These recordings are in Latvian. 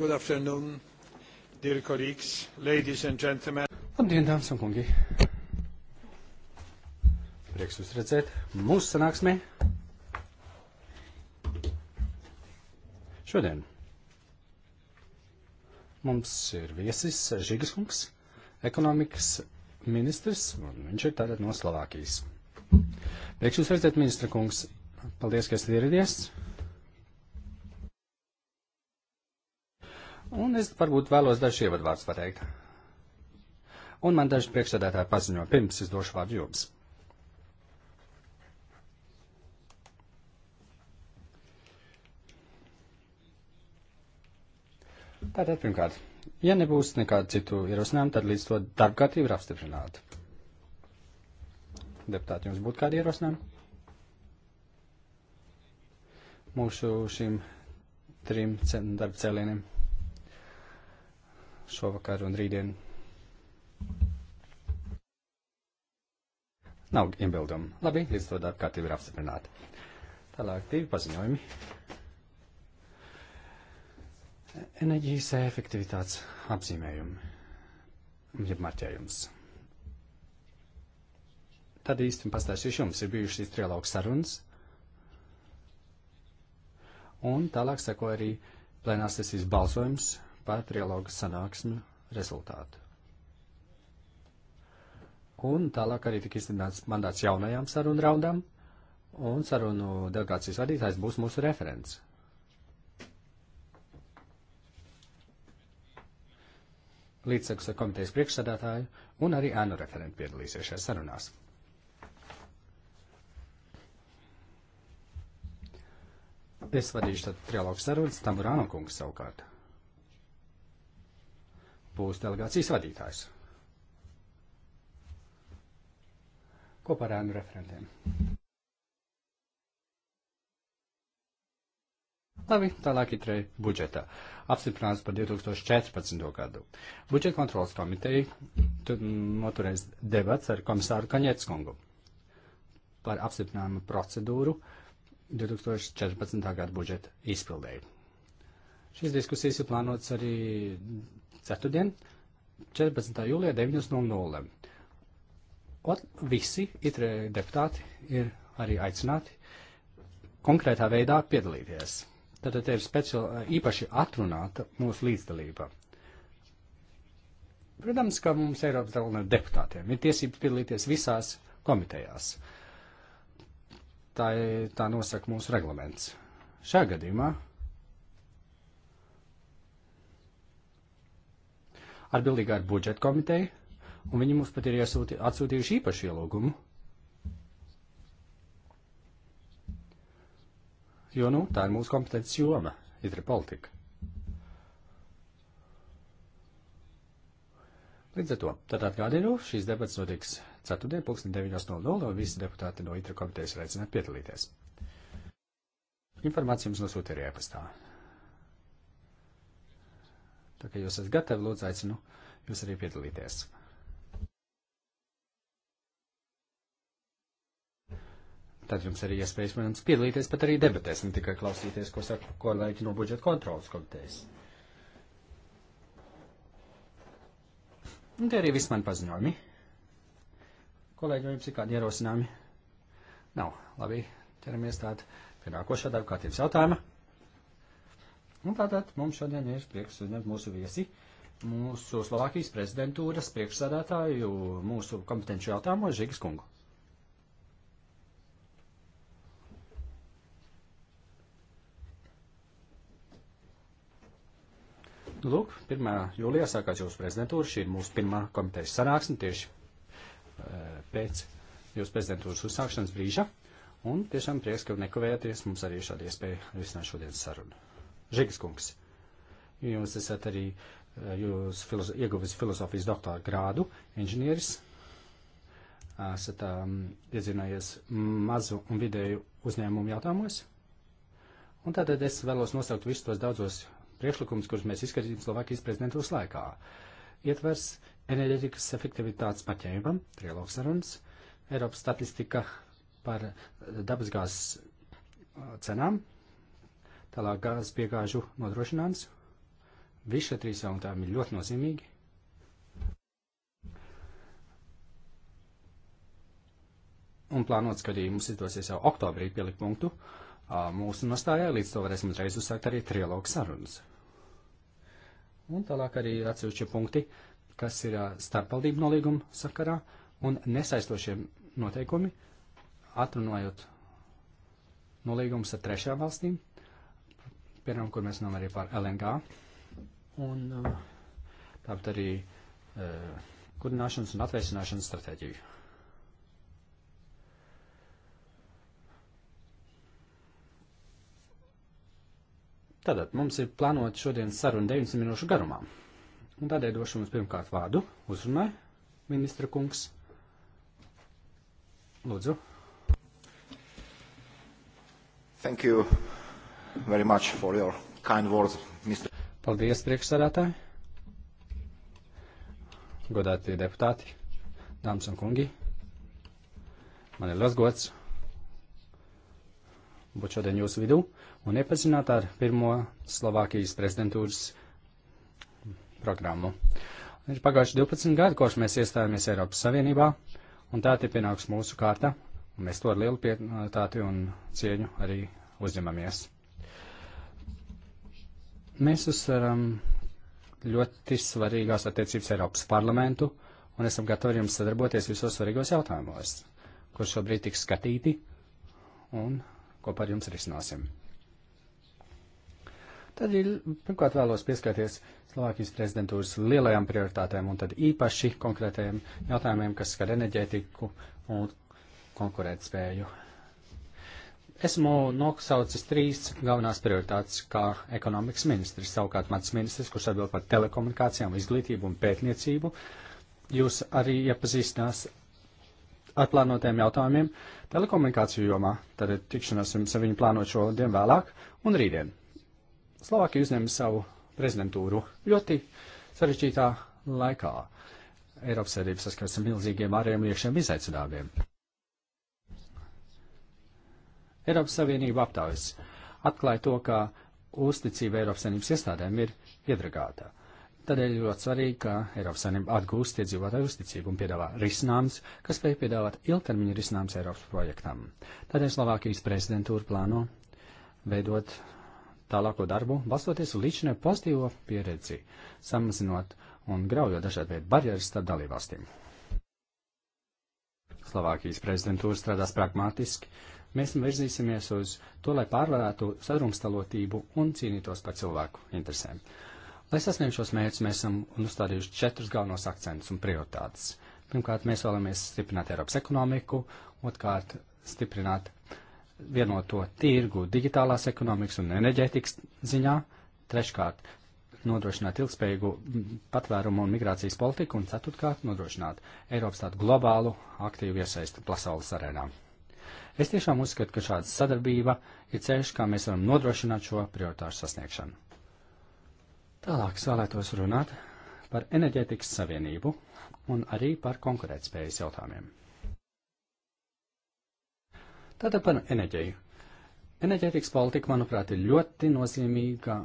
Good afternoon, dear colleagues, ladies and gentlemen. Labdien, dāmas un kungi! Prieks jūs redzēt mūsu sanāksmē. Šodien mums ir viesis Žigas kungs, ekonomikas ministrs, un viņš ir tātad no Slovākijas. Prieks jūs redzēt, ministra kungs. Paldies, ka esat ieradies. Un es varbūt vēlos dažu ievadvārdus pateikt. Un man daži priekšsēdētāji paziņo, pirms es došu vārdu jums. Tātad, pirmkārt, ja nebūs nekādu citu ierosinājumu, tad līdz to darba kārtība ir apstiprināta. Deputāti, jums būtu kādi ierosinājumi? Mūsu šīm trim darba cēlieniem šovakar un rītdien. Nav iebildumu. Labi, līdz to darba kārtība ir apstiprināta. Tālāk divi paziņojumi. Enerģijas efektivitātes apzīmējumi, jeb marķējums. Tad īsti pastāstīšu jums, ir bijušas šīs trialogu sarunas, un tālāk seko arī plenārsesijas balsojums par trialoga sanāksmi rezultātu. Un tālāk arī tika izstrādāts mandāts jaunajām sarunu raundām, un sarunu delegācijas vadītājs būs mūsu referents. Līdzseksa komitejas priekšsādātāju un arī ēnu referenti piedalīsies šajās sarunās. Es vadīšu tad trialogu sarunas, Tamburāna kungs savukārt būs delegācijas vadītājs. Kopā ar ēnu referentiem. Labi, tālāk ir budžetā. Apstiprināts par 2014. gadu. Budžeta kontrolas komiteja noturēs debats ar komisāru Kaņetskungu par apstiprinājumu procedūru 2014. gada budžeta izpildēju. Šīs diskusijas ir plānotas arī ceturtdien, 14. jūlijā 9.00. Visi itre deputāti ir arī aicināti konkrētā veidā piedalīties. Tātad ir speciāli īpaši atrunāta mūsu līdzdalība. Protams, ka mums Eiropas parlamenta deputātiem ir tiesības piedalīties visās komitejās. Tā, tā nosaka mūsu reglaments. Šajā gadījumā atbildīgā ar budžeta komiteju, un viņi mums pat ir iesūti, atsūtījuši īpašu ielūgumu. Jo, nu, tā ir mūsu kompetences joma, itra politika. Līdz ar to, tad atgādinu, šīs debats notiks 4. pulksten 9.00, un visi deputāti no itra komitejas ir aicināti piedalīties. Informācija jums nosūta arī e-pastā. Tā kā jūs esat gatavi, lūdzu, aicinu jūs arī piedalīties. Tad jums arī iespējas, protams, piedalīties pat arī debatēs, ne tikai klausīties, ko saka kolēģi no budžeta kontrolas komitejas. Un tie arī viss man paziņojumi. Kolēģi, jums ir kādi ierosinājumi? Nav. Labi, ķeramies tātad pie nākošā darba kārtības jautājuma. Un tātad mums šodien ir prieks uzņemt mūsu viesi, mūsu Slovākijas prezidentūras priekšsādātāju, mūsu kompetenci jautājumu Žigas kungu. Lūk, 1. jūlijā sākās jūsu prezidentūra. Šī ir mūsu pirmā komitejas sanāksme tieši eh, pēc jūsu prezidentūras uzsākšanas brīža. Un tiešām prieks, ka nekavējoties mums arī šāda iespēja risināt šodienas sarunu. Žigs kungs. Jūs esat arī eh, jūs filozo ieguvis filozofijas doktora grādu, inženieris. Esat um, iedzinājies mazu un vidēju uzņēmumu jautājumos. Un tātad es vēlos nosaukt visus tos daudzos priekšlikumus, kurus mēs izskatījām Slovākijas prezidentūras laikā. Ietvers enerģetikas efektivitātes paķēmam, trialogs sarunas, Eiropas statistika par eh, dabasgāzes eh, cenām, tālāk gāzes piegāžu nodrošinājums. Visi šie trīs jautājumi ir ļoti nozīmīgi. Un plānots, ka arī mums izdosies jau oktobrī pielikt punktu mūsu nostājā, līdz to varēsim uzreiz uzsākt arī trilogu sarunas. Un tālāk arī ir atsevišķi punkti, kas ir starpvaldību nolīguma sakarā un nesaistošiem noteikumi, atrunājot nolīgumus ar trešām valstīm, Piemēram, kur mēs runājam arī par LNG. Un uh, tāpat arī uh, kurināšanas un atvēsināšanas stratēģiju. Tātad mums ir plānota šodienas saruna 90 minūšu garumā. Un tādēļ došu jums pirmkārt vārdu uzrunai, ministra kungs. Lūdzu. Thank you, very much for your kind words, Mr. Paldies, priekšsādātāji, godātie deputāti, dāmas un kungi. Man ir liels gods būt šodien jūsu vidū un iepazināt ar pirmo Slovākijas prezidentūras programmu. Ir pagājuši 12 gadi, kopš mēs iestājāmies Eiropas Savienībā, un tā ir pienāks mūsu kārta, un mēs to ar lielu pietāti un cieņu arī uzņemamies. Mēs uzsveram ļoti svarīgās attiecības Eiropas parlamentu un esam gatavi ar jums sadarboties visos svarīgos jautājumos, kur šobrīd tiks skatīti un kopā ar jums risināsim. Tad ir, pirmkārt, vēlos pieskarties Slovākijas prezidentūras lielajām prioritātēm un tad īpaši konkrētajiem jautājumiem, kas skar enerģētiku un konkurētspēju. Esmu nosaucis trīs galvenās prioritātes, kā ekonomikas ministrs, savukārt mans ministrs, kurš atbild par telekomunikācijām, izglītību un pētniecību. Jūs arī iepazīstinās ar plānotiem jautājumiem telekomunikāciju jomā, tad tikšanās jums ar viņu plānot šodien vēlāk un rītdien. Slovākija uzņēma savu prezidentūru ļoti sarežģītā laikā. Eiropas Savienības saskars ar milzīgiem ārējiem liekšiem izaicinājumiem. Eiropas Savienība aptaujas atklāja to, ka uzticība Eiropas Savienības iestādēm ir iedragāta. Tādēļ ļoti svarīgi, ka Eiropas Savienība atgūst iedzīvotāju uzticību un piedāvā risinājums, kas spēj piedāvāt ilgtermiņa risinājums Eiropas projektam. Tādēļ Slovākijas prezidentūra plāno veidot tālāko darbu, balstoties uz līdzinē pozitīvo pieredzi, samazinot un graujot dažādu veidu barjeras starp dalībvalstīm. Slovākijas prezidentūra strādās pragmātiski, mēs virzīsimies uz to, lai pārvarētu sadrumstalotību un cīnītos par cilvēku interesēm. Lai sasniegtu šos mērķus, mēs esam uzstādījuši četrus galvenos akcentus un prioritātes. Pirmkārt, mēs vēlamies stiprināt Eiropas ekonomiku, otrkārt, stiprināt vienoto tirgu digitālās ekonomikas un enerģētikas ziņā, treškārt, nodrošināt ilgspējīgu patvērumu un migrācijas politiku, un ceturtkārt, nodrošināt Eiropas tādu globālu aktīvu iesaistu pasaules arēnām. Es tiešām uzskatu, ka šāda sadarbība ir ceļš, kā mēs varam nodrošināt šo prioritāšu sasniegšanu. Tālāk es vēlētos runāt par enerģētikas savienību un arī par konkurētspējas jautājumiem. Tātad par enerģiju. Enerģētikas politika, manuprāt, ir ļoti nozīmīga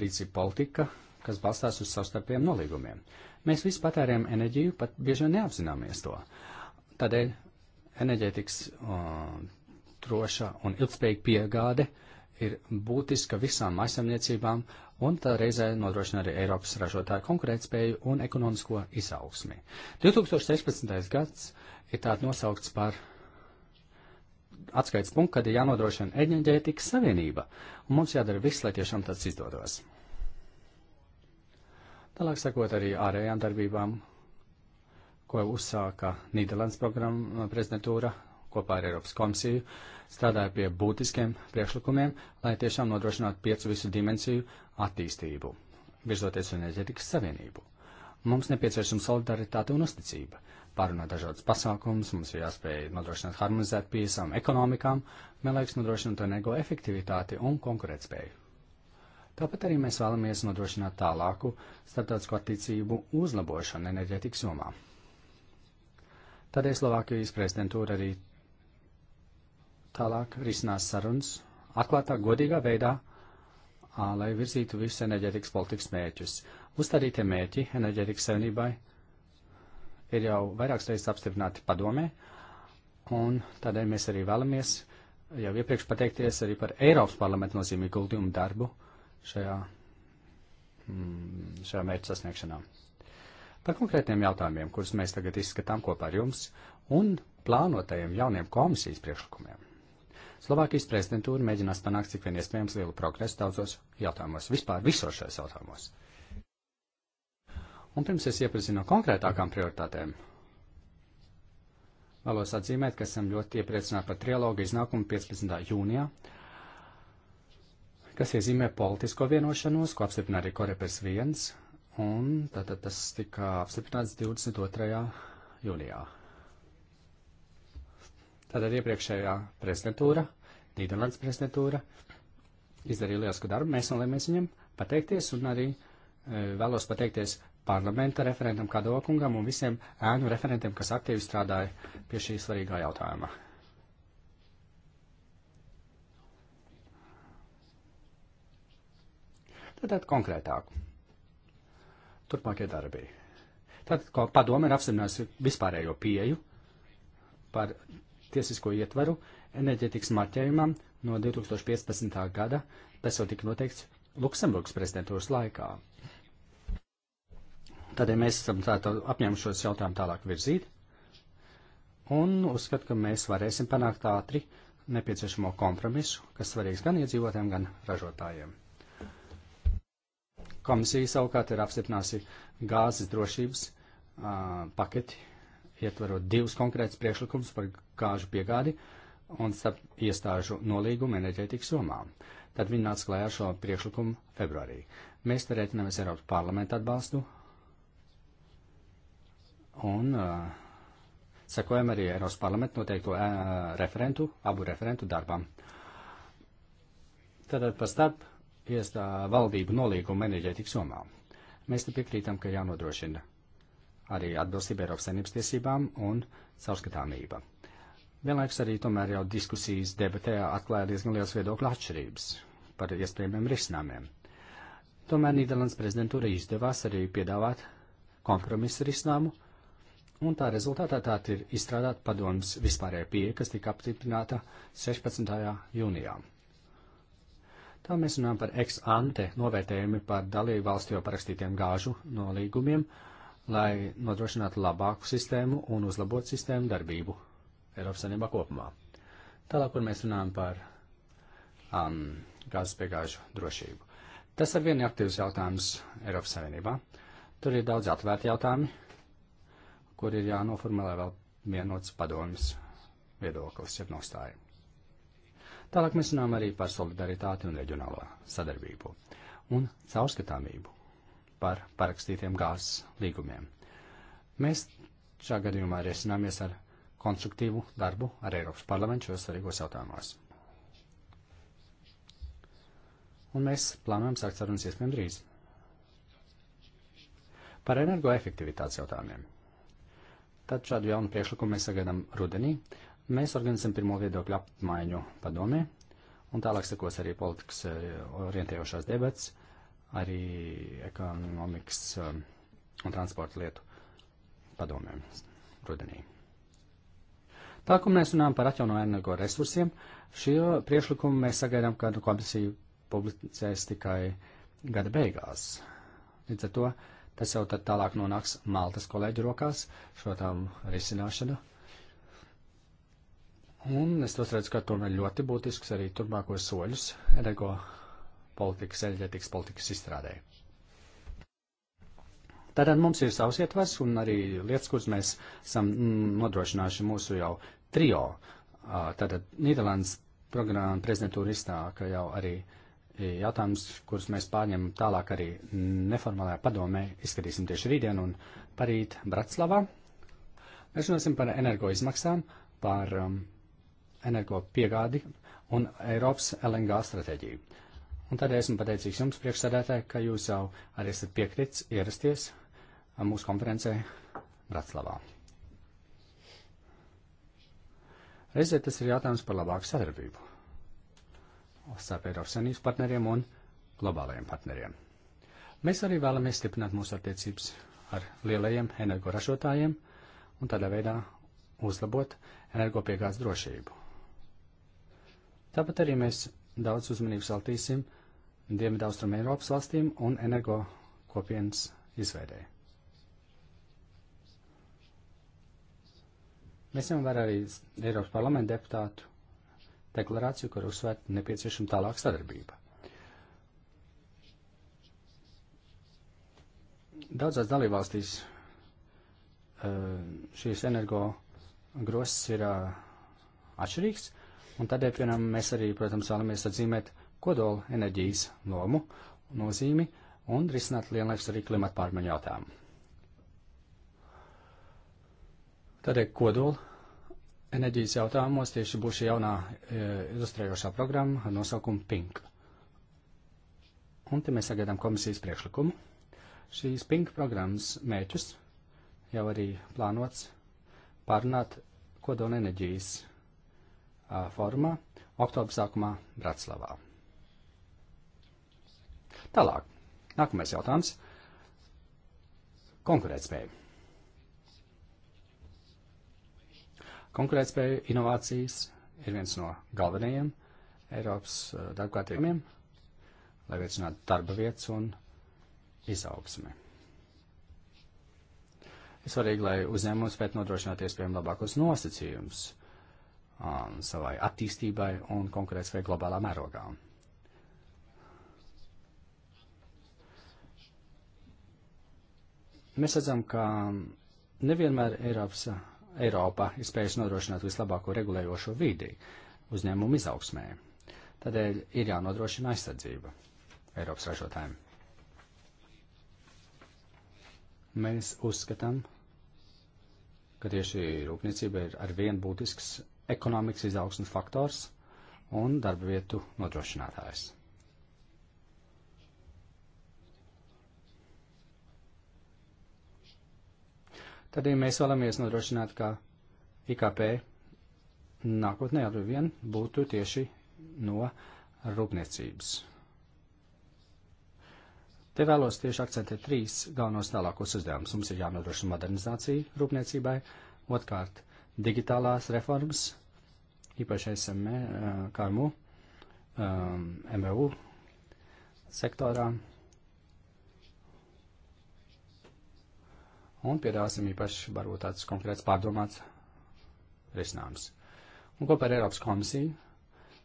rīcība politika, kas balstās uz savstarpējiem nolīgumiem. Mēs visi patērējam enerģiju, pat bieži vien neapzināmies to. Tādēļ enerģētikas um, droša un ilgspējīga piegāde ir būtiska visām maisaimniecībām un tā reizē nodrošina arī Eiropas ražotāju konkurētspēju un ekonomisko izaugsmi. 2016. gads ir tāds nosaukts par atskaits punktu, kad ir jānodrošina enerģētikas savienība, un mums jādara viss, lai tiešām tas izdodos. Tālāk sakot arī ārējām darbībām ko uzsāka Nīderlandes programma uh, prezidentūra kopā ar Eiropas komisiju, strādāja pie būtiskiem priekšlikumiem, lai tiešām nodrošinātu piecu visu dimensiju attīstību, virzoties uz enerģetikas savienību. Mums nepieciešama solidaritāte un uzticība pārunāt dažādas pasākumus, mums ir jāspēj nodrošināt harmonizēt pieejamām ekonomikām, vienlaikus nodrošināt energo efektivitāti un konkurētspēju. Tāpat arī mēs vēlamies nodrošināt tālāku starptautisko attīstību uzlabošanu enerģētikas jomā. Tādēļ Slovākijas prezidentūra arī tālāk risinās sarunas atklātā, godīgā veidā, lai virzītu visus enerģētikas politikas mērķus. Uzstādītie mērķi enerģētikas savienībai ir jau vairākas reizes apstiprināti padomē, un tādēļ mēs arī vēlamies jau iepriekš pateikties arī par Eiropas parlamentu nozīmīgu guldījumu darbu šajā, mm, šajā mērķu sasniegšanā par konkrētiem jautājumiem, kurus mēs tagad izskatām kopā ar jums un plānotajiem jauniem komisijas priekšlikumiem. Slovākijas prezidentūra mēģinās panākt cik vien iespējams lielu progresu daudzos jautājumos, vispār visos šajos jautājumos. Un pirms es iepazinu no konkrētākām prioritātēm, vēlos atzīmēt, ka esam ļoti iepriecināti par trialogu iznākumu 15. jūnijā, kas iezīmē politisko vienošanos, ko apstiprina arī Korepers 1 Un tātad tas tika apstiprināts 22. jūlijā. Tātad iepriekšējā prezidentūra, Nīderlandes prezidentūra, izdarīja lielisku darbu. Mēs vēlamies viņam pateikties un arī e, vēlos pateikties parlamenta referentam Kadokungam un visiem ēnu referentiem, kas aktīvi strādāja pie šī svarīgā jautājuma. Tātad konkrētāk turpmākie darbi. Tātad, ko padome ir apstiprinājusi vispārējo pieju par tiesisko ietveru enerģētikas marķējumam no 2015. gada, tas jau tika noteikts Luksemburgas prezidentūras laikā. Tādēļ mēs esam apņēmušos jautājumu tālāk virzīt un uzskatu, ka mēs varēsim panākt ātri nepieciešamo kompromisu, kas svarīgs gan iedzīvotājiem, gan ražotājiem. Komisija savukārt ir apstiprināsi gāzes drošības uh, paketi, ietverot divus konkrētus priekšlikumus par gāžu piegādi un starp iestāžu nolīgumu enerģētikas somā. Tad viņi nāca klajā šo priekšlikumu februārī. Mēs te rēķinamies Eiropas parlamentu atbalstu un uh, sekojam arī Eiropas parlamentu noteikto uh, referentu, abu referentu darbām. Tātad par starp iestā valdību nolīgumu enerģētikas somā. Mēs te piekrītam, ka jānodrošina arī atbilstība Eiropas saimnības tiesībām un caurskatāmība. Vienlaiks arī tomēr jau diskusijas debatē atklāja diezgan liels viedokļu atšķirības par iespējamiem risinājumiem. Tomēr Nīderlandes prezidentūra izdevās arī piedāvāt kompromisu risinājumu, un tā rezultātā tā ir izstrādāt padomas vispārējā pieeja, kas tika apstiprināta 16. jūnijā. Tā mēs runājam par ex ante novērtējumi par dalību valstu jau parakstītiem gāžu nolīgumiem, lai nodrošinātu labāku sistēmu un uzlabot sistēmu darbību Eiropas Savienībā kopumā. Tālāk, kur mēs runājam par um, gāzes piegāžu drošību. Tas ar vienu aktīvs jautājums Eiropas Savienībā. Tur ir daudz atvērti jautājumi, kur ir jānoformulē vēl vienots padomjas viedoklis, jeb nostājumi. Tālāk mēs runājam arī par solidaritāti un reģionālo sadarbību un caurskatāmību par parakstītiem gāzes līgumiem. Mēs šā gadījumā riesināmies ar konstruktīvu darbu ar Eiropas parlamentu šos svarīgos jautājumos. Un mēs plānojam sākt sarunas iespējami drīz. Par energoefektivitātes jautājumiem. Tad šādu jaunu priekšlikumu mēs sagaidām rudenī, Mēs organizam pirmo viedokļu apmaiņu padomē, un tālāk sekos arī politikas eh, orientējošās debats, arī ekonomikas eh, un transporta lietu padomēm rudenī. Tā, ko mēs runājam par atjaunojumu energo resursiem, šie priešlikumi mēs sagaidām, ka komisija publicēs tikai gada beigās. Līdz ar to tas jau tad tālāk nonāks Maltas kolēģu rokās šo tām risināšanu. Un es tos redzu, ka tomēr ļoti būtisks arī turpmākos soļus energo politikas, enerģētikas politikas izstrādē. Tātad mums ir savs ietvers un arī lietas, kuras mēs esam mm, nodrošinājuši mūsu jau trio. Tātad Nīderlandes programma prezidentūra izstāka jau arī jautājums, kurus mēs pārņemam tālāk arī neformālajā padomē, izskatīsim tieši rītdien un parīt Bratislavā. Mēs runāsim par energoizmaksām, par um, energopiegādi un Eiropas LNG stratēģiju. Un tādēļ esmu pateicīgs jums, priekšsēdētāji, ka jūs jau arī esat piekrits ierasties mūsu konferencē Bratislavā. Reizē tas ir jautājums par labāku sadarbību starp Eiropas Savienības partneriem un globālajiem partneriem. Mēs arī vēlamies stiprināt mūsu attiecības ar lielajiem energoražotājiem un tādā veidā uzlabot energopiegādes drošību. Tāpat arī mēs daudz uzmanības veltīsim Dienvidaustrum Eiropas valstīm un energo kopienas izveidēji. Mēs ņemam vērā arī Eiropas parlamenta deputātu deklarāciju, kur uzsvērta nepieciešama tālāka sadarbība. Daudzās dalībvalstīs eh, šīs energo grosas ir eh, atšķirīgs, Un tādēļ, piemēram, mēs arī, protams, vēlamies atzīmēt kodola enerģijas lomu, nozīmi un risināt vienlaikus arī klimata pārmaiņu jautājumu. Tādēļ kodola enerģijas jautājumos tieši būs šī jaunā e, ilustrējošā programma ar nosaukumu PINK. Un te mēs sagaidām komisijas priekšlikumu. Šīs PINK programmas mēķus jau arī plānots pārnāt kodola enerģijas fórumā oktobra sākumā Bratislavā. Tālāk, nākamais jautājums - konkurētspēja. Konkurētspēja inovācijas ir viens no galvenajiem Eiropas uh, darbkārtījumiem, lai veicinātu darba vietas un izaugsmi. Ir svarīgi, lai uzņēmums spētu nodrošināties, piemēram, labākos nosacījumus um, savai attīstībai un konkurētspēju globālā mērogā. Mēs redzam, ka nevienmēr Eiropas, Eiropa ir spējusi nodrošināt vislabāko regulējošo vidi uzņēmumu izaugsmē. Tādēļ ir jānodrošina aizsardzība Eiropas ražotājiem. Mēs uzskatām, ka tieši rūpniecība ir arvien būtisks ekonomikas izaugsmas faktors un darba vietu nodrošinātājs. Tad, ja mēs vēlamies nodrošināt, ka IKP nākotnē ar vien būtu tieši no rūpniecības. Te vēlos tieši akcentēt trīs galvenos tālākos uzdevumus. Mums ir jānodrošina modernizācija rūpniecībai, otrkārt digitālās reformas īpaši esam e, eh, karmu um, eh, MVU sektorā. Un piedāsim īpaši varbūt tāds konkrēts pārdomāts risinājums. Un kopā ar Eiropas komisiju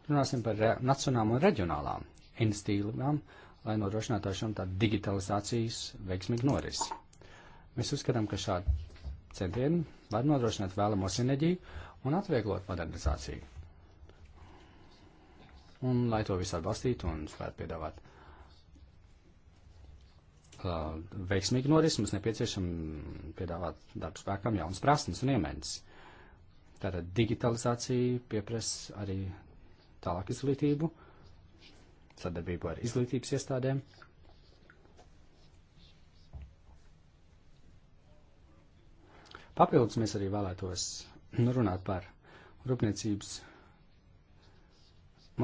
runāsim par re, nacionālām un reģionālām institīvām, lai nodrošinātu šam tādu digitalizācijas veiksmīgu norisi. Mēs uzskatām, ka šādi centieni var nodrošināt vēlamo sinerģiju un atvieglot modernizāciju. Un lai to visu atbalstītu un spētu piedāvāt uh, veiksmīgi noris, mums nepieciešam piedāvāt darbu spēkam jaunas prasmes un iemaņas. Tātad digitalizācija pieprasa arī tālāk izglītību, sadarbību ar izglītības iestādēm. Papildus mēs arī vēlētos nu, runāt par rūpniecības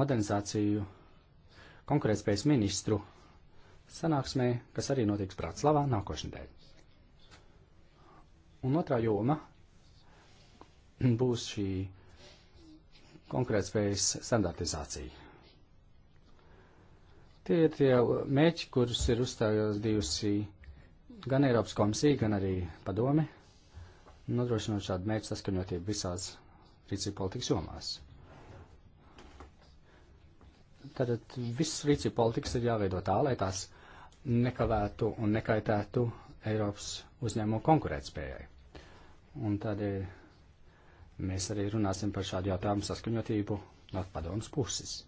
modernizāciju konkurētspējas ministru sanāksmē, kas arī notiks Brātslavā nākošnedēļ. Un otrā joma būs šī konkurētspējas standartizācija. Tie ir tie mērķi, kurus ir uzstājos divusi gan Eiropas komisija, gan arī padome nodrošinot šādu mērķu saskaņotību visās rīcību politikas jomās. Tātad viss rīcību politikas ir jāveido tā, lai tās nekavētu un nekaitētu Eiropas uzņēmumu konkurētspējai. Un tādēļ mēs arī runāsim par šādu jautājumu saskaņotību no padomas puses.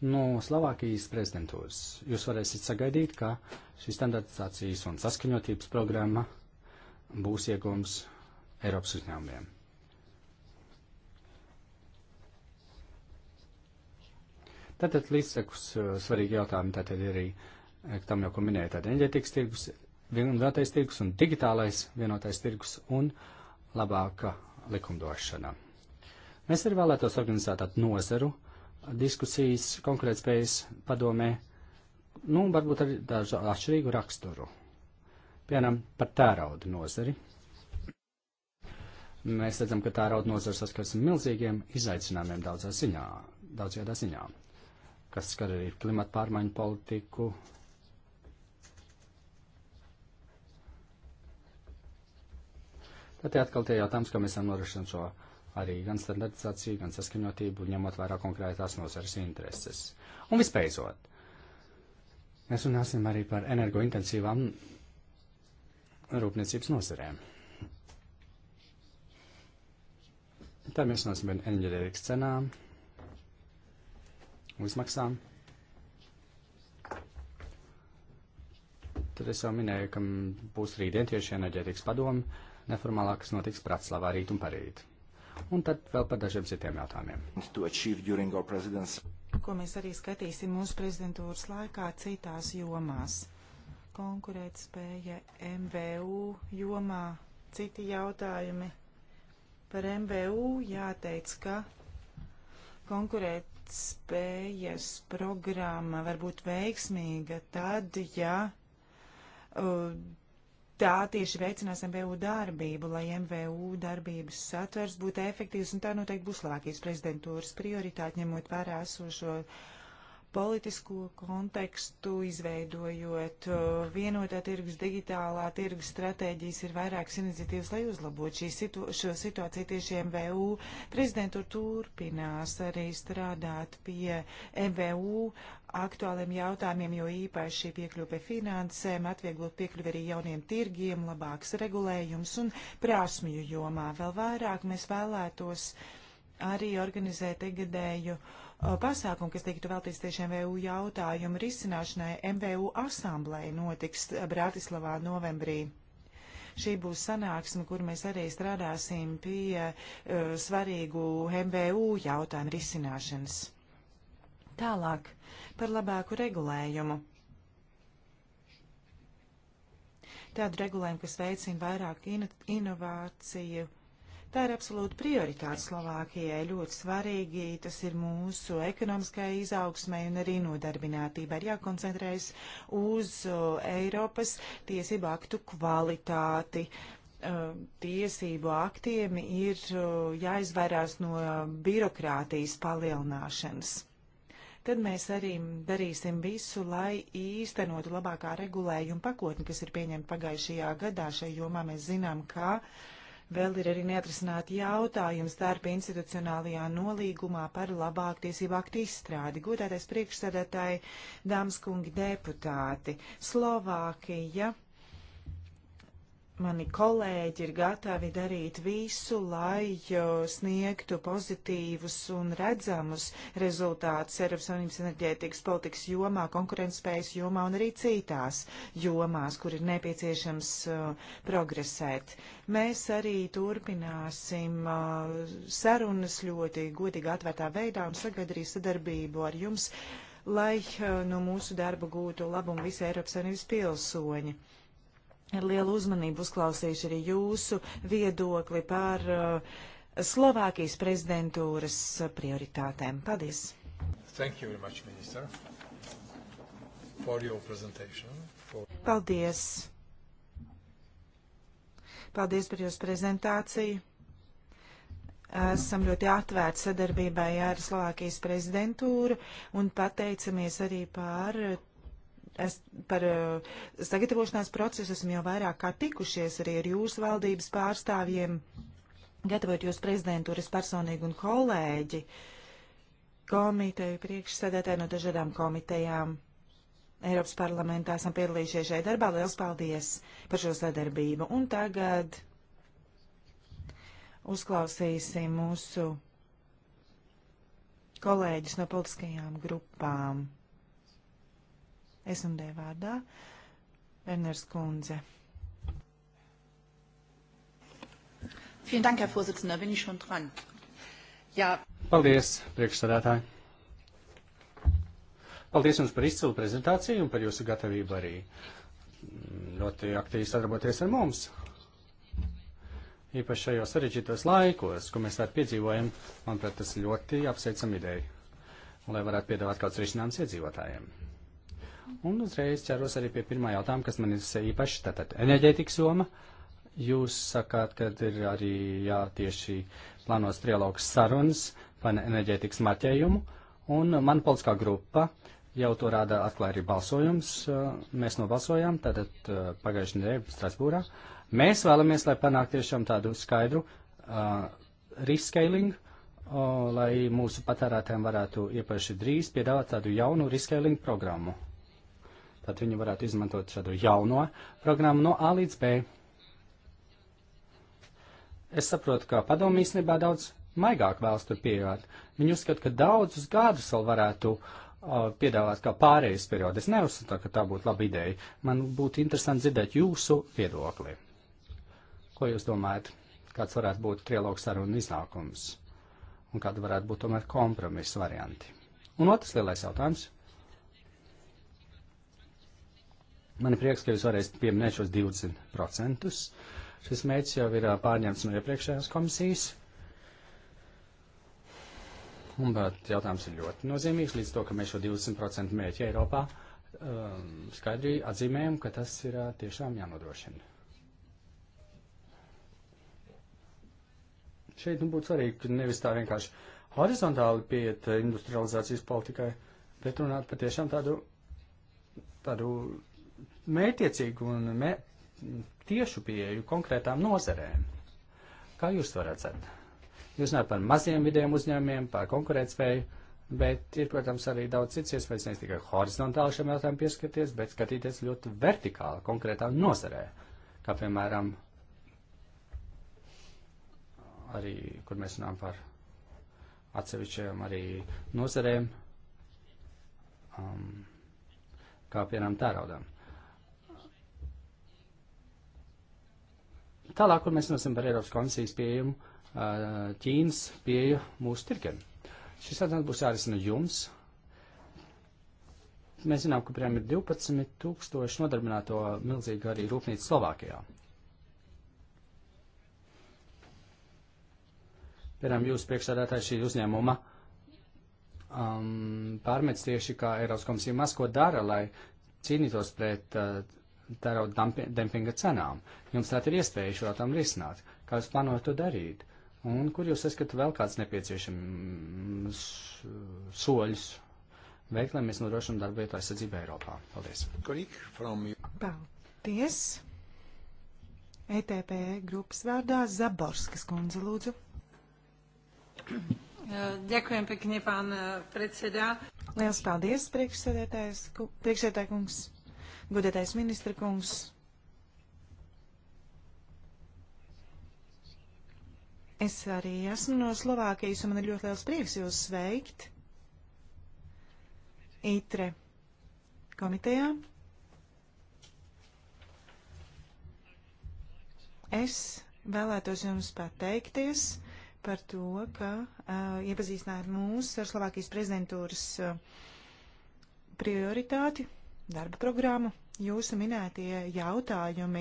No Slovākijas prezidentūras jūs varēsiet sagaidīt, ka šī standartizācijas un saskaņotības programma būs iegums Eiropas uzņēmumiem. Tātad līdzsekus uh, svarīgi jautājumi tātad ir arī, eh, tam jau, ko minēja, tātad enerģētikas tirgus, vienotais tirgus un digitālais vienotais tirgus un labāka likumdošana. Mēs arī vēlētos organizēt tādu nozaru diskusijas konkurētspējas padomē, nu, varbūt ar dažu atšķirīgu raksturu. Piemēram, par tērauda nozari. Mēs redzam, ka tērauda nozara saskars ar milzīgiem izaicinājumiem daudzā ziņā, daudzajā ziņā, kas skar arī klimata pārmaiņu politiku, Tad atkal tie jautājums, kā mēs esam norisinājuši šo arī gan standartizāciju, gan saskaņotību, ņemot vērā konkrētās nozares intereses. Un vispēcot, mēs runāsim arī par energointensīvām rūpniecības nozarēm. Tā mēs nozīmē enerģētikas cenām, uzmaksām. Tad es jau minēju, ka būs rītdien tieši enerģētikas padomu neformālā, kas notiks Bratislavā rīt un parīt. Un tad vēl par dažiem citiem jautājumiem. Ko mēs arī skatīsim mūsu prezidentūras laikā citās jomās konkurētspēja MVU jomā, citi jautājumi. Par MVU jāteic, ka konkurētspējas programma var būt veiksmīga tad, ja tā tieši veicinās MVU darbību, lai MVU darbības satvers būtu efektīvs, un tā noteikti būs Lākijas prezidentūras prioritāte, ņemot vērā esošo. So politisko kontekstu, izveidojot vienotā tirgus, digitālā tirgus stratēģijas, ir vairākas iniciatīvas, lai uzlabotu situ šo situāciju tieši MVU. Prezidentūra turpinās arī strādāt pie MVU aktuāliem jautājumiem, jo īpaši piekļuve finansēm, atvieglot piekļuvi arī jauniem tirgiem, labāks regulējums un prasmju jomā. Vēl vairāk mēs vēlētos arī organizēt egadēju uh, Uh, pasākumu, kas tiktu veltīts tieši MVU jautājumu risināšanai, MVU asamblēja notiks uh, Bratislavā novembrī. Šī būs sanāksme, kur mēs arī strādāsim pie uh, svarīgu MVU jautājumu risināšanas. Tālāk par labāku regulējumu. Tādu regulējumu, kas veicina vairāk ino inovāciju Tā ir absolūta prioritāte Slovākijai. Ļoti svarīgi tas ir mūsu ekonomiskajai izaugsmai un arī nodarbinātībai. Ir jākoncentrējas uz Eiropas tiesību aktu kvalitāti. Tiesību aktiem ir jāizvairās no birokrātijas palielināšanas tad mēs arī darīsim visu, lai īstenotu labākā regulējuma pakotni, kas ir pieņemta pagājušajā gadā. Šajā jomā mēs zinām, ka uh, Vēl ir arī neatrisināti jautājumi starp institucionālajā nolīgumā par labāk tiesību aktu izstrādi. Godātais priekšsēdētāji, dāmas kungi deputāti, Slovākija. Ja? mani kolēģi ir gatavi darīt visu, lai sniegtu pozitīvus un redzamus rezultātus Eiropas Savienības enerģētikas politikas jomā, konkurentspējas jomā un arī citās jomās, kur ir nepieciešams uh, progresēt. Mēs arī turpināsim uh, sarunas ļoti godīgi atvērtā veidā un sagaidu arī sadarbību ar jums, lai uh, no mūsu darba gūtu labumu visi Eiropas Savienības pilsoņi. Uh, Ar lielu uzmanību uzklausīšu arī jūsu viedokli par uh, Slovākijas prezidentūras uh, prioritātēm. Paldies! Thank you very much, Minister, for your presentation. For... Paldies! Paldies par jūsu prezentāciju. Esam ļoti atvērti sadarbībai ar Slovākijas prezidentūru un pateicamies arī par Es par uh, sagatavošanās procesu esmu jau vairāk kā tikušies arī ar jūsu valdības pārstāvjiem, gatavot jūs prezidentūras personīgi un kolēģi, komiteju priekšsēdētāji no dažādām komitejām. Eiropas parlamentā esam piedalījušies šajā darbā. Liels paldies par šo sadarbību. Un tagad uzklausīsim mūsu kolēģis no politiskajām grupām. SMD vārdā Erners Kundze. Vielen Dank, Herr Vorsitzender, bin ich schon dran. Jā. Paldies, priekšsādātāji. Paldies jums par izcilu prezentāciju un par jūsu gatavību arī ļoti aktīvi sadarboties ar mums. Īpaši šajos sarežģītos laikos, ko mēs tā piedzīvojam, manuprāt, tas ļoti apsveicam ideju, lai varētu piedāvāt kāds risinājums iedzīvotājiem. Un uzreiz ķeros arī pie pirmā jautājuma, kas man ir īpaši tātad enerģētikas joma. Jūs sakāt, ka ir arī jā, tieši plānos trialogs sarunas par enerģētikas marķējumu, un man politiskā grupa jau to rāda atklāja arī balsojums. Mēs nobalsojām, tātad pagājušajā nedēļā Strasbūrā. Mēs vēlamies, lai panāk tiešām tādu skaidru uh, rescaling, uh, lai mūsu patērētājiem varētu iepaši drīz piedāvāt tādu jaunu rescaling programmu. Tad viņi varētu izmantot šādu jauno programmu no A līdz B. Es saprotu, ka padomu īstenībā daudz maigāk vēlas tur pieejot. Viņi uzskata, ka daudzus gadus vēl varētu uh, piedāvāt kā pārējais periodu. Es neuzskatu, ka tā būtu laba ideja. Man būtu interesanti dzirdēt jūsu viedokli. Ko jūs domājat, kāds varētu būt trilogs sarunu iznākums? Un kāda varētu būt tomēr kompromisa varianti? Un otrs lielais jautājums. Man ir prieks, ka jūs varēsiet pieminēt šos 20%. Šis mērķis jau ir pārņemts no iepriekšējās komisijas. Un, bet jautājums ir ļoti nozīmīgs, līdz to, ka mēs šo 20% mērķi Eiropā um, skaidri atzīmējam, ka tas ir uh, tiešām jānodrošina. Šeit nu, būtu svarīgi nevis tā vienkārši horizontāli pieiet industrializācijas politikai, bet runāt par tiešām tādu, tādu mērķiecīgu un mē, tiešu pieeju konkrētām nozerēm. Kā jūs to redzat? Jūs runājat par maziem vidiem uzņēmiem, par konkurētspēju, bet ir, protams, arī daudz cits iespējas ne tikai horizontāli šiem jautājumam pieskaties, bet skatīties ļoti vertikāli konkrētā nozerē, kā piemēram arī, kur mēs runājam par atsevišķiem arī nozerēm, um, kā piemēram tēraudām. Tālāk, kur mēs runāsim par Eiropas komisijas pieejumu, Ķīnas pieeju mūsu tirkiem. Šis jautājums būs jārisina jums. Mēs zinām, ka piemēram ir 12 tūkstoši nodarbināto milzīgu arī rūpnīcu Slovākijā. Piemēram, jūs priekšsādātāji šī uzņēmuma um, pārmets tieši, kā Eiropas komisija maz ko dara, lai cīnītos pret uh, tērau dempinga cenām. Jums tā ir iespēja šo tam risināt. Kā jūs plānojat to darīt? Un kur jūs esat vēl kāds nepieciešams mm, soļus veikt, lai mēs nodrošinām darba vietu aizsardzību Eiropā? Paldies. Paldies. ETP grupas vārdā Zaborskas kundze lūdzu. Ďakujem pekne, pán eh, predseda. Liels paldies, priekšsēdētājs, priekšsēdētājs kungs godētais ministra kungs. Es arī esmu no Slovākijas, un man ir ļoti liels prieks jūs sveikt ITRE komitejā. Es vēlētos jums pateikties par to, ka uh, iepazīstināt mūs ar Slovākijas prezidentūras uh, prioritāti darba programmu. Jūsu minētie jautājumi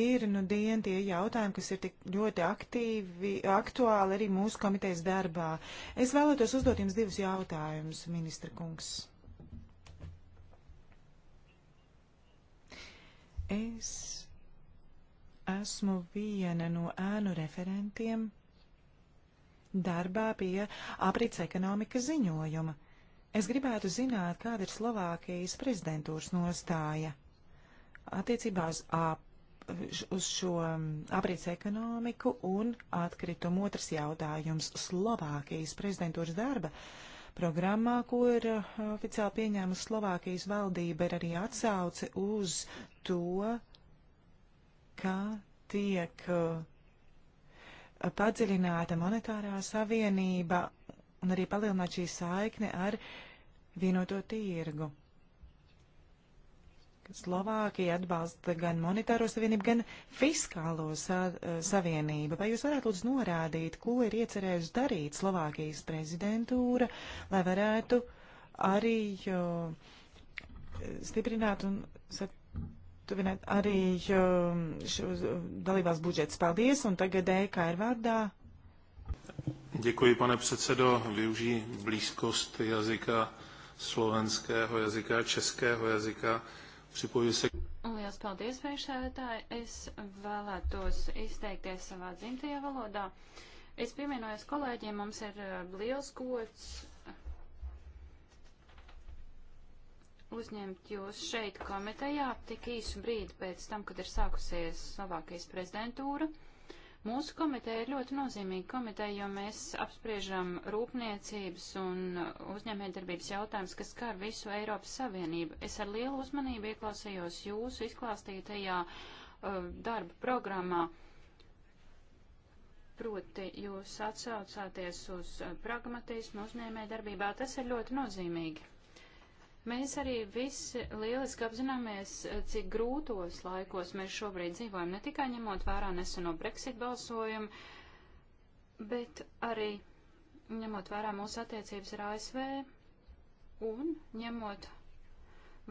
ir, nu, dien tie jautājumi, kas ir tik ļoti aktīvi, aktuāli arī mūsu komitejas darbā. Es vēlētos uzdot jums divus jautājumus, ministra kungs. Es esmu viena no ēnu referentiem darbā pie aprits ekonomika ziņojuma. Es gribētu zināt, kāda ir Slovākijas prezidentūras nostāja attiecībā uz, ap, uz šo mm, aprits ekonomiku un atkritumu. Otrs jautājums - Slovākijas prezidentūras darba programmā, ko ir eh, oficiāli pieņēmusi Slovākijas valdība, ir arī atsauce uz to, kā tiek eh, padziļināta monetārā savienība un arī palielināt šī saikne ar vienoto tirgu. Slovākija atbalsta gan monetāro savienību, gan fiskālo sa eh, savienību. Vai jūs varētu lūdzu norādīt, ko ir iecerējusi darīt Slovākijas prezidentūra, lai varētu arī jo, eh, stiprināt un tuvināt arī jo, šo eh, dalībās budžets? Paldies, un tagad EKR vārdā Děkuji, pane předsedo. Využijí blízkost jazyka slovenského jazyka, českého jazyka. Připojuji se. Lielas paldies, priekšsēdētāji. Es vēlētos izteikties savā dzimtajā valodā. Es pievienojos kolēģiem, mums ir eh, liels gods uzņemt jūs šeit komitejā tik īsu brīdi pēc tam, kad ir sākusies Slovākijas prezidentūra. Mūsu komiteja ir ļoti nozīmīga komiteja, jo mēs apspriežam rūpniecības un uzņēmējdarbības jautājumus, kas skar visu Eiropas Savienību. Es ar lielu uzmanību ieklausījos jūsu izklāstītajā uh, darba programmā. Proti jūs atsaucāties uz uh, pragmatismu uzņēmē darbībā, tas ir ļoti nozīmīgi. Mēs arī visi lieliski apzināmies, eh, cik grūtos laikos mēs šobrīd dzīvojam, ne tikai ņemot vērā neseno Brexit balsojumu, bet arī ņemot vērā mūsu attiecības ar ASV un ņemot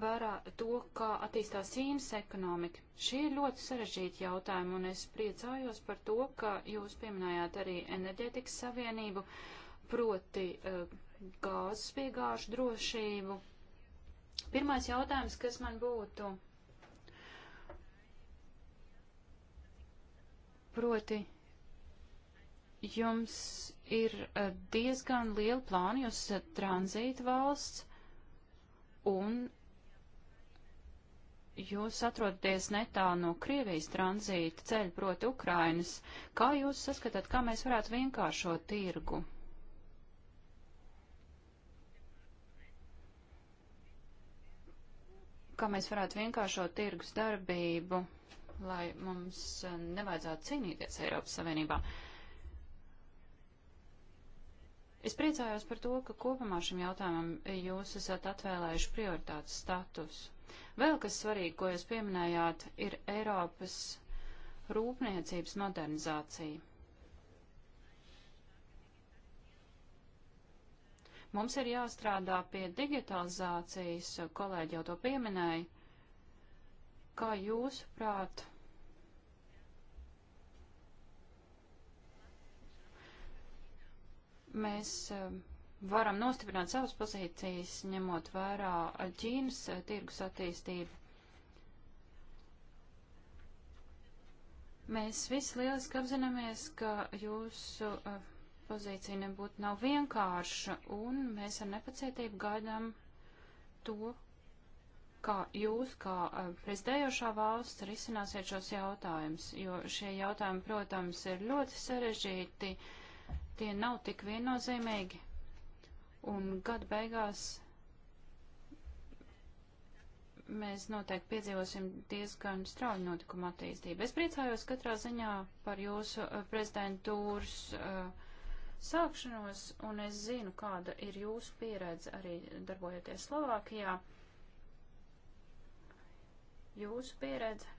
vērā to, kā attīstās Ķīnas ekonomika. Šie ir ļoti sarežģīti jautājumi, un es priecājos par to, ka jūs pieminējāt arī enerģētikas savienību, proti eh, gāzes piegāžu drošību Pirmais jautājums, kas man būtu, proti, jums ir eh, diezgan liela plāna, jūs esat tranzīta valsts un jūs atrodaties netālu no Krievijas tranzīta ceļa, proti Ukrainas. Kā jūs saskatāt, kā mēs varētu vienkāršot tirgu? kā mēs varētu vienkāršot tirgus darbību, lai mums eh, nevajadzētu cīnīties Eiropas Savienībā. Es priecājos par to, ka kopumā šim jautājumam jūs esat atvēlējuši prioritātes status. Vēl kas svarīgi, ko jūs pieminējāt, ir Eiropas rūpniecības modernizācija. Mums ir jāstrādā pie digitalizācijas, kolēģi jau to pieminēja. Kā jūs prāt? Mēs um, varam nostiprināt savas pozīcijas, ņemot vērā Ķīnas uh, tirgus attīstību. Mēs visi lieliski apzināmies, ka jūsu uh, pozīcija nebūtu nav vienkārša, un mēs ar nepacietību gaidām to, kā jūs, kā eh, prezidējošā valsts, risināsiet šos jautājumus, jo šie jautājumi, protams, ir ļoti sarežģīti, tie nav tik viennozīmīgi, un gada beigās mēs noteikti piedzīvosim diezgan strauju notikumu attīstību. Es priecājos katrā ziņā par jūsu eh, prezidentūras uh, sākšanos, un es zinu, kāda ir jūsu pieredze arī darbojoties Slovākijā. Jūsu pieredze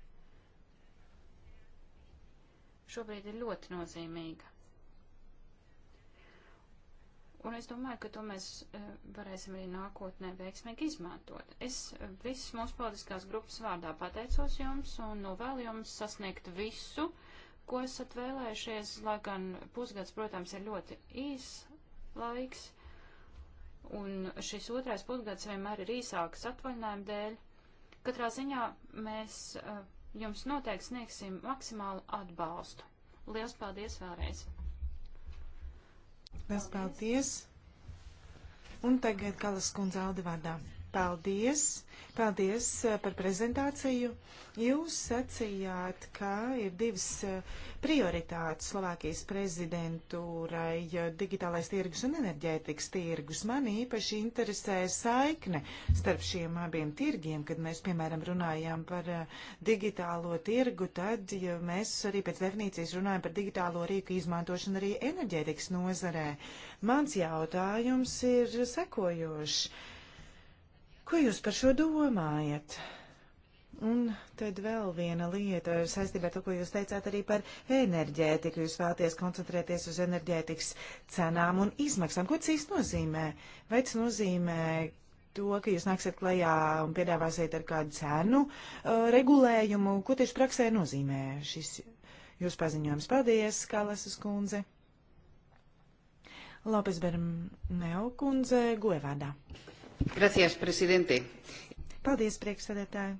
šobrīd ir ļoti nozīmīga. Un es domāju, ka to mēs e, varēsim arī nākotnē veiksmīgi izmantot. Es e, visas mūsu politiskās grupas vārdā pateicos jums un novēlu jums sasniegt visu, uh, ko esat vēlējušies, lai gan pusgads, protams, ir ļoti īs laiks, un šis otrais pusgads vienmēr ir īsāks atvaļinājuma dēļ. Katrā ziņā mēs eh, jums noteikti sniegsim maksimālu atbalstu. Lielas paldies vēlreiz! Lielas paldies! Un tagad Kalas kundze Aldi vārdā. Paldies! Paldies eh, par prezentāciju. Jūs sacījāt, ka ir divas eh, prioritātes Slovākijas prezidentūrai eh, - digitālais tirgus un enerģētikas tirgus. Man īpaši interesē saikne starp šiem abiem tirgiem. Kad mēs, piemēram, runājām par digitālo tirgu, tad ja mēs arī pēc definīcijas runājam par digitālo rīku izmantošanu arī enerģētikas nozarē. Mans jautājums ir sekojošs Ko jūs par šo domājat? Un tad vēl viena lieta saistībā ar to, ko jūs teicāt arī par enerģētiku. Jūs vēlaties koncentrēties uz enerģētikas cenām un izmaksām. Ko tas īsti nozīmē? Vai tas nozīmē to, ka jūs nāksiet klajā un piedāvāsiet ar kādu cenu uh, regulējumu? Ko tieši praksē nozīmē šis jūs paziņojums? Paldies, Kalasas kundze! Lopes Bermeo kundze Guevādā. Gracias, prezidente. Paldies, priekšsēdētāji.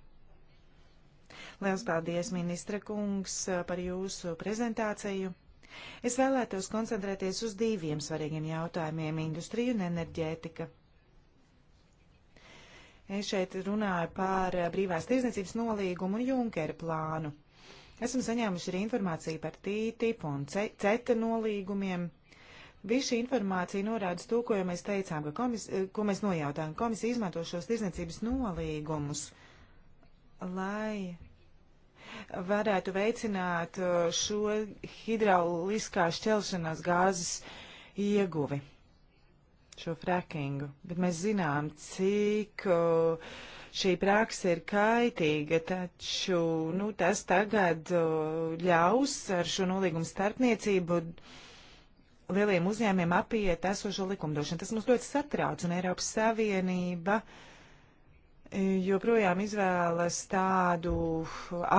Liels paldies, ministra kungs, par jūsu prezentāciju. Es vēlētos koncentrēties uz diviem svarīgiem jautājumiem - industrija un enerģētika. Es šeit runāju par brīvās tirdzniecības nolīgumu un Junkera plānu. Esam saņēmuši arī informāciju par TTIP un CETA nolīgumiem. Viss šī informācija norāda to, ko jau mēs teicām, ka komis, eh, ko mēs nojautām. Komisija izmanto šos tirdzniecības nolīgumus, lai varētu veicināt eh, šo hidrauliskā šķelšanās gāzes ieguvi, šo frackingu. Bet mēs zinām, cik eh, šī praksa ir kaitīga, taču nu, tas tagad ļaus ar šo nolīgumu starpniecību lieliem uzņēmiem apiet esošo likumdošanu. Tas mums ļoti satrauc, un Eiropas Savienība e, joprojām izvēlas tādu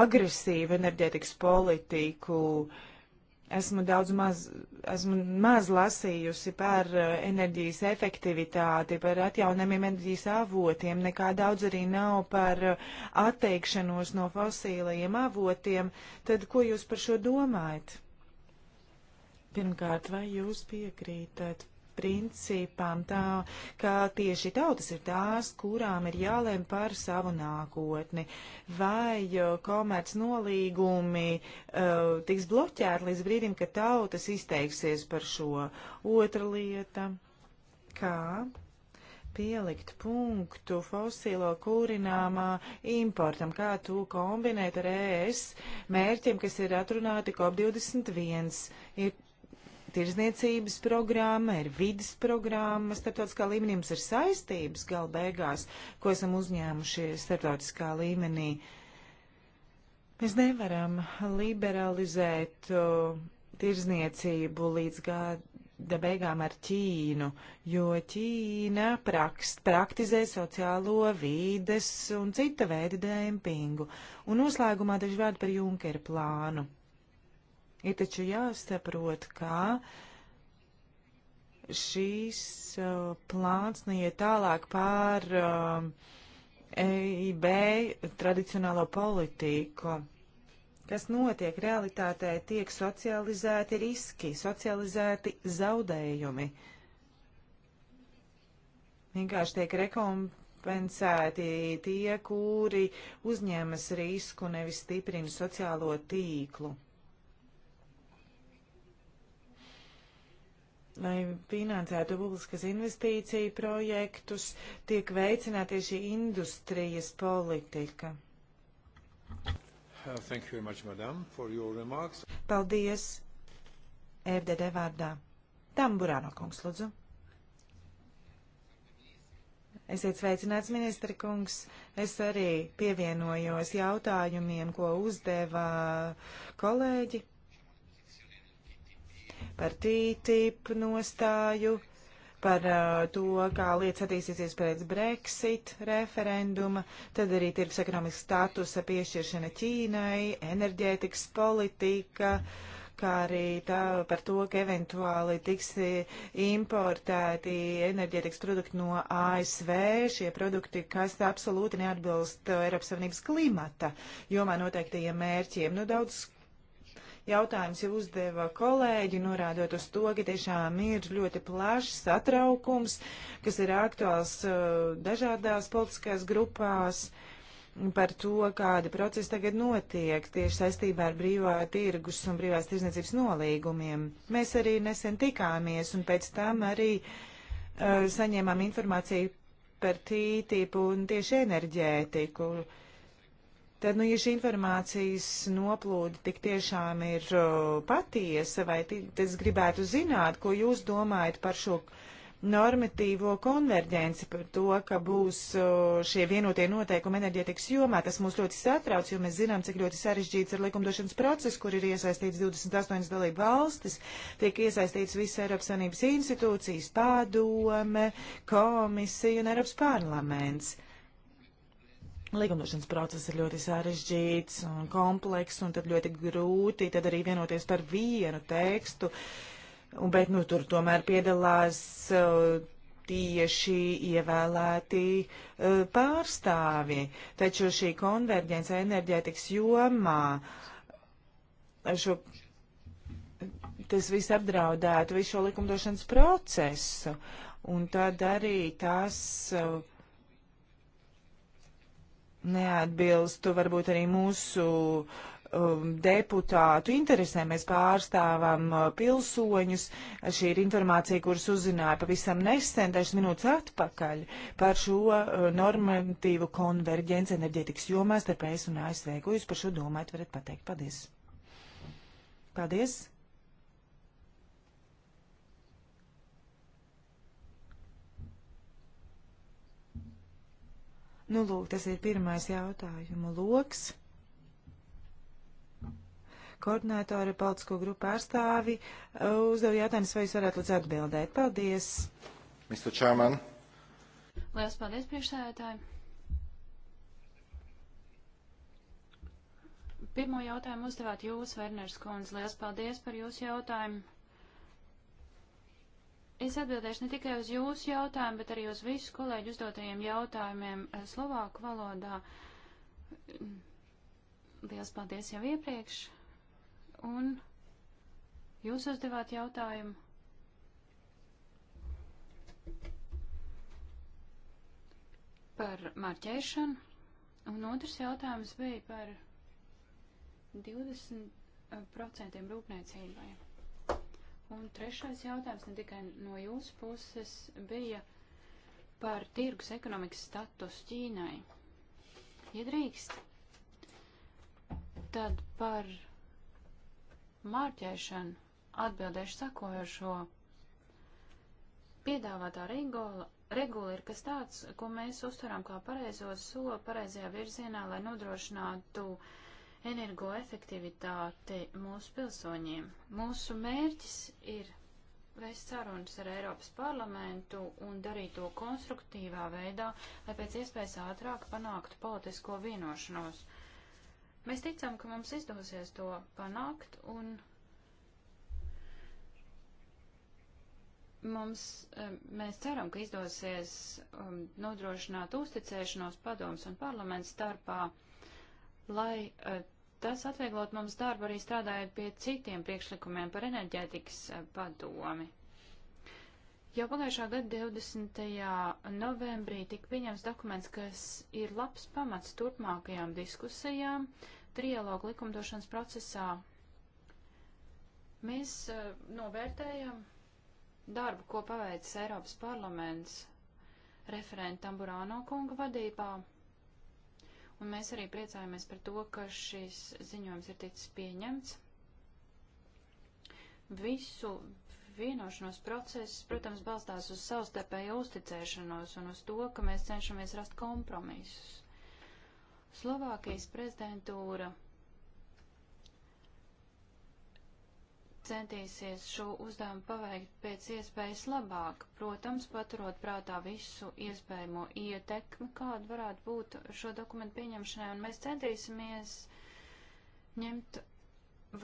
agresīvu enerģētikas politiku. Esmu daudz maz, esmu maz lasījusi par e, enerģijas efektivitāti, par atjaunamiem enerģijas avotiem, nekā daudz arī nav par e, atteikšanos no fosīlajiem avotiem. Tad ko jūs par šo domājat? Pirmkārt, vai jūs piekrītat principam tā, ka tieši tautas ir tās, kurām ir jālem par savu nākotni? Vai komerc nolīgumi uh, tiks bloķēti līdz brīdim, kad tautas izteiksies par šo? Otra lieta, kā pielikt punktu fosilo kūrināmā importam, kā to kombinēt ar ES mērķiem, kas ir atrunāti COP21. Ir tirzniecības programma, ir vidas programma, starptautiskā līmenī mums ir saistības gal beigās, ko esam uzņēmuši starptautiskā līmenī. Mēs nevaram liberalizēt uh, tirzniecību līdz gada beigām ar Ķīnu, jo Ķīna prakst, praktizē sociālo vīdes un cita veida dēmpingu. Un noslēgumā daži vārdi par Junkera plānu. Ir taču jāsaprot, ka šīs uh, plāns neiet nu, tālāk pār uh, um, EIB tradicionālo politiku kas notiek realitātē, tiek socializēti riski, socializēti zaudējumi. Vienkārši tiek rekompensēti tie, kuri uzņemas risku, nevis stiprina sociālo tīklu. lai finansētu publiskas investīciju projektus, tiek veicināta šī industrijas politika. Uh, much, madam, Paldies, FDD vārdā. Tamburāno kungs, lūdzu. Esiet sveicināts, ministra kungs. Es arī pievienojos jautājumiem, ko uzdeva kolēģi par TTIP nostāju, par uh, to, kā lietas attīstīsies pēc Brexit referenduma, tad arī tirgus ekonomikas statusa piešķiršana Ķīnai, enerģētikas politika, kā arī tā, par to, ka eventuāli tiks eh, importēti enerģētikas produkti no ASV, šie produkti, kas absolūti neatbilst Eiropas Savienības klimata jomā noteiktajiem mērķiem. Nu, daudz Jautājums jau uzdeva kolēģi, norādot uz to, ka tiešām ir ļoti plašs satraukums, kas ir aktuāls uh, dažādās politiskajās grupās par to, kāda procesa tagad notiek tieši saistībā ar brīvā tirgus un brīvās tirzniecības nolīgumiem. Mēs arī nesen tikāmies un pēc tam arī uh, saņēmām informāciju par tītību un tieši enerģētiku. Uh, Tad, nu, ja šī informācijas noplūde tik tiešām ir uh, patiesa, vai tad es gribētu zināt, ko jūs domājat par šo normatīvo konverģenci, par to, ka būs uh, šie vienotie noteikumi enerģētikas jomā. Tas mūs ļoti satrauc, jo mēs zinām, cik ļoti sarežģīts ir likumdošanas process, kur ir iesaistīts 28 dalību valstis, tiek iesaistīts visas Eiropas Savienības institūcijas, padome, komisija un Eiropas parlaments. Uh, Likumdošanas process ir ļoti sarežģīts un komplekss, un tad ļoti grūti tad arī vienoties par vienu tekstu, un, bet nu, tur tomēr piedalās uh, tieši ievēlēti uh, pārstāvi. Taču šī konverģence enerģētikas jomā uh, šo, tas viss apdraudētu visu šo likumdošanas procesu, un tad arī tas. Uh, neatbilstu varbūt arī mūsu um, deputātu interesēm. Mēs pārstāvam uh, pilsoņus. Šī ir informācija, kuras uzzināja pavisam nesen, dažas minūtes atpakaļ, par šo uh, normatīvu konverģenci enerģētikas jomā starp ES un ASV. Ko jūs par šo domājat, varat pateikt? Paldies! Paldies! Nu, lūk, tas ir pirmais jautājuma loks. Koordinātori, politisko grupu pārstāvi uzdev jautājumus, vai jūs varētu lūdzu atbildēt. Paldies! Mr. Chairman. Lielas paldies, priekšsēdētāji! Pirmo jautājumu uzdevāt jūs, Verners Kunz. Lielas paldies par jūsu jautājumu. Es atbildēšu ne tikai uz jūsu jautājumu, bet arī uz visu kolēģu uzdotajiem jautājumiem eh, Slovāku valodā. Liels paldies jau iepriekš. Un jūs uzdevāt jautājumu. Par marķēšanu. Un otrs jautājums bija par 20% eh, rūpniecībai. Un trešais jautājums ne tikai no jūsu puses bija par tirgus ekonomikas status Ķīnai. Ja drīkst, tad par mārķēšanu atbildēšu sakojošo. Piedāvātā regula, regula ir kas tāds, ko mēs uztveram kā pareizo soli pareizajā virzienā, lai nodrošinātu uh, energoefektivitāti mūsu pilsoņiem. Mūsu mērķis ir vēst sarunas ar Eiropas parlamentu un darīt to konstruktīvā veidā, lai pēc iespējas ātrāk panāktu politisko vienošanos. Mēs ticam, ka mums izdosies to panākt un mums, eh, mēs ceram, ka izdosies um, nodrošināt uzticēšanos padoms un parlaments starpā, lai uh, Tas atvieglot mums darbu arī strādājot pie citiem priekšlikumiem par enerģētikas eh, padomi. Jau pagājušā gada 20. novembrī tika pieņems dokuments, kas ir labs pamats turpmākajām diskusijām trialogu likumdošanas procesā. Mēs uh, novērtējam darbu, ko paveicis Eiropas parlaments referenta Tamburāno kunga vadībā Un mēs arī priecājamies par to, ka šis ziņojums ir ticis pieņemts. Visu vienošanos process, protams, balstās uz savstarpēju uzticēšanos un uz to, ka mēs cenšamies rast kompromisus. Slovākijas prezidentūra centīsies šo uzdevumu paveikt pēc iespējas labāk, protams, paturot prātā visu iespējamo ietekmi, kāda varētu būt šo dokumentu pieņemšanai, un mēs centīsimies ņemt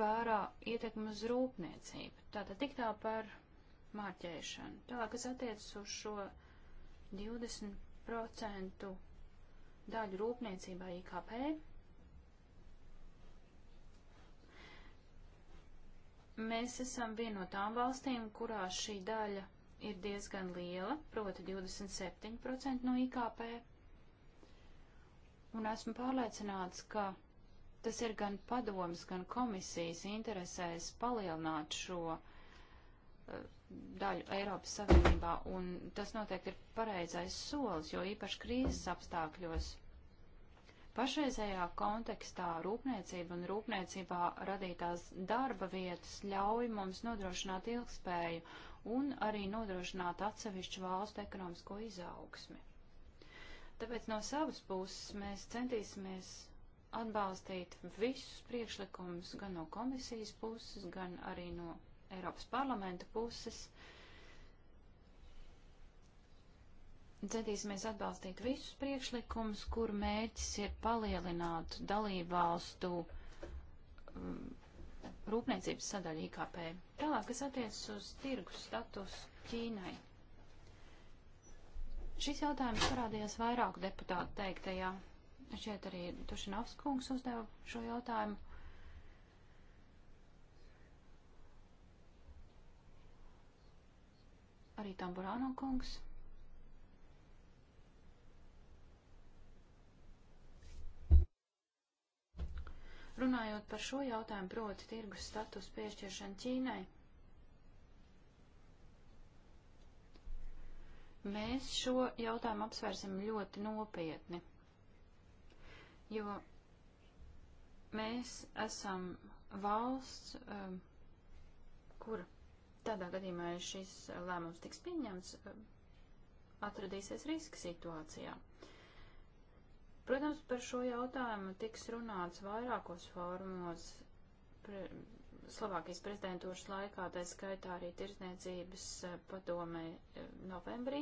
vērā ietekmi uz rūpniecību. Tātad tik tā par mārķēšanu. Tālāk, kas attiecas uz šo 20% daļu rūpniecībā IKP, Mēs esam viena no tām valstīm, kurā šī daļa ir diezgan liela, proti 27% no IKP. Un esmu pārliecināts, ka tas ir gan padomas, gan komisijas interesēs palielināt šo uh, daļu Eiropas Savienībā, un tas noteikti ir pareizais solis, jo īpaši krīzes apstākļos Pašreizējā kontekstā rūpniecība un rūpniecībā radītās darba vietas ļauj mums nodrošināt ilgspēju un arī nodrošināt atsevišķu valstu ekonomisko izaugsmi. Tāpēc no savas puses mēs centīsimies atbalstīt visus priekšlikumus gan no komisijas puses, gan arī no Eiropas parlamenta puses. Uh, centīsimies atbalstīt visus priekšlikumus, kur mērķis ir palielināt dalībvalstu mm, rūpniecības sadaļu IKP. Tālāk, kas attiecas uz tirgus status Ķīnai. Šis jautājums parādījās vairāku deputātu teiktajā. Šeit arī Tušinovs kungs uzdeva šo jautājumu. Arī Tamburāno kungs. Runājot par šo jautājumu, proti tirgus status piešķiršanu Ķīnai, mēs šo jautājumu apsvērsim ļoti nopietni, jo mēs esam valsts, um, kur tādā gadījumā šis lēmums tiks pieņemts, um, atradīsies riska situācijā. Protams, par šo jautājumu tiks runāts vairākos fórumos pre, Slovākijas prezidentūras laikā, tā skaitā arī tirzniecības eh, padomē eh, novembrī.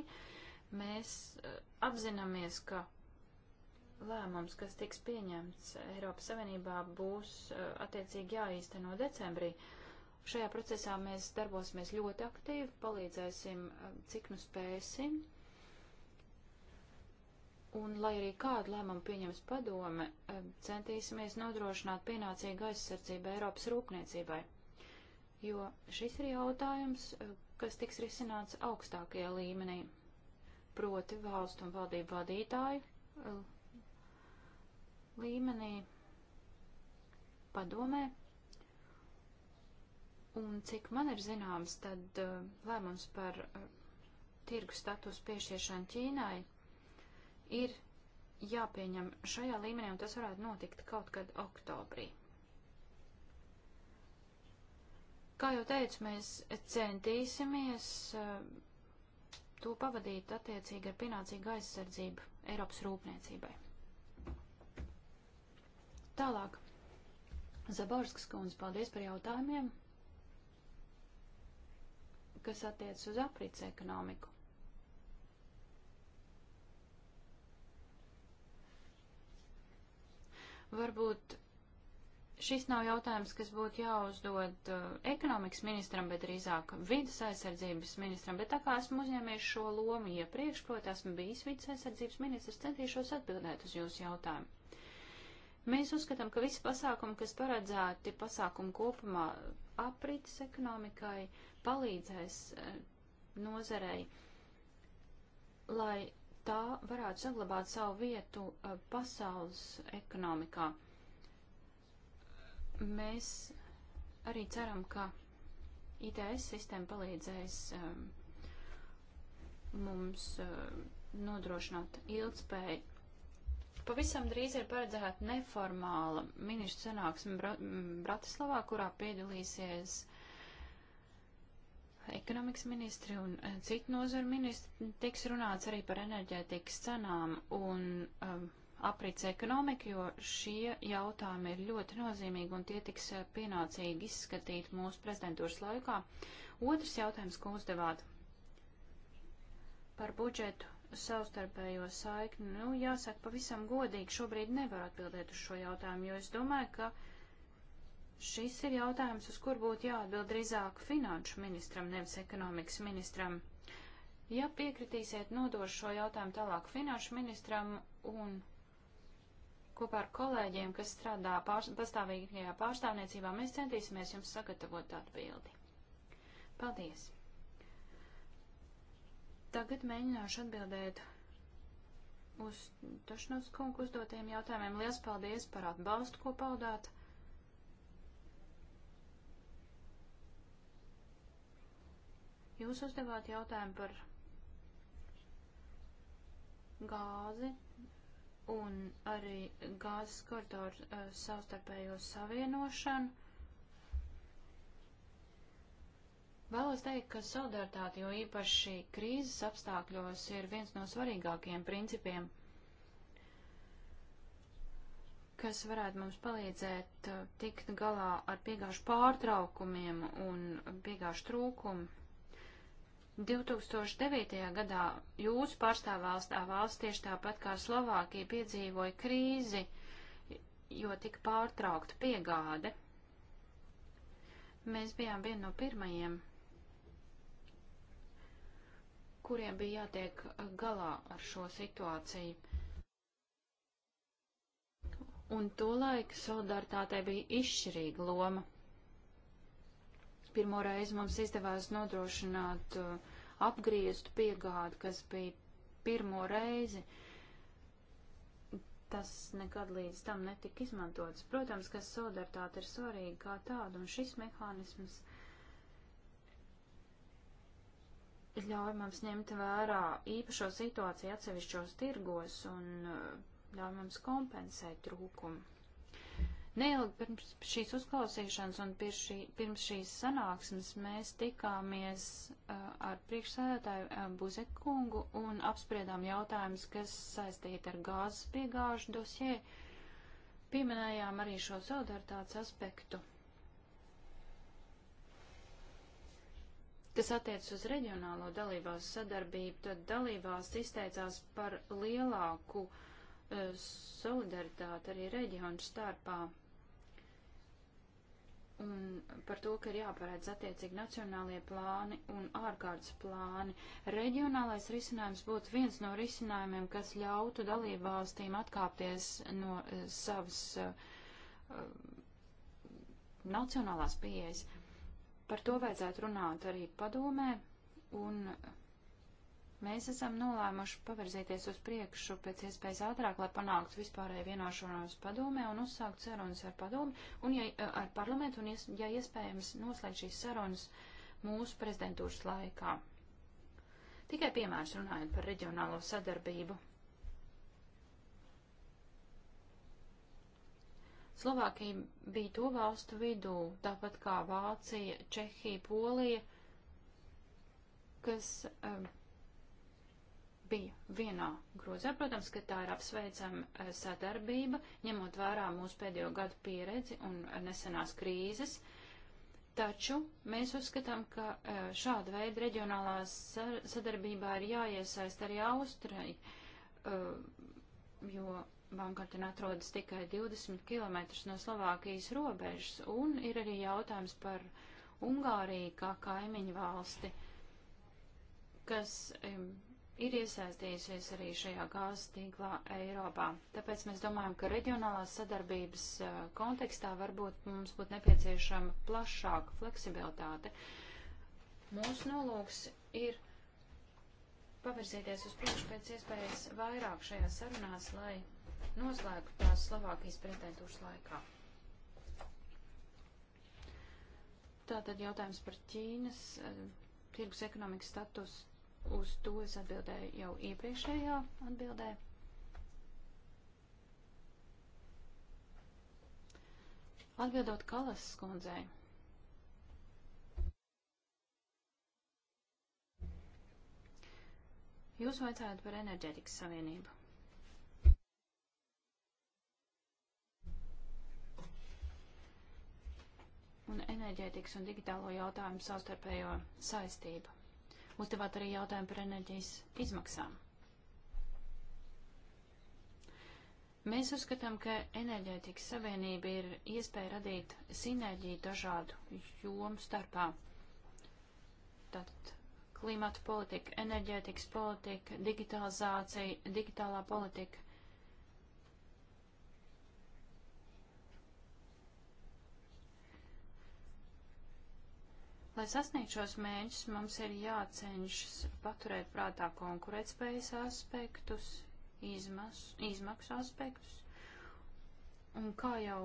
Mēs eh, apzināmies, ka lēmums, kas tiks pieņemts Eiropas Savienībā, būs attiecīgi jāīsteno decembrī. Šajā procesā mēs darbosimies ļoti aktīvi, palīdzēsim, cik nu spēsim Un, lai arī kādu lēmumu pieņems padome, eh, centīsimies nodrošināt pienācīgu aizsardzību Eiropas rūpniecībai, jo šis ir jautājums, eh, kas tiks risināts augstākajā līmenī, proti valstu un valdību vadītāju eh, līmenī padomē. Un cik man ir zināms, tad lēmums par tirgu status piešķiešanu Ķīnai ir jāpieņem šajā līmenī, un tas varētu notikt kaut kad oktobrī. Kā jau teicu, mēs centīsimies eh, to pavadīt attiecīgi ar pienācīgu aizsardzību Eiropas rūpniecībai. Tālāk. Zaborskas kundze, paldies par jautājumiem, kas attiec uz aprīts ekonomiku. Varbūt šis nav jautājums, kas būtu jāuzdod uh, ekonomikas ministram, bet drīzāk vidas aizsardzības ministram, bet tā kā esmu uzņēmējis šo lomu iepriekš, proti esmu bijis vidas aizsardzības ministrs, centīšos atbildēt uz jūsu jautājumu. Mēs uzskatām, ka visi pasākumi, kas paredzēti pasākumu kopumā aprītas ekonomikai, palīdzēs uh, nozarei, lai tā varētu saglabāt savu vietu uh, pasaules ekonomikā. Mēs arī ceram, ka ITS sistēma palīdzēs um, mums um, nodrošināt ilgspēju. Pavisam drīz ir paredzēta neformāla ministru sanāksme Bra Bratislavā, kurā piedalīsies ekonomikas ministri un eh, citu nozaru ministri tiks runāts arī par enerģētikas cenām un um, aprits ekonomiku, jo šie jautājumi ir ļoti nozīmīgi un tie tiks eh, pienācīgi izskatīt mūsu prezidentūras laikā. Otrs jautājums, ko uzdevāt par budžetu savstarpējo saikni, nu, jāsaka pavisam godīgi, šobrīd nevar atbildēt uz šo jautājumu, jo es domāju, ka uh, Šis ir jautājums, uz kur būtu jāatbild drīzāk finanšu ministram, nevis ekonomikas ministram. Ja piekritīsiet, nodošu šo jautājumu tālāk finanšu ministram un kopā ar kolēģiem, kas strādā pārs pastāvīgajā pārstāvniecībā, mēs centīsimies jums sagatavot atbildi. Paldies! Tagad mēģināšu atbildēt uz Tašnovs kungu uzdotajiem jautājumiem. Lielas paldies par atbalstu, ko paudāt! Jūs uzdevāt jautājumu par gāzi un arī gāzes koridoru uh, savstarpējo savienošanu. Vēlos teikt, ka solidaritāte, jo īpaši krīzes apstākļos, ir viens no svarīgākajiem principiem, kas varētu mums palīdzēt eh, tikt galā ar piegāžu pārtraukumiem un piegāžu trūkumu. 2009. gadā jūsu pārstāvvalstā valsts tieši tāpat kā Slovākija piedzīvoja krīzi, jo tika pārtraukta piegāde. Mēs bijām viena no pirmajiem, kuriem bija jātiek galā ar šo situāciju. Un tolaik solidaritātei bija izšķirīga loma. Pirmo reizi mums izdevās nodrošināt uh, apgrieztu piegādi, kas bija pirmo reizi. Tas nekad līdz tam netika izmantots. Protams, ka solidaritāte ir svarīga kā tāda, un šis mehānisms ļauj mums ņemt vērā īpašo situāciju atsevišķos tirgos un uh, ļauj mums kompensēt trūkumu. Neilgi pirms šīs uzklausīšanas un šī, pirms šīs sanāksmes mēs tikāmies uh, ar priekšsēdētāju uh, Buzekungu un apspriedām jautājumus, kas saistīti ar gāzes piegāžu dosjē. Pieminējām arī šo solidaritātes aspektu, kas attiec uz reģionālo dalībās sadarbību, tad dalībās izteicās par lielāku uh, Eh, solidaritāti arī reģionu starpā un par to, ka ir jāparēdz attiecīgi nacionālie plāni un ārkārtas plāni. Reģionālais risinājums būtu viens no risinājumiem, kas ļautu dalību valstīm atkāpties no uh, savas uh, nacionālās pieejas. Par to vajadzētu runāt arī padomē un uh, Mēs esam nolēmuši pavirzīties uz priekšu pēc iespējas ātrāk, lai panāktu vispārēju vienošanos padomē un uzsākt sarunas ar padomu un ja, ar parlamentu un, ies, ja iespējams, noslēgt šīs sarunas mūsu prezidentūras laikā. Tikai piemērs runājot par reģionālo sadarbību. Slovākija bija to valstu vidū, tāpat kā Vācija, Čehija, Polija, kas. Um, bija vienā grozā. Protams, ka tā ir apsveicama eh, sadarbība, ņemot vērā mūsu pēdējo gadu pieredzi un eh, nesenās krīzes. Taču mēs uzskatām, ka eh, šāda veida reģionālā sadarbībā ir jāiesaist arī Austrai, jo Bankartina atrodas tikai 20 km no Slovākijas robežas, un ir arī jautājums par Ungāriju kā kaimiņu valsti, kas ir iesaistījusies arī šajā gāzes tīklā Eiropā. Tāpēc mēs domājam, ka reģionālās sadarbības kontekstā varbūt mums būtu nepieciešama plašāka fleksibilitāte. Mūsu nolūks ir pavirzīties uz priekšu pēc iespējas vairāk šajā sarunās, lai noslēgtu tās Slovākijas pretendūras laikā. Tātad jautājums par Ķīnas tirgus ekonomikas statusu Uz to es atbildēju jau iepriekšējā atbildē. Atbildot Kalas skundzei. Jūs vaicājat par enerģētikas savienību. Un enerģētikas un digitālo jautājumu savstarpējo saistību uzdevāt arī jautājumu par enerģijas izmaksām. Mēs uzskatām, ka enerģētikas savienība ir iespēja radīt sinerģiju dažādu jomu starpā. Tātad klimata politika, enerģētikas politika, digitalizācija, digitālā politika. Lai sasniegtu šos mērķus, mums ir jācenšas paturēt prātā konkurētspējas aspektus, izmas, izmaksu aspektus. Un kā jau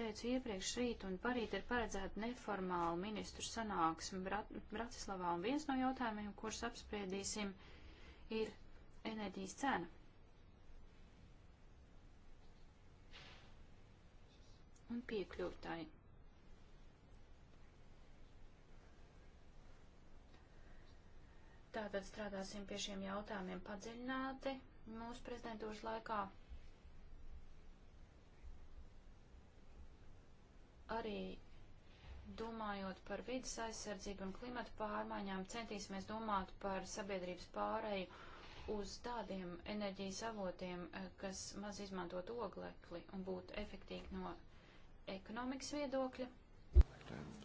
teicu iepriekš rīt un parīt ir paredzēta neformāla ministru sanāksme Brat Bratislavā, un viens no jautājumiem, kurus apspriedīsim, ir enerģijas cena. Un piekļūtāji. Tātad strādāsim pie šiem jautājumiem padziļināti mūsu prezidentūras laikā. Arī domājot par vidas aizsardzību un klimatu pārmaiņām, centīsimies domāt par sabiedrības pārēju uz tādiem enerģijas avotiem, eh, kas maz izmantot oglekli un būtu efektīgi no ekonomikas viedokļa. Tēm.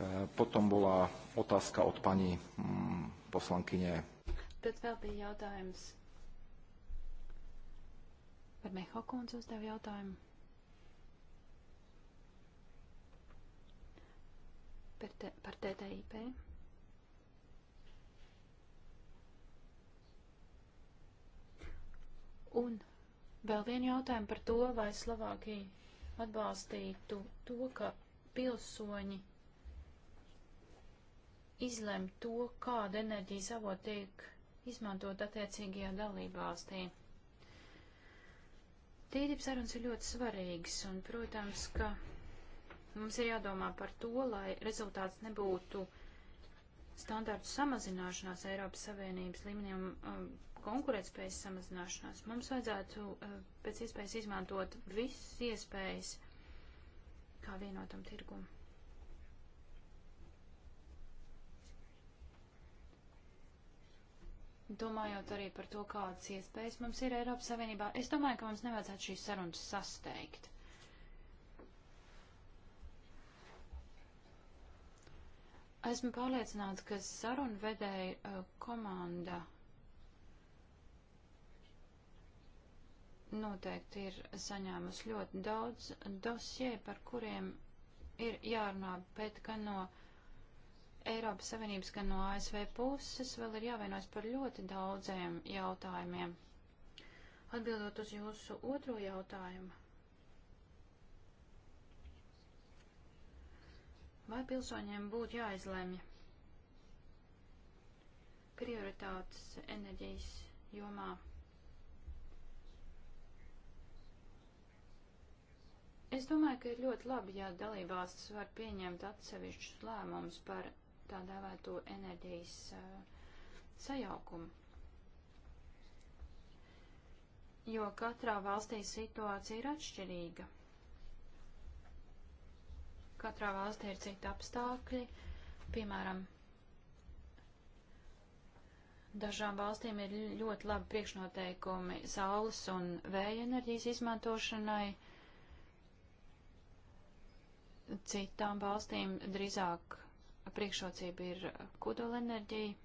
Eh, potom bola otázka od pani mm, poslankyne. Tad vēl bija jautājums. Par Meho kundzi uzdev jautājumu. Par, te, par TTIP. Un vēl vienu jautājumu par to, vai Slovākija atbalstītu to, ka pilsoņi izlemt to, kāda enerģijas avot tiek izmantot attiecīgajā dalībvalstī. Tīrības sarunas ir ļoti svarīgas, un, protams, ka mums ir jādomā par to, lai rezultāts nebūtu standārtu samazināšanās Eiropas Savienības līmenī un um, konkurētspējas samazināšanās. Mums vajadzētu uh, pēc iespējas izmantot visas iespējas kā vienotam tirgumam. domājot arī par to, kādas iespējas mums ir Eiropas Savienībā. Es domāju, ka mums nevajadzētu šīs sarunas sasteigt. Esmu pārliecināts, ka sarunu vedēja uh, komanda noteikti ir saņēmusi ļoti daudz dosie, par kuriem ir jārunā, bet gan no Eiropas Savienības, gan no ASV puses vēl ir jāvienojas par ļoti daudziem jautājumiem. Atbildot uz jūsu otro jautājumu, vai pilsoņiem būtu jāizlemj prioritātes enerģijas jomā? Es domāju, ka ir ļoti labi, ja dalībvalstis var pieņemt atsevišķus lēmumus par tā dēvēto enerģijas uh, sajaukumu. Jo katrā valstī situācija ir atšķirīga. Katrā valstī ir citi apstākļi, piemēram, Dažām valstīm ir ļoti labi priekšnoteikumi saules un vēja enerģijas izmantošanai. Citām valstīm drīzāk priekšrocība ir kodolenerģija.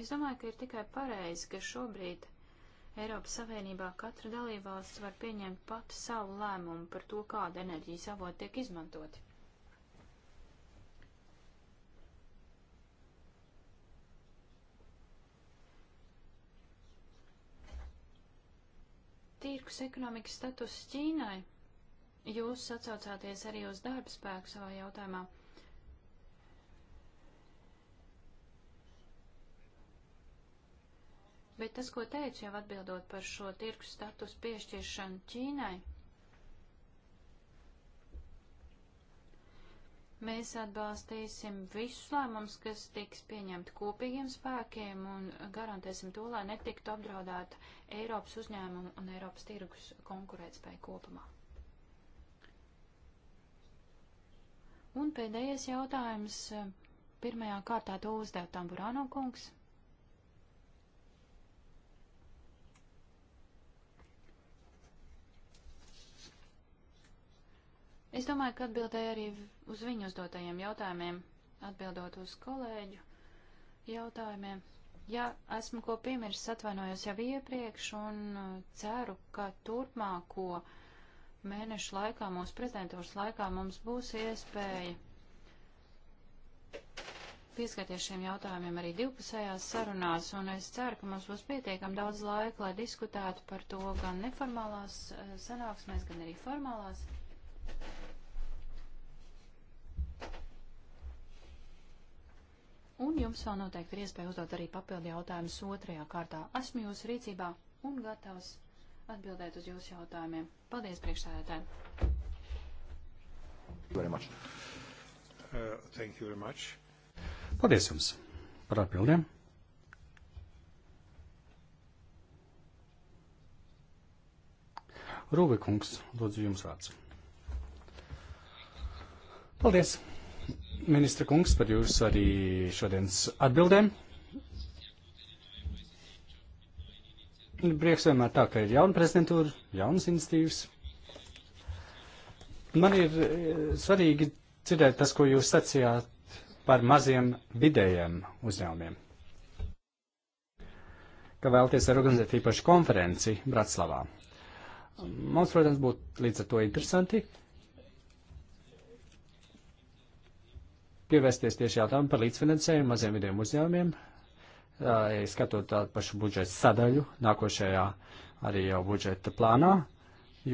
Es domāju, ka ir tikai pareizi, ka šobrīd Eiropas Savienībā katra dalībvalsts var pieņemt pati savu lēmumu par to, kāda enerģijas avota tiek izmantoti. Tīrkus ekonomikas status Ķīnai. Jūs sacaucāties arī uz darba spēku savā jautājumā. Bet tas, ko teicu jau atbildot par šo tirgus status piešķiršanu Ķīnai, mēs atbalstīsim visus lēmumus, kas tiks pieņemti kopīgiem spēkiem un garantēsim to, lai netiktu apdraudēta Eiropas uzņēmumu un Eiropas tirgus konkurētspēja kopumā. Un pēdējais jautājums. Pirmajā kārtā to uzdev Tamburāno kungs. Es domāju, ka atbildēju arī uz viņu uzdotajiem jautājumiem, atbildot uz kolēģu jautājumiem. Ja esmu ko piemirsis, atvainojos jau iepriekš un uh, ceru, ka turpmāko mēnešu laikā, mūsu prezidentūras laikā, mums būs iespēja pieskarties šiem jautājumiem arī divpusējās sarunās, un es ceru, ka mums būs pietiekam daudz laika, lai diskutētu par to gan neformālās uh, sanāksmēs, gan arī formālās. un jums vēl noteikti ir iespēja uzdot arī papildu jautājumus otrajā kārtā. Esmu jūsu rīcībā un gatavs atbildēt uz jūsu jautājumiem. Paldies, priekšsēdētāji! Very much. Uh, thank you very much. Paldies jums par atbildēm. Rūvekungs, lūdzu jums vārds. Paldies! ministra kungs, par jūsu arī šodienas atbildēm. Prieks vienmēr tā, ka ir jauna prezidentūra, jaunas institīvas. Man ir eh, svarīgi dzirdēt tas, ko jūs sacījāt par maziem vidējiem uzņēmumiem ka vēlaties organizēt īpašu konferenci Bratislavā. Mums, protams, būtu līdz ar to interesanti pievērsties tieši jautājumu par līdzfinansējumu maziem vidiem uzņēmumiem, skatot tādu pašu budžeta sadaļu nākošajā arī jau budžeta plānā,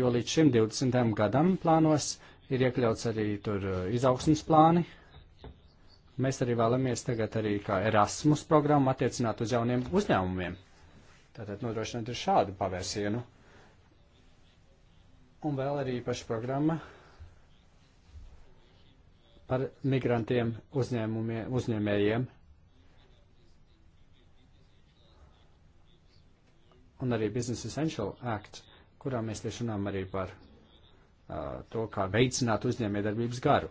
jo līdz šim 20. gadam plānos ir iekļauts arī tur izaugsmas plāni. Mēs arī vēlamies tagad arī kā Erasmus programmu attiecināt uz jauniem uzņēmumiem. Tātad nodrošināt ir šādu pavērsienu. Un vēl arī paša programma par migrantiem uzņēmējiem. Un arī Business Essential Act, kurā mēs tieši runājam arī par uh, to, kā veicināt uzņēmējdarbības garu.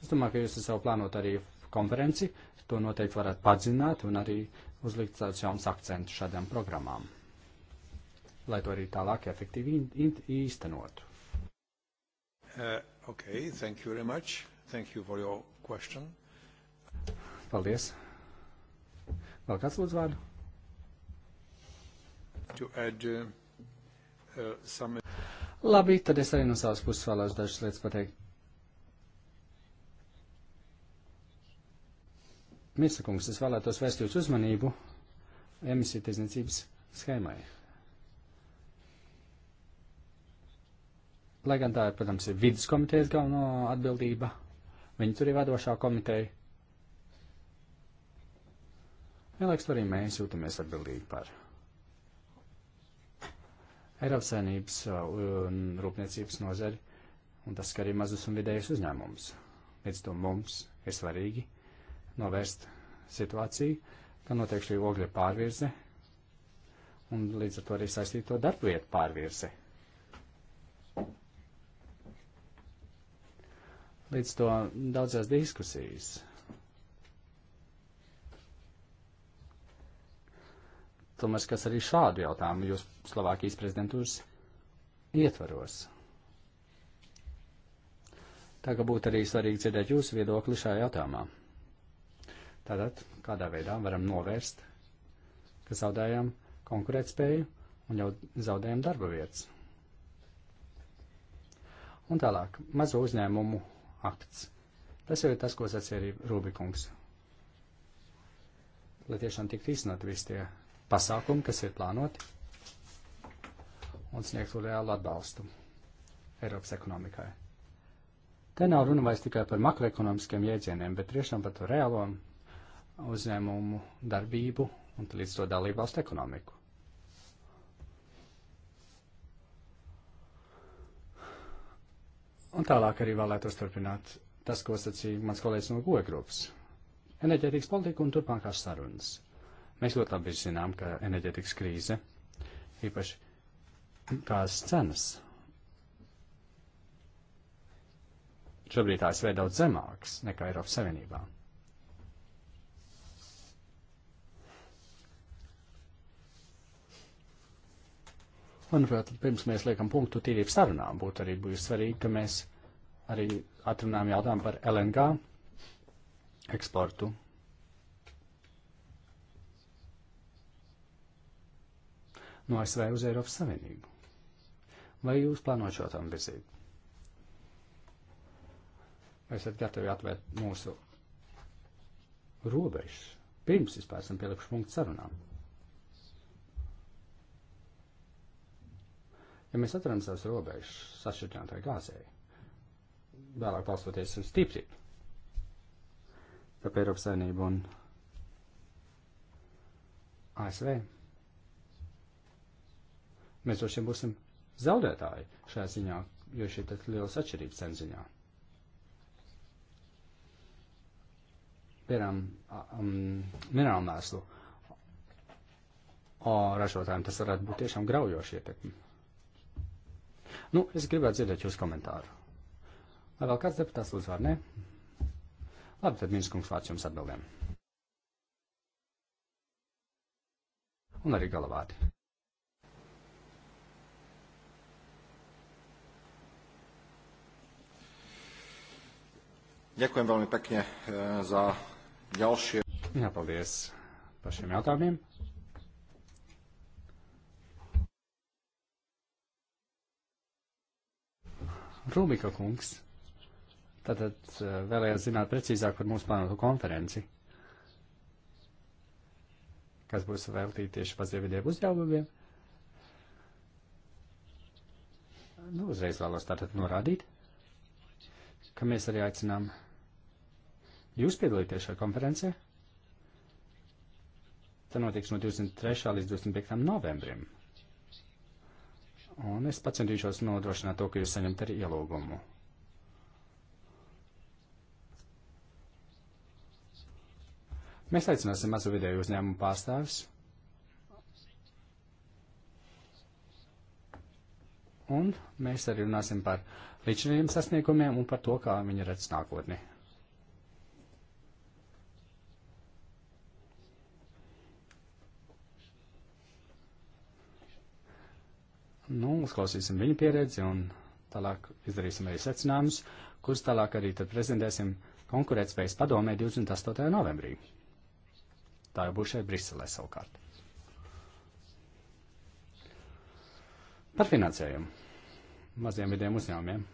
Es domāju, ka jūs esat jau plānot arī konferenci, to noteikti varētu padzināt un arī uzlikt tādus jaunus akcentus šādām programmām, lai to arī tālāk efektīvi īstenotu. Uh, okay, thank you very much. Thank you for your question. Paldies. Vēl kāds lūdz vārdu? To add uh, uh, some... Labi, tad es arī no savas puses vēlos dažas lietas pateikt. Mirsakungs, es vēlētos vērst jūsu uzmanību emisiju tirdzniecības schēmai. lai gan tā, ir, protams, ir vidas komitejas galveno atbildība, viņi tur ir vadošā komiteja. Vienlaiks arī mēs jūtamies atbildīgi par Eiropas saimnības uh, un rūpniecības nozari, un tas skar arī mazus un vidējus uzņēmumus. Līdz to mums ir svarīgi novērst situāciju, ka notiek šī ogļa pārvirze, un līdz ar to arī saistīto darbu vietu pārvirze. līdz to daudzās diskusijas. Tomēr, kas arī šādu jautājumu jūs Slovākijas prezidentūras ietvaros. Tā kā būtu arī svarīgi dzirdēt jūsu viedokli šajā jautājumā. Tātad, kādā veidā varam novērst, ka zaudējam konkurētspēju un jau zaudējam darba vietas. Un tālāk, mazo uzņēmumu akts. Tas jau ir tas, ko sacīja arī Rūbikungs. Lai tiešām tiktu iznot visi tie pasākumi, kas ir plānoti, un sniegtu reālu atbalstu Eiropas ekonomikai. Te nav runa vairs tikai par makroekonomiskiem jēdzieniem, bet tiešām par to reālo uzņēmumu darbību un līdz to dalībvalstu ekonomiku. Un tālāk arī vēlētos turpināt tas, ko sacīja mans kolēģis no GOE grupas. Enerģētikas politika un turpmākās sarunas. Mēs ļoti labi zinām, ka enerģētikas krīze, īpaši tās cenas, šobrīd ASV daudz zemāks nekā Eiropas Savienībā. Manuprāt, pirms mēs liekam punktu tīrību sarunām, būtu arī bijis svarīgi, ka mēs arī atrunājam jautājumu par LNG eksportu. No ASV uz Eiropas Savienību. Vai jūs plānojat šo tam vizīti? Vai esat gatavi atvērt mūsu robežas? Pirms vispār esam pielikuši punktu sarunām. Ja mēs atveram savus robežus sašķirtinātai gāzēji, vēlāk balstoties uz stiprību, starp Eiropas Savienību un ASV, mēs droši vien būsim zaudētāji šajā ziņā, jo šī ir liels atšķirības cenu ziņā. Piemēram, um, minerālu mēslu o, ražotājiem tas varētu būt tiešām graujoši ietekmi. Nu, es gribētu dzirdēt jūsu komentāru. Vai vēl kāds deputāts lūdzu vārnē? Labi, tad ministrs vārds jums atbildēm. Un arī galavādi. Ďakujem veľmi pekne eh, za ďalšie. Jā, paldies par šiem jautājumiem. Rūbika kungs. Tātad eh, vēlējās zināt precīzāk par mūsu plānotu konferenci, kas būs veltīta tieši pazīvidiem uzņēmumiem. Nu, uzreiz vēlos tātad norādīt, ka mēs arī aicinām jūs piedalīties šajā konferencē. Tā notiks no 23. līdz 25. novembrim. Un es pacentīšos nodrošināt to, ka jūs saņemt arī ielūgumu. Mēs aicināsim mazu vidēju uzņēmumu pārstāvis. Un mēs arī runāsim par līdzinājiem sasniegumiem un par to, kā viņi redz nākotni. Nu, uzklausīsim viņu pieredzi un tālāk izdarīsim arī secinājumus, kurus tālāk arī tad prezentēsim konkurētspējas padomē 28. novembrī. Tā jau būs šeit Briselē savukārt. Par finansējumu maziem vidiem uzņēmumiem.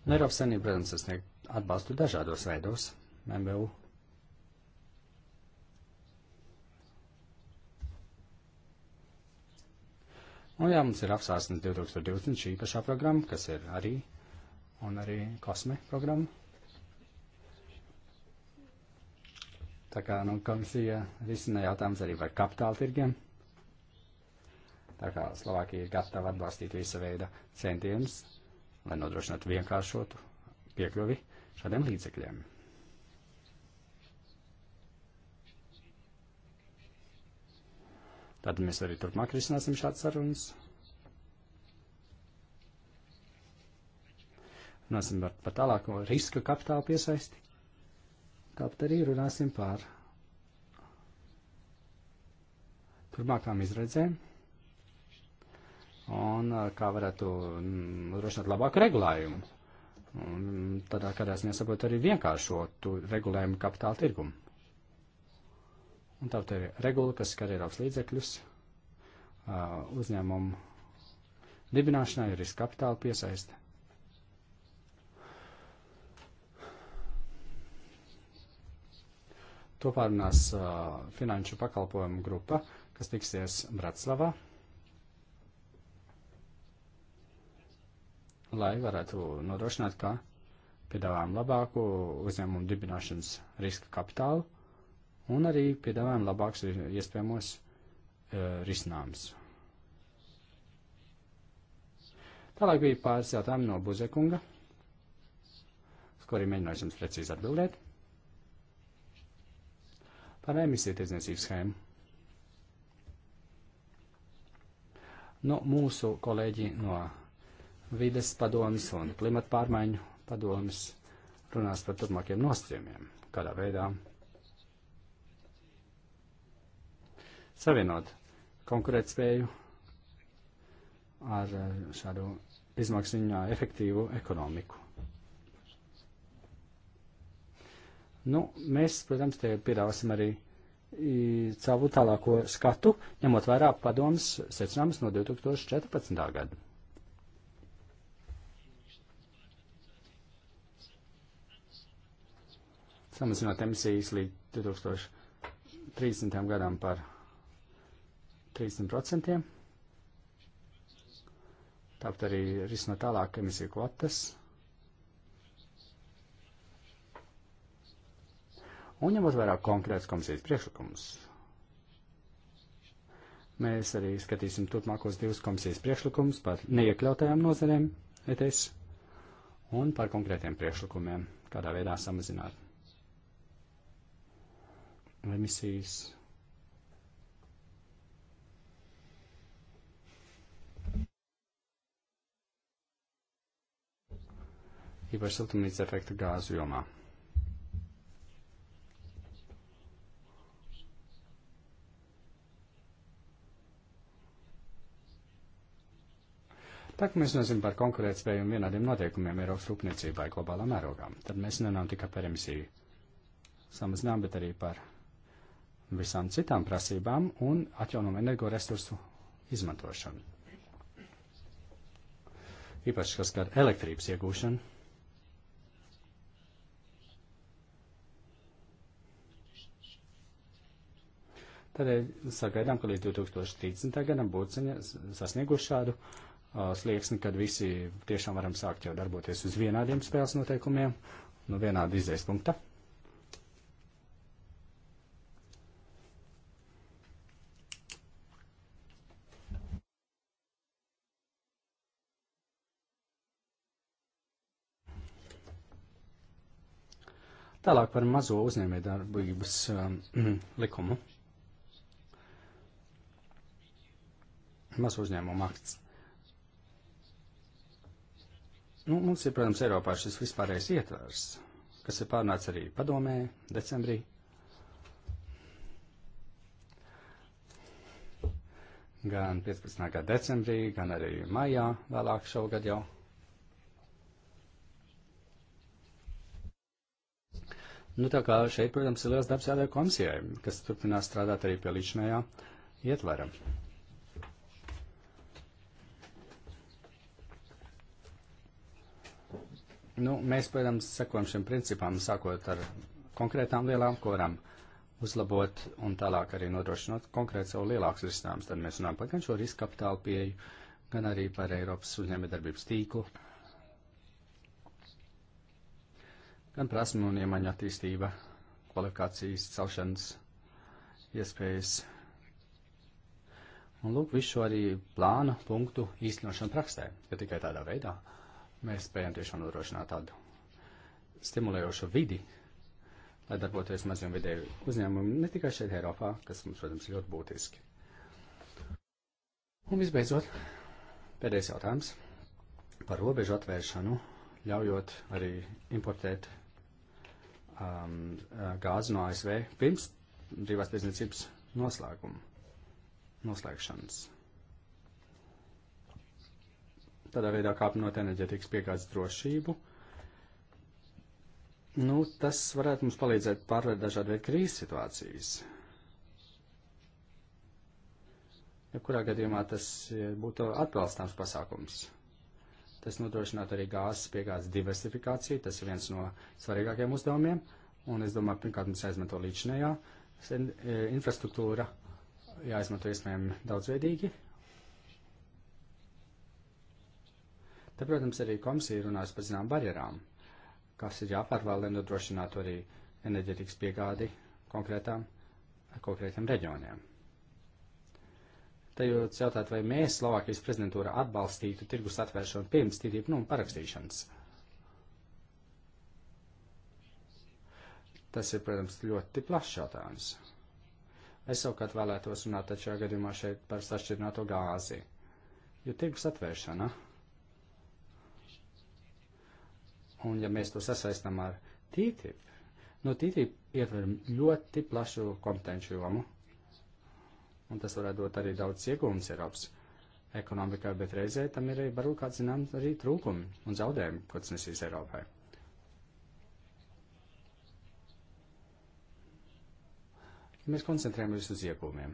Un nu, Eiropas Savienība, protams, sasniegt atbalstu dažādos veidos MBU Un nu jā, mums ir apsāsnes 2020 šī pašā programma, kas ir arī, un arī kosme programma. Tā kā, nu, komisija risina jautājums arī par kapitāla tirgiem. Tā kā Slovākija ir gatava atbalstīt visa veida centienus, lai nodrošinātu vienkāršotu piekļuvi šādiem līdzekļiem. Tad mēs arī turpmāk risināsim šādas sarunas. Runāsim par, par tālāko riska kapitāla piesaisti. Tāpat arī runāsim par turpmākām izredzēm un uh, kā varētu mm, nodrošināt labāku regulējumu. Un mm, tādā kādā ziņā saprotu arī vienkāršotu regulējumu kapitāla tirgumu. Un tā ir regula, kas skar Eiropas līdzekļus uzņēmumu dibināšanai, riska kapitāla piesaiste. To pārunās uh, finanšu pakalpojumu grupa, kas tiksies Bratislavā, lai varētu nodrošināt, ka piedāvājam labāku uzņēmumu dibināšanas riska kapitālu un arī piedāvājam labāks iespējamos uh, risinājums. Tālāk bija pāris jautājumi no Buzekunga, uz kuriem mēģināšu jums precīzi atbildēt. Par emisiju tirdzniecības schēmu. Nu, mūsu kolēģi no vides padomas un klimata pārmaiņu padomas runās par turpmākiem nosacījumiem, kādā veidā savienot konkurētspēju ar eh, šādu izmaksu ziņā efektīvu ekonomiku. Nu, mēs, protams, te piedāvāsim arī savu tālāko skatu, ņemot vairāk padomas secinājumus no 2014. gada. Samazinot emisijas līdz 2030. gadam par 0,5%. 30%. Tāpat arī risina tālāk emisiju kvotas. Un ņemot vērā konkrēts komisijas priekšlikums, mēs arī skatīsim turpmākos divus komisijas priekšlikumus par neiekļautajām nozarēm ETS un par konkrētiem priekšlikumiem, kādā veidā samazināt emisijas īpaši siltumnīca efekta gāzu jomā. Tā kā mēs runājam par konkurētspēju un vienādiem noteikumiem Eiropas rūpniecībai globālā mērogā, tad mēs nerunājam tikai par emisiju samazinājumu, bet arī par visām citām prasībām un atjaunumu energoresursu izmantošanu. Īpaši, kas skar elektrības iegūšanu. Tādēļ sagaidām, ka līdz 2030. gadam būtu sasnieguši šādu uh, slieksni, kad visi tiešām varam sākt jau darboties uz vienādiem spēles noteikumiem, no nu vienāda izējas punkta. Tālāk par mazo uzņēmējdarbības um, likumu. mazu uzņēmumu akts. Nu, mums ir, protams, Eiropā šis vispārējais ietvers, kas ir pārnāts arī padomē decembrī. Gan 15. gada decembrī, gan arī maijā vēlāk šogad jau. Nu, tā kā šeit, protams, ir liels darbs jādara komisijai, kas turpinās strādāt arī pie līdzinājā ietvara. Nu, mēs, protams, sekojam šiem principam, sākot ar konkrētām lielām, ko varam uzlabot un tālāk arī nodrošinot konkrēt savu lielākus risinājumus. Tad mēs runājam par gan šo riska kapitālu pieeju, gan arī par Eiropas uzņēmējdarbības tīklu, gan prasmu un iemaņu attīstība, kvalifikācijas, celšanas iespējas. Un lūk, visu šo arī plānu punktu īstenošanu praksē, jo tikai tādā veidā mēs spējam tiešām nodrošināt tādu stimulējošu vidi, lai darboties maziem vidēju uzņēmumiem ne tikai šeit Eiropā, kas mums, protams, ir ļoti būtiski. Un visbeidzot, pēdējais jautājums par robežu atvēršanu, ļaujot arī importēt um, gāzi no ASV pirms brīvās tirdzniecības noslēguma, noslēgšanas tādā veidā kāpinot enerģetikas piegādes drošību. Nu, tas varētu mums palīdzēt pārvarēt dažādu veidu krīzes situācijas. Jebkurā ja gadījumā tas eh, būtu atbalstāms pasākums. Tas nodrošinātu arī gāzes piegādes diversifikāciju, tas ir viens no svarīgākajiem uzdevumiem, un es domāju, pirmkārt mums jāizmanto līdzinējā eh, infrastruktūra, jāizmanto iespējami daudzveidīgi, Te, protams, arī komisija runās par zinām barjerām, kas ir jāpārvalda, lai nodrošinātu arī enerģetikas piegādi konkrētām, konkrētiem reģioniem. Te jūs jautājat, vai mēs, Slovākijas prezidentūra, atbalstītu tirgus atvēršanu pirms tīrību nu, parakstīšanas? Tas ir, protams, ļoti plašs jautājums. Es savukārt vēlētos runāt šajā gadījumā šeit par sašķirināto gāzi, jo tirgus atvēršana. Ne? Un ja mēs to sasaistām ar TTIP, no nu, TTIP ietveram ļoti plašu kompetenci jomu. Un tas varētu dot arī daudz iegūmus Eiropas ekonomikā, bet reizē tam ir arī varbūt kāds zināms arī trūkumi un zaudējumi, ko tas nesīs Eiropai. Ja mēs koncentrējamies uz iegūmiem.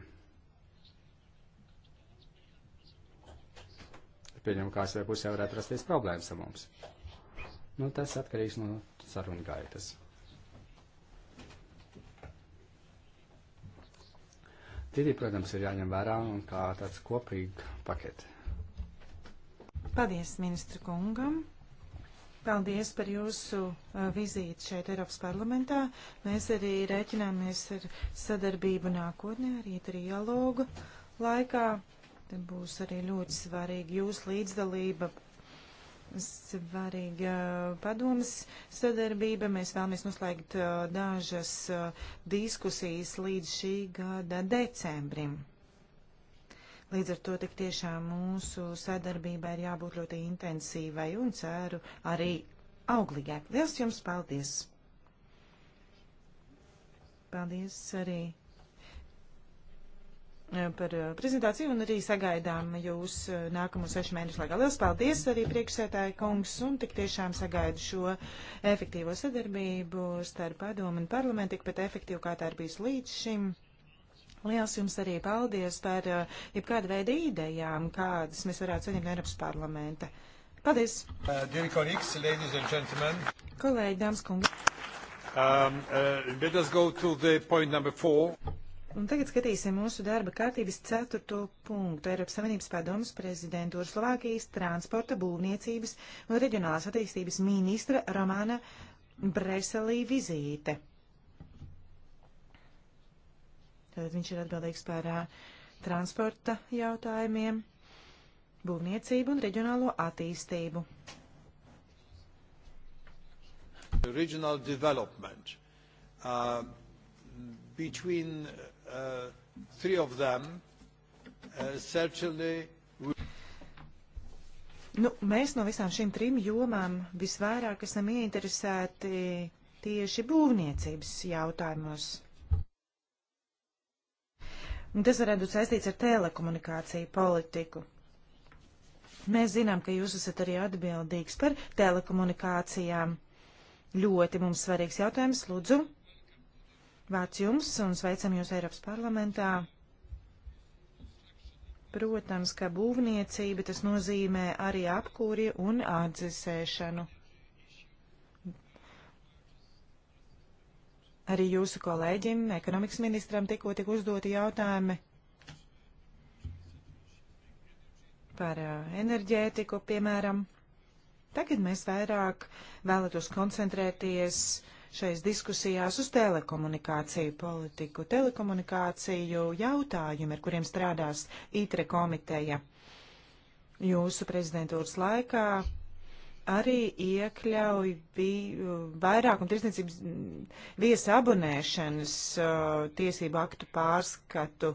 Pieņemu, kā ASV pusē varētu rasties problēmas ar mums. Nu, tas atkarīgs no sarunu gaitas. Tīri, protams, ir jāņem vērā un kā tāds kopīgi paketi. Paldies, ministra kungam! Paldies par jūsu uh, vizīti šeit Eiropas parlamentā. Mēs arī rēķināmies ar sadarbību nākotnē, arī trialogu laikā. Te būs arī ļoti svarīga jūsu līdzdalība svarīga uh, padomas sadarbība. Mēs vēlamies noslēgt uh, dažas uh, diskusijas līdz šī gada decembrim. Līdz ar to tik tiešām mūsu sadarbībai ir jābūt ļoti intensīvai un ceru arī auglīgai. Liels jums paldies! Paldies arī Eh, par eh, prezentāciju un arī sagaidām jūs eh, nākamo sešu mēnešu laikā. Lielas paldies arī priekšsētāji kungs un tik tiešām sagaidu šo efektīvo sadarbību starp padomu un parlamentu, tikpat efektīvu kā tā ir bijis līdz šim. Liels jums arī paldies par jebkādu veidu idejām, kādas mēs varētu saņemt no Eiropas parlamenta. Paldies! Uh, Kolēģi, dāmas kungi! Um, uh, let us go to the point number four. Un tagad skatīsim mūsu darba kārtības ceturto punktu Eiropas Savienības padomas prezidentūra Slovākijas transporta būvniecības un reģionālās attīstības ministra Romana Breselī vizīte. Tad viņš ir atbildīgs par uh, transporta jautājumiem, būvniecību un reģionālo attīstību. Regional development uh, between uh, three of them uh, certainly will Nu, mēs no visām šīm trim jomām visvairāk esam ieinteresēti tieši būvniecības jautājumos. Un tas varētu būt saistīts ar telekomunikāciju politiku. Mēs zinām, ka jūs esat arī atbildīgs par telekomunikācijām. Ļoti mums svarīgs jautājums, lūdzu. Vārds jums un sveicam jūs Eiropas parlamentā. Protams, ka būvniecība tas nozīmē arī apkūri un atdzesēšanu. Arī jūsu kolēģim, ekonomikas ministram, tikko tik uzdoti jautājumi par enerģētiku, piemēram. Tagad mēs vairāk vēlētos koncentrēties uh, šais diskusijās uz telekomunikāciju politiku. Telekomunikāciju jautājumi, ar kuriem strādās ITRE komiteja jūsu prezidentūras laikā, arī iekļauj vairākuma tirsniecības mm, viesa abonēšanas uh, tiesību aktu pārskatu,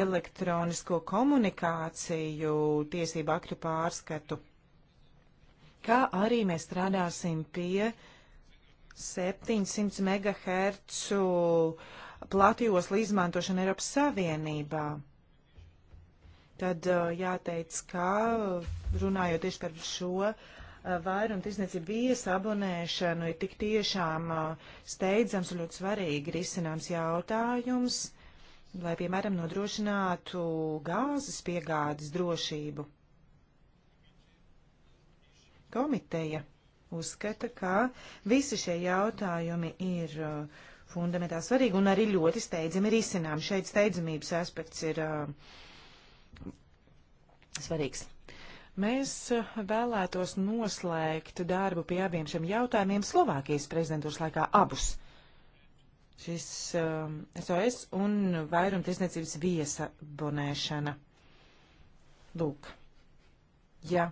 elektronisko komunikāciju tiesību aktu pārskatu, kā arī mēs strādāsim pie uh, 700 MHz platījoslu izmantošana Eiropas Savienībā. Tad uh, jāteic, ka uh, runājot tieši par šo uh, vairumu tirsniecību viesabonēšanu ir tik tiešām steidzams un ļoti svarīgi risināms jautājums, lai, piemēram, nodrošinātu gāzes piegādes drošību. Komiteja uzskata, ka visi šie jautājumi ir uh, fundamentāli svarīgi un arī ļoti steidzami risinām. Šeit steidzamības aspekts ir uh, svarīgs. Mēs uh, vēlētos noslēgt darbu pie abiem šiem jautājumiem Slovākijas prezidentūras laikā abus. Šis uh, um, SOS un vairumtiesniecības viesa bonēšana. Lūk. Ja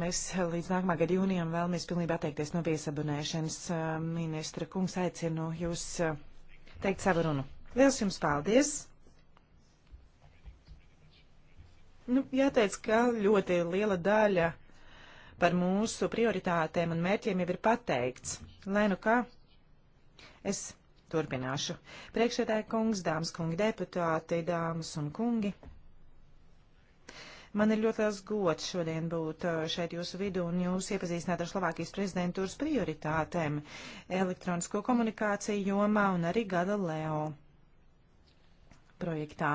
Mēs eh, līdz nākamā gada jūnijam vēlamies pilnībā atteikties no viesabunēšanas. Eh, ministra kungs aicinu jūs eh, teikt savu runu. Liels jums paldies! Nu, jāteic, ka ļoti liela daļa par mūsu prioritātēm un mērķiem jau ir pateikts. Lai nu kā, es turpināšu. Priekšētāji kungs, dāmas kungi deputāti, dāmas un kungi. Man ir ļoti liels gods šodien būt uh, šeit jūsu vidū un jūs iepazīstināt ar Slovākijas prezidentūras prioritātēm elektronisko komunikāciju jomā un arī Galileo projektā.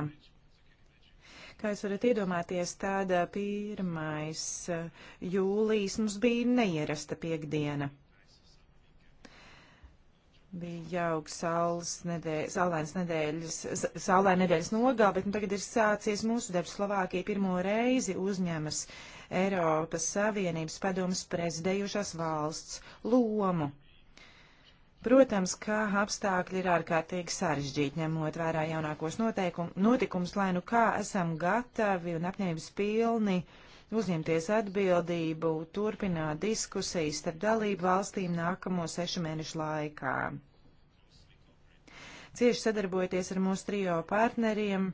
Kā jūs varat iedomāties, tāda uh, 1. Uh, jūlijas mums bija neierasta piekdiena bija jauk saules nedēļ, saulēns nedēļas, saulēna nedēļas nogal, bet nu, tagad ir sācies mūsu darbs. Slovākija pirmo reizi uzņemas Eiropas Savienības padomas prezidējušās valsts lomu. Protams, ka apstākļi ir ārkārtīgi sarežģīti, ņemot vērā jaunākos noteikumus, notikumus, lai nu kā esam gatavi un apņēmības pilni uh, uzņemties atbildību, turpināt diskusijas starp dalību valstīm nākamo sešu mēnešu laikā. Cieši sadarbojoties ar mūsu trijo partneriem,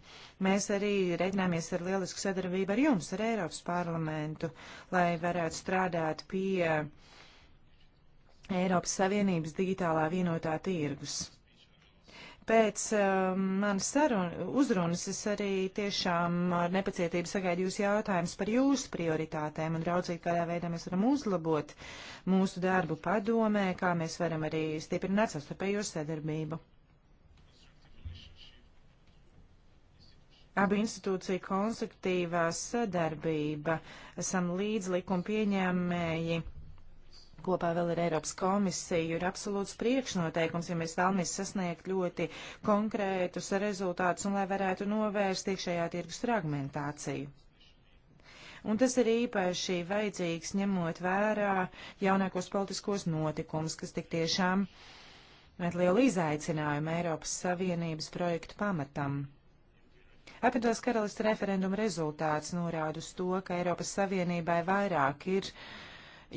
mēs arī reiķināmies ar lielisku sadarbību ar jums, ar Eiropas parlamentu, lai varētu strādāt pie Eiropas Savienības digitālā vienotā tirgus pēc um, manas uzrunas es arī tiešām ar nepacietību sagaidu jūs jautājumus par jūsu prioritātēm un raudzīt, kādā veidā mēs varam uzlabot mūsu darbu padomē, kā mēs varam arī stiprināt savstarpējo sadarbību. abu institūciju konstruktīvā sadarbība. Esam līdz likuma pieņēmēji kopā vēl ar Eiropas komisiju ir absolūts priekšnoteikums, ja mēs vēlamies sasniegt ļoti konkrētus rezultātus un lai varētu novērst iekšējā tirgus fragmentāciju. Un tas ir īpaši vajadzīgs ņemot vērā jaunākos politiskos notikumus, kas tik tiešām met lielu izaicinājumu Eiropas Savienības projektu pamatam. Apvienotās karalists referenduma rezultāts norāda uz to, ka Eiropas Savienībai vairāk ir uh,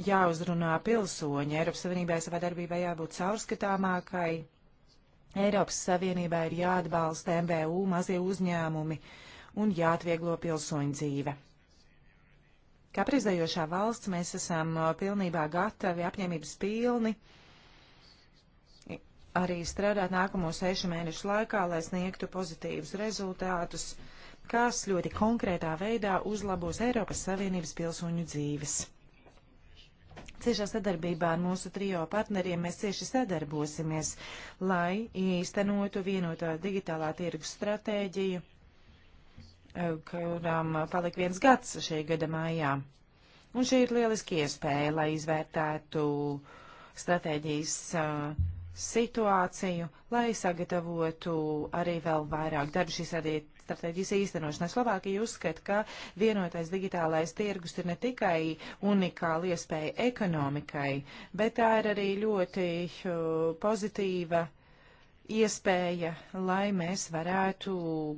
jāuzrunā pilsoņi. Eiropas Savienībai savā darbībā jābūt caurskatāmākai. Eiropas Savienībā ir jāatbalsta MVU mazie uzņēmumi un jāatvieglo pilsoņu dzīve. Kā prezidējošā valsts mēs esam uh, pilnībā gatavi, apņēmības pilni arī strādāt nākamo sešu mēnešu laikā, lai sniegtu pozitīvus rezultātus, kas ļoti konkrētā veidā uzlabos Eiropas Savienības pilsoņu dzīves. Ciešā sadarbībā ar mūsu trijo partneriem mēs cieši sadarbosimies, lai īstenotu vienotā digitālā tirgus stratēģiju, eh, kurām palika viens gads šī gada mājā. Un šī ir lieliski iespēja, lai izvērtētu stratēģijas eh, situāciju, lai sagatavotu arī vēl vairāk darbu šīs stratēģijas īstenošanai. Slovākija uzskata, ka vienotais digitālais tirgus ir ne tikai unikāla iespēja ekonomikai, bet tā ir arī ļoti uh, pozitīva iespēja, lai mēs varētu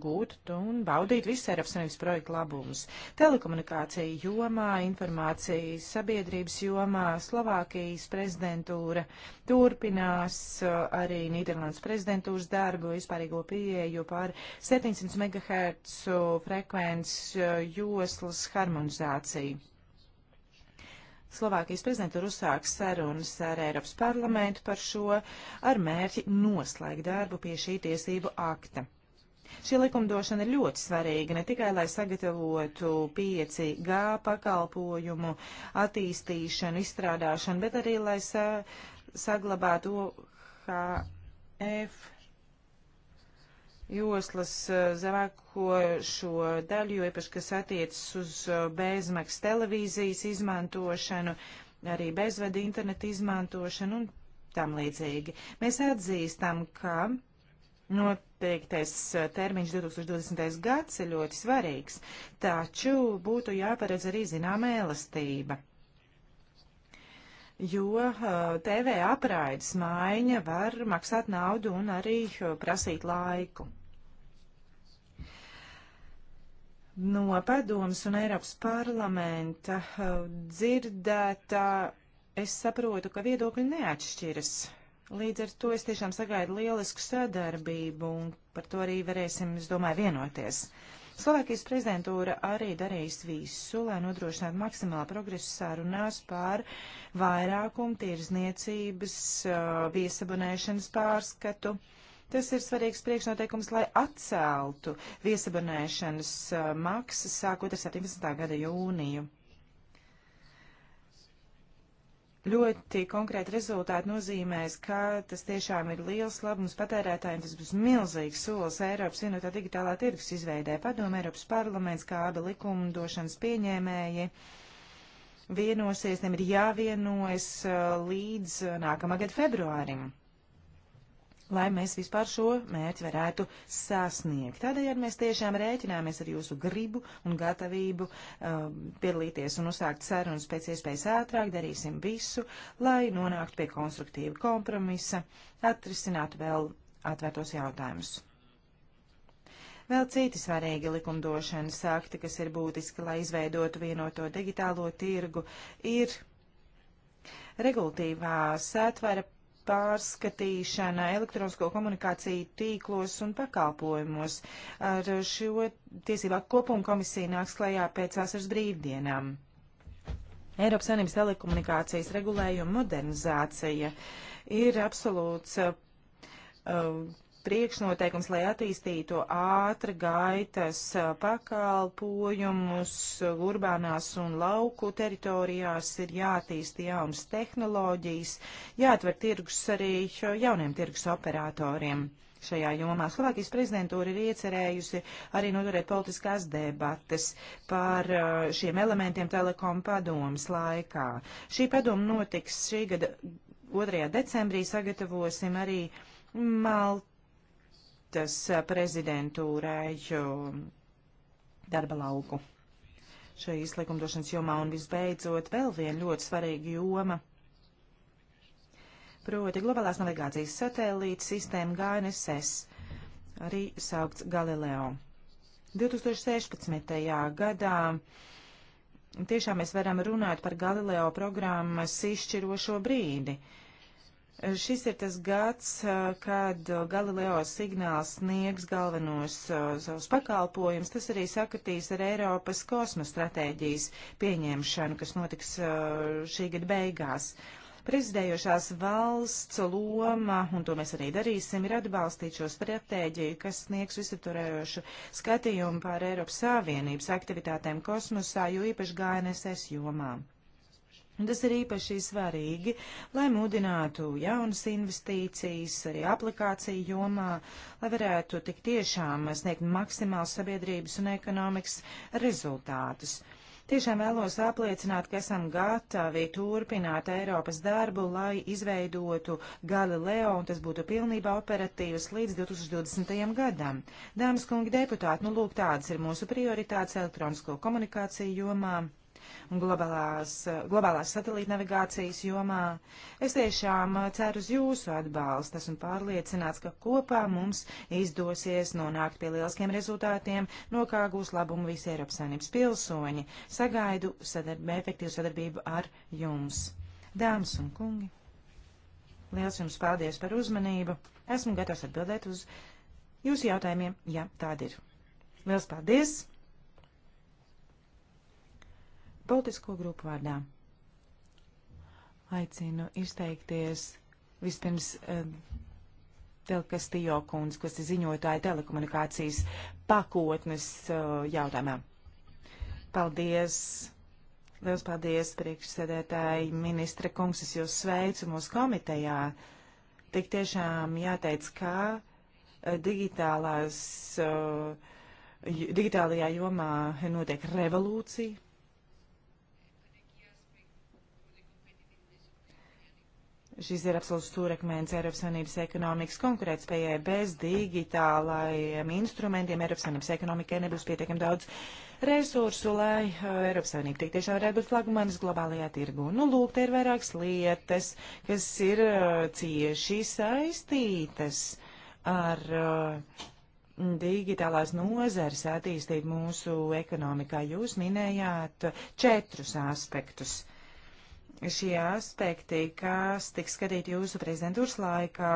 gūt un baudīt visu Eiropas Savienības projektu labumus. Telekomunikācija jomā, informācijas sabiedrības jomā, Slovākijas prezidentūra turpinās uh, arī Nīderlandes prezidentūras darbu, vispārīgo pieeju par 700 MHz frekvences uh, joslas harmonizāciju. Slovākijas prezidentūra uzsāks sarunas ar Eiropas parlamentu par šo, ar mērķi noslēgt darbu pie šī tiesību akta. Šī likumdošana ir ļoti svarīga ne tikai, lai sagatavotu 5G pakalpojumu attīstīšanu, izstrādāšanu, bet arī, lai sa saglabātu OHF joslas eh, zemāko šo daļu, jo īpaši, kas attiecas uz eh, bezmaksas televīzijas izmantošanu, arī bezvada internetu izmantošanu un tam līdzīgi. Mēs atzīstam, ka noteiktais eh, termiņš 2020. gads ir ļoti svarīgs, taču būtu jāparedz arī zināma elastība jo TV apraides maiņa var maksāt naudu un arī prasīt laiku. No padomas un Eiropas parlamenta dzirdētā es saprotu, ka viedokļi neatšķiras. Līdz ar to es tiešām sagaidu lielisku sadarbību un par to arī varēsim, es domāju, vienoties. Uh, Slovākijas prezidentūra arī darīs visu, lai nodrošinātu maksimālu progresu sārunās pār vairākumu tirzniecības uh, viesabunēšanas pārskatu. Tas ir svarīgs priekšnoteikums, lai atceltu viesabunēšanas uh, maksas sākot ar 17. gada jūniju ļoti konkrēti rezultāti nozīmēs, ka tas tiešām ir liels labums patērētājiem. Tas būs milzīgs solis Eiropas vienotā digitālā tirgus izveidē. Padomu Eiropas parlaments, kā abi likumdošanas pieņēmēji vienosies, tiem ir jāvienojas uh, līdz uh, nākamā gada februārim lai mēs vispār šo mērķi varētu sasniegt. Tādējādi mēs tiešām rēķināmies ar jūsu gribu un gatavību uh, piedalīties un uzsākt sarunas pēc iespējas ātrāk, darīsim visu, lai nonāktu pie konstruktīva kompromisa, atrisinātu vēl atvērtos jautājumus. Vēl citi svarīgi likumdošanas akti, kas ir būtiski, lai izveidotu vienoto digitālo tirgu, ir regulatīvā satvara pārskatīšana elektronisko komunikāciju tīklos un pakalpojumos. Ar šo tiesībā kopumu komisija nāks klajā pēc vasaras brīvdienām. Eiropas Savienības telekomunikācijas regulējuma modernizācija ir absolūts uh, priekšnoteikums, lai attīstītu ātri gaitas pakalpojumus urbānās un lauku teritorijās, ir jātīsta jaunas tehnoloģijas, jāatver tirgus arī jauniem tirgus operatoriem. Šajā jomā Slovākijas prezidentūra ir iecerējusi arī noturēt politiskās debates par šiem elementiem telekom padomas laikā. Šī padoma notiks šī gada 2. decembrī, sagatavosim arī Malta Maltas prezidentūrai darba lauku šajā likumdošanas jomā. Un visbeidzot, vēl viena ļoti svarīga joma. Proti globālās navigācijas satelīta sistēma GNSS, arī saukts Galileo. 2016. gadā tiešām mēs varam runāt par Galileo programmas izšķirošo brīdi. Uh, Šis ir tas gads, kad Galileo signāls sniegs galvenos savus pakalpojumus. Tas arī sakatīs ar Eiropas kosmosa stratēģijas pieņemšanu, kas notiks šī gada beigās. Prezidējošās valsts loma, un to mēs arī darīsim, ir atbalstīt šo stratēģiju, kas sniegs visapturējošu skatījumu pār Eiropas Savienības aktivitātēm kosmosā, jo īpaši GNSS jomām. Un tas ir īpaši svarīgi, lai mudinātu jaunas investīcijas arī aplikāciju jomā, lai varētu tik tiešām sniegt maksimāls sabiedrības un ekonomikas rezultātus. Tiešām vēlos apliecināt, ka esam gatavi turpināt Eiropas darbu, lai izveidotu Galileo, un tas būtu pilnībā operatīvs līdz 2020. gadam. Dāmas kungi deputāti, nu lūk, tādas ir mūsu prioritātes elektronisko komunikāciju jomā un globālās, globālās satelīta navigācijas jomā. Es tiešām ceru uz jūsu atbalstu. Esmu pārliecināts, ka kopā mums izdosies nonākt pie lieliskiem rezultātiem, no kā gūs labumu visi Eiropas saimnības pilsoņi. Sagaidu sadarb efektīvu sadarbību ar jums. Dāmas un kungi, liels jums paldies par uzmanību. Esmu gatavs atbildēt uz jūsu jautājumiem, ja tādi ir. Liels paldies! Politisko grupu vārdā aicinu izteikties vispirms uh, eh, Telkastījo kundz, kas ir ziņotāja telekomunikācijas pakotnes uh, jautājumā. Paldies! Liels paldies, priekšsēdētāji, ministra kungs, es jūs sveicu mūsu komitejā. Tik tiešām jāteic, ka uh, digitālās, digitālajā jomā notiek revolūcija Šis ir absolūts stūrakmens Eiropas Savienības ekonomikas konkurētspējai. Bez digitālajiem instrumentiem Eiropas Savienības ekonomikai nebūs pietiekami daudz resursu, lai uh, Eiropas Savienība tik tiešām varētu būt flagmanis globālajā tirgu. Nu, lūk, te ir vairākas lietas, kas ir uh, cieši saistītas ar uh, digitālās nozares attīstību mūsu ekonomikā. Jūs minējāt uh, četrus aspektus šie aspekti, kas tiks skatīti jūsu prezidentūras laikā.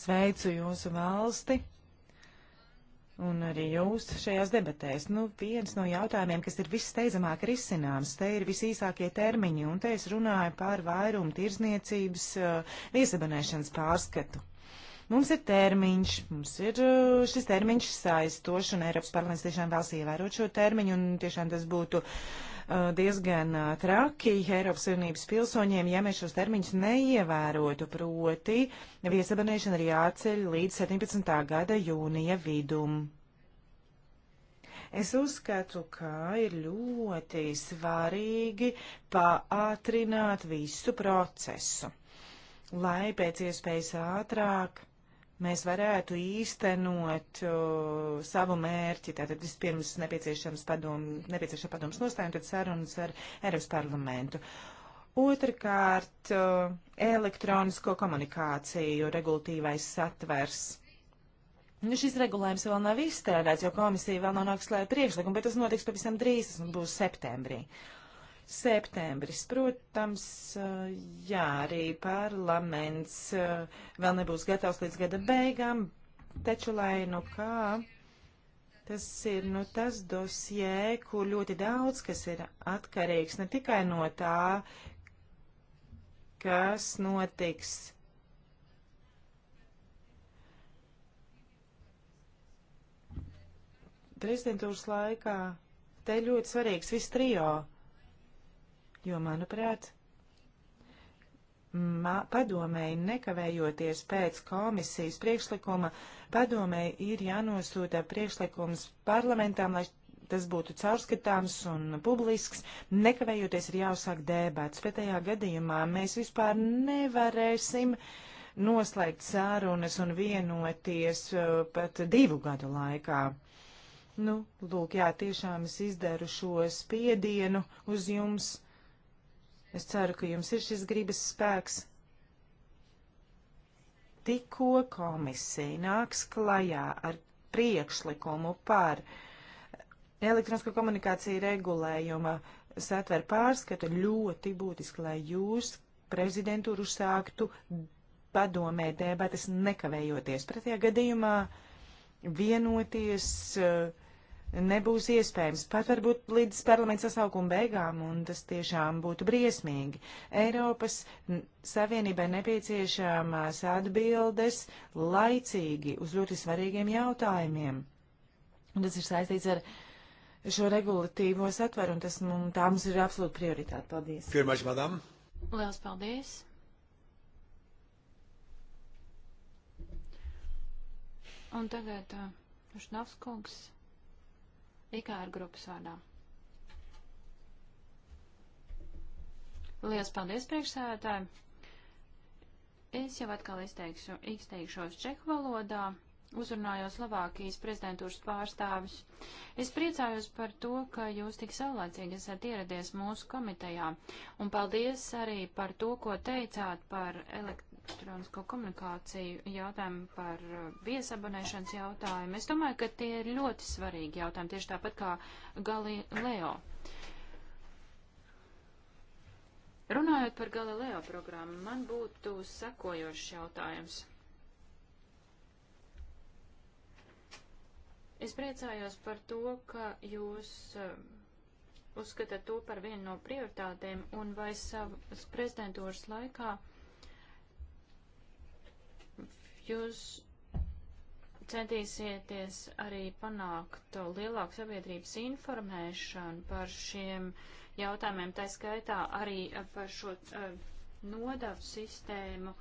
Sveicu jūsu valsti un arī jūs šajās debatēs. Nu, viens no jautājumiem, kas ir vissteidzamāk risināms, te ir visīsākie termiņi, un te es runāju par vairumu tirzniecības uh, viesabanēšanas pārskatu. Mums ir termiņš, mums ir eh, šis termiņš saistošs, un Eiropas parlaments tiešām vēlas ievērot šo termiņu, un tiešām tas būtu eh, diezgan eh, traki Eiropas Savienības pilsoņiem, ja mēs šos termiņus neievērotu. Proti, viesabanēšana ir jāceļ līdz 17. gada jūnija vidum. Es uzskatu, ka ir ļoti svarīgi paātrināt visu procesu, lai pēc iespējas ātrāk mēs varētu īstenot o, savu mērķi. Tātad vispirms nepieciešams padom, nepieciešams padoms nostājumi, tad sarunas ar Eiropas parlamentu. Otrakārt, o, elektronisko komunikāciju regulatīvais satvers. Nu, šis regulējums vēl nav izstrādāts, jo komisija vēl nav nākusi klājā priekšlikumu, bet tas notiks pavisam drīz, tas būs septembrī. Uh, septembris. Protams, jā, arī parlaments vēl nebūs gatavs līdz gada beigām, taču lai nu kā, tas ir nu tas dosie, kur ļoti daudz, kas ir atkarīgs ne tikai no tā, kas notiks. Prezidentūras laikā te ļoti svarīgs viss trijā jo, manuprāt, ma padomēji nekavējoties pēc komisijas priekšlikuma, padomēji ir jānosūta priekšlikums parlamentām, lai tas būtu caurskatāms un publisks, nekavējoties ir jāuzsāk dēbēts. Pretējā gadījumā mēs vispār nevarēsim noslēgt sārunas un vienoties e, pat divu gadu laikā. Nu, lūk, jā, tiešām es izdaru šo spiedienu uz jums Es ceru, ka jums ir šis gribas spēks. Tikko komisija nāks klajā ar priekšlikumu par elektronisko komunikāciju regulējuma satver pārskatu, ļoti būtiski, lai jūs prezidentūru sāktu padomē debatas nekavējoties. Pretējā gadījumā vienoties uh, nebūs iespējams pat varbūt līdz parlamenta sasaukuma beigām, un tas tiešām būtu briesmīgi. Eiropas Savienībai nepieciešamās atbildes laicīgi uz ļoti svarīgiem jautājumiem. Un tas ir saistīts ar šo regulatīvo satveru, un tas mums, tā mums ir absolūta prioritāte. Paldies. Pirmais, madam. Liels paldies. Un tagad uh, Šnovskungs. IKR grupas vārdā. Lielas paldies priekšsēdētāji! Es jau atkal izteikšu, izteikšos čehu valodā, uzrunāju Slovākijas prezidentūras pārstāvis. Es priecājos par to, ka jūs tik saulēcīgi esat ieradies mūsu komitejā, un paldies arī par to, ko teicāt par elekt elektronisko komunikāciju jautājumu, par uh, viesabonēšanas jautājumu. Es domāju, ka tie ir ļoti svarīgi jautājumi, tieši tāpat kā Galileo. Runājot par Galileo programmu, man būtu sekojošs jautājums. Es priecājos par to, ka jūs uh, uzskata to par vienu no prioritātēm un vai savas prezidentūras laikā Jūs centīsieties arī panākt lielāku sabiedrības informēšanu par šiem jautājumiem, tā skaitā arī par šo uh, nodavu sistēmu,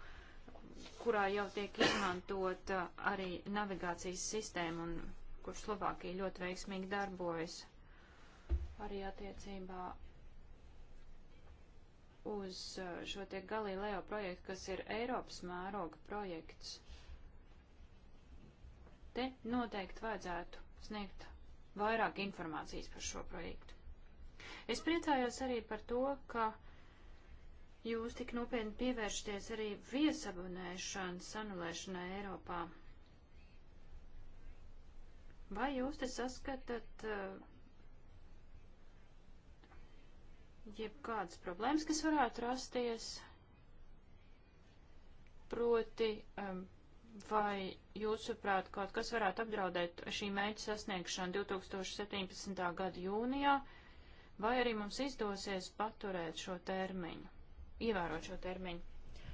kurā jau tiek izmantota uh, arī navigācijas sistēma un kur Slovākija ļoti veiksmīgi darbojas arī attiecībā uz uh, šo te Galileo projektu, kas ir Eiropas mēroga projekts. Te noteikti vajadzētu sniegt vairāk informācijas par šo projektu. Es priecājos arī par to, ka jūs tik nopietni pievēršaties arī viesabunēšanas anulēšanai Eiropā. Vai jūs te saskatāt uh, jebkādas problēmas, kas varētu rasties, proti um, Vai jūsuprāt kaut kas varētu apdraudēt šī mērķa sasniegšanu 2017. gada jūnijā, vai arī mums izdosies paturēt šo termiņu, ievērot šo termiņu?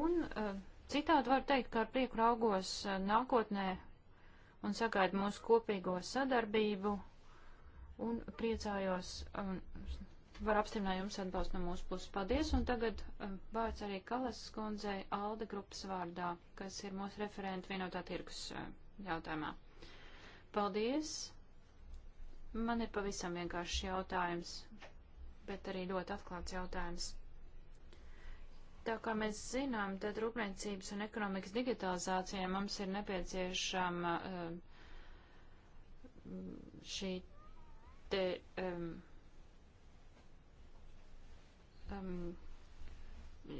Un eh, citādi var teikt, ka ar prieku raugos eh, nākotnē un sagaidu mūsu kopīgo sadarbību un priecājos un um, var apstiprināt jums atbalstu no mūsu puses. Paldies, un tagad um, vārds arī Kalas skundzei Alda grupas vārdā, kas ir mūsu referenta vienotā tirgus uh, jautājumā. Paldies! Man ir pavisam vienkāršs jautājums, bet arī ļoti atklāts jautājums. Tā kā mēs zinām, tad rūpniecības un ekonomikas digitalizācijai mums ir nepieciešama uh, šī te. Um, um,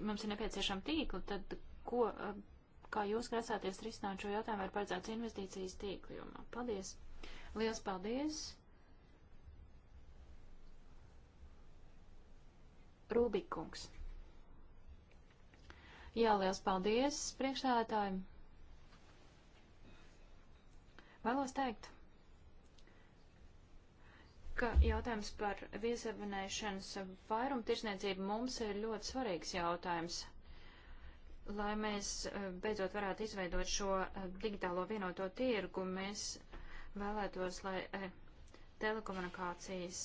mums ir nepieciešama tīkla, tad ko, um, kā jūs grasāties risināt šo jautājumu, vai paredzēts investīcijas tīkla jomā? Paldies! Liels paldies! Rūbikungs. Jā, liels paldies priekšsēdētājiem. Vēlos teikt, ka jautājums par viesabunēšanas vairumtirsniecību mums ir ļoti svarīgs jautājums. Lai mēs eh, beidzot varētu izveidot šo eh, digitālo vienoto tirgu, mēs vēlētos, lai eh, telekomunikācijas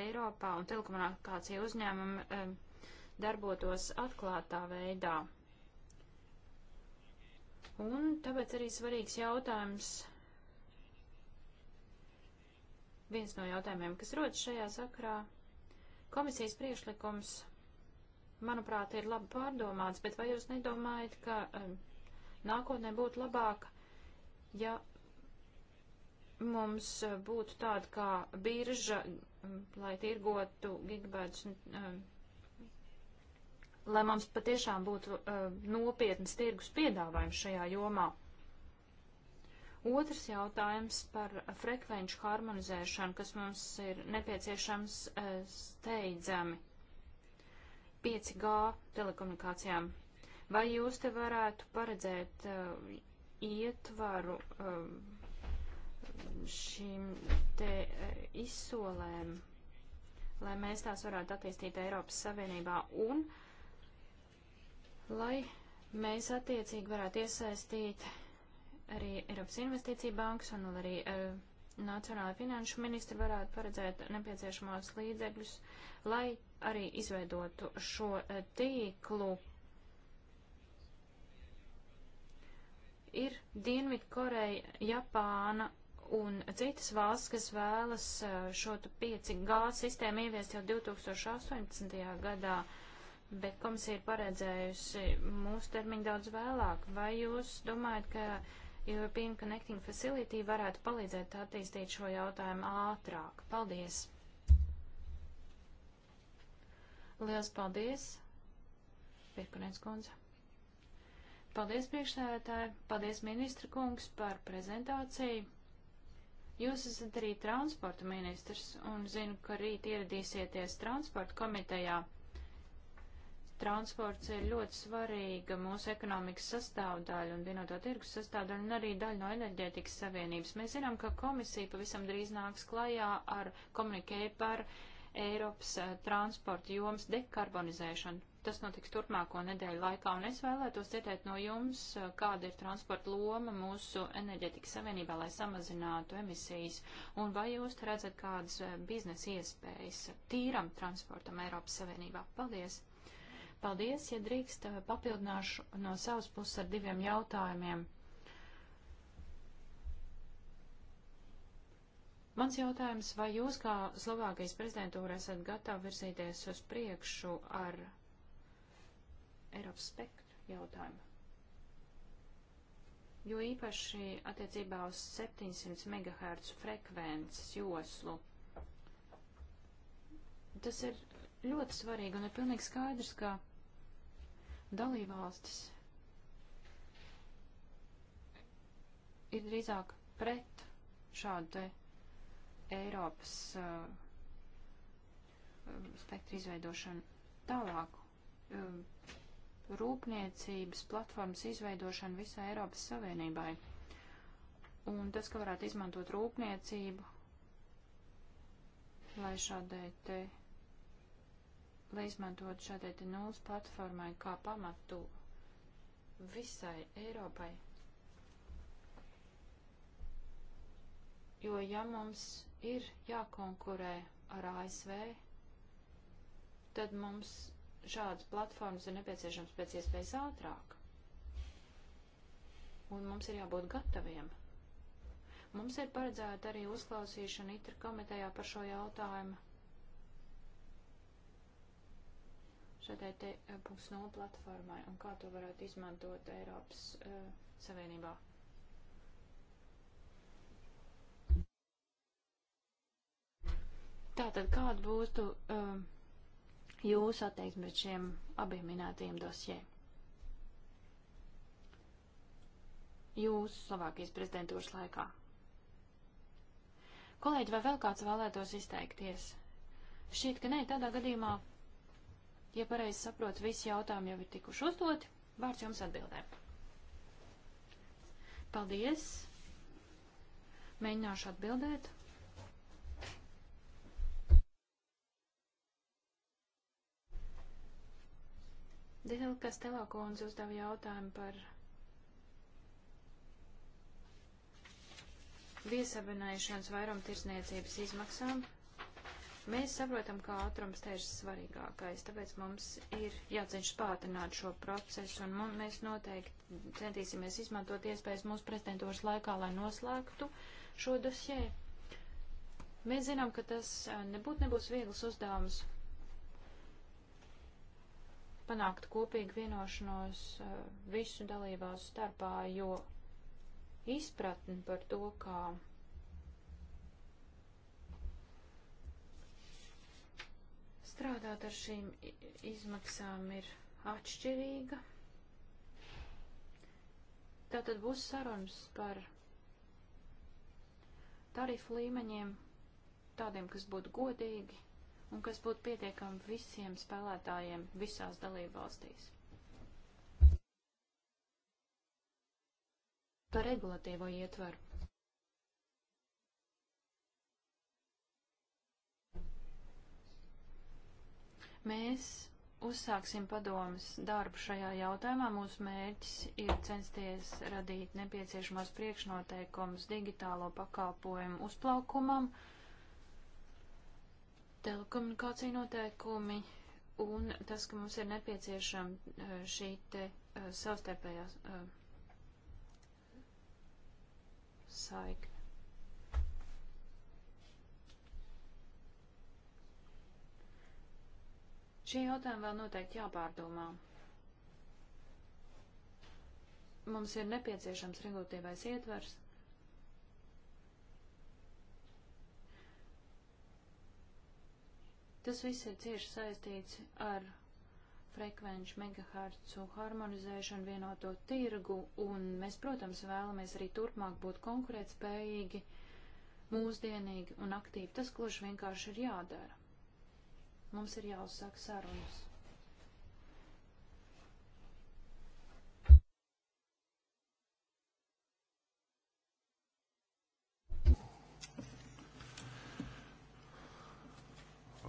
Eiropā un telekomunikācija uzņēmumi darbotos atklātā veidā. Un tāpēc arī svarīgs jautājums Viens no jautājumiem, kas rodas šajā sakrā, komisijas priešlikums, manuprāt, ir labi pārdomāts, bet vai jūs nedomājat, ka um, nākotnē būtu labāk, ja mums uh, būtu tāda kā birža, um, lai tirgotu gigabaitus, um, lai mums patiešām būtu um, nopietnas tirgus piedāvājums šajā jomā? Otrs jautājums par frekvenču harmonizēšanu, kas mums ir nepieciešams e, steidzami 5G telekomunikācijām. Vai jūs te varētu paredzēt uh, ietvaru uh, šīm te uh, izsolēm, lai mēs tās varētu attīstīt Eiropas Savienībā un lai mēs attiecīgi varētu iesaistīt arī Eiropas Investīcija bankas un arī uh, eh, Nacionāla finanšu ministra varētu paredzēt nepieciešamos līdzekļus, lai arī izveidotu šo uh, tīklu. Ir Dienvidkoreja, Japāna un citas valsts, kas vēlas eh, šo 5G sistēmu ieviest jau 2018. gadā, bet komisija ir paredzējusi mūsu termiņu daudz vēlāk. Vai jūs domājat, ka European Connecting Facility varētu palīdzēt attīstīt šo jautājumu ātrāk. Paldies! Liels paldies, Pirkunēns kundze! Paldies, priekšsēdētāji! Paldies, ministra kungs, par prezentāciju! Jūs esat arī transporta ministrs un zinu, ka rīt ieradīsieties transporta komitejā transports ir ļoti svarīga mūsu ekonomikas sastāvdaļa un vienoto tirgus sastāvdaļa un arī daļa no enerģētikas savienības. Mēs zinām, ka komisija pavisam drīz nāks klajā ar komunikē par Eiropas eh, transporta jomas dekarbonizēšanu. Tas notiks turpmāko nedēļu laikā, un es vēlētos dzirdēt no jums, eh, kāda ir transporta loma mūsu enerģētikas savienībā, lai samazinātu emisijas, un vai jūs redzat kādas eh, biznesa iespējas tīram transportam Eiropas Savienībā? Paldies! Paldies, ja drīkst, eh, papildināšu no savas puses ar diviem jautājumiem. Mans jautājums, vai jūs kā Slovākijas prezidentūra esat gatavi virzīties uz priekšu ar Eiropas spektru jautājumu? Jo īpaši attiecībā uz 700 MHz frekvences joslu. Tas ir ļoti svarīgi un ir pilnīgi skaidrs, ka Dalībvalstis ir drīzāk pret šādu te Eiropas uh, um, spektru izveidošanu tālāk. Uh, rūpniecības platformas izveidošanu visā Eiropas Savienībai. Un tas, ka varētu izmantot rūpniecību, lai šādai te lai izmantot šādai te nulles platformai kā pamatu visai Eiropai. Jo ja mums ir jākonkurē ar ASV, tad mums šādas platformas ir nepieciešams pēc iespējas ātrāk. Un mums ir jābūt gataviem. Mums ir paredzēta arī uzklausīšana itra komitejā par šo jautājumu. šādai te eh, punkts no platformai un kā to varētu izmantot Eiropas uh, Savienībā? Tātad kāda būtu uh, jūsu attieksme pret šiem abiem minētajiem dosjiem? Jūsu Slovākijas prezidentūras laikā. Kolēģi, vai vēl kāds vēlētos izteikties? Šķiet, ka nē, tādā gadījumā Ja pareizi saprotu, visi jautājumi jau ir tikuši uzdoti. Vārds jums atbildē. Paldies. Mēģināšu atbildēt. Dilkas Telakons uzdeva jautājumu par viesabinēšanas vairumtirsniecības izmaksām. Mēs saprotam, ka ātrums te ir svarīgākais, tāpēc mums ir jācenšas pātrināt šo procesu, un mums, mēs noteikti centīsimies izmantot iespējas mūsu prezidentūras laikā, lai noslēgtu šo dosjē. Mēs zinām, ka tas eh, nebūtu nebūs viegls uzdevums panākt kopīgu vienošanos eh, visu dalībās starpā, jo izpratni par to, kā strādāt ar šīm izmaksām ir atšķirīga. Tātad būs sarunas par tarifu līmeņiem, tādiem, kas būtu godīgi un kas būtu pietiekami visiem spēlētājiem visās dalībvalstīs. Par regulatīvo ietvaru. Mēs uzsāksim padomas darbu šajā jautājumā. Mūsu mērķis ir censties radīt nepieciešamos priekšnoteikumus digitālo pakalpojumu uzplaukumam, telekomunikāciju noteikumi un tas, ka mums ir nepieciešama eh, šī te eh, savstarpējā eh, saikne. Šie jautājumi vēl noteikti jāpārdomā. Mums ir nepieciešams regulatīvais ietvers. Tas viss ir cieši saistīts ar frekvenču megahercu harmonizēšanu vienoto tirgu, un mēs, protams, vēlamies arī turpmāk būt konkurētspējīgi, mūsdienīgi un aktīvi. Tas gluži vienkārši ir jādara. Mums ir jāuzsāk sarunas.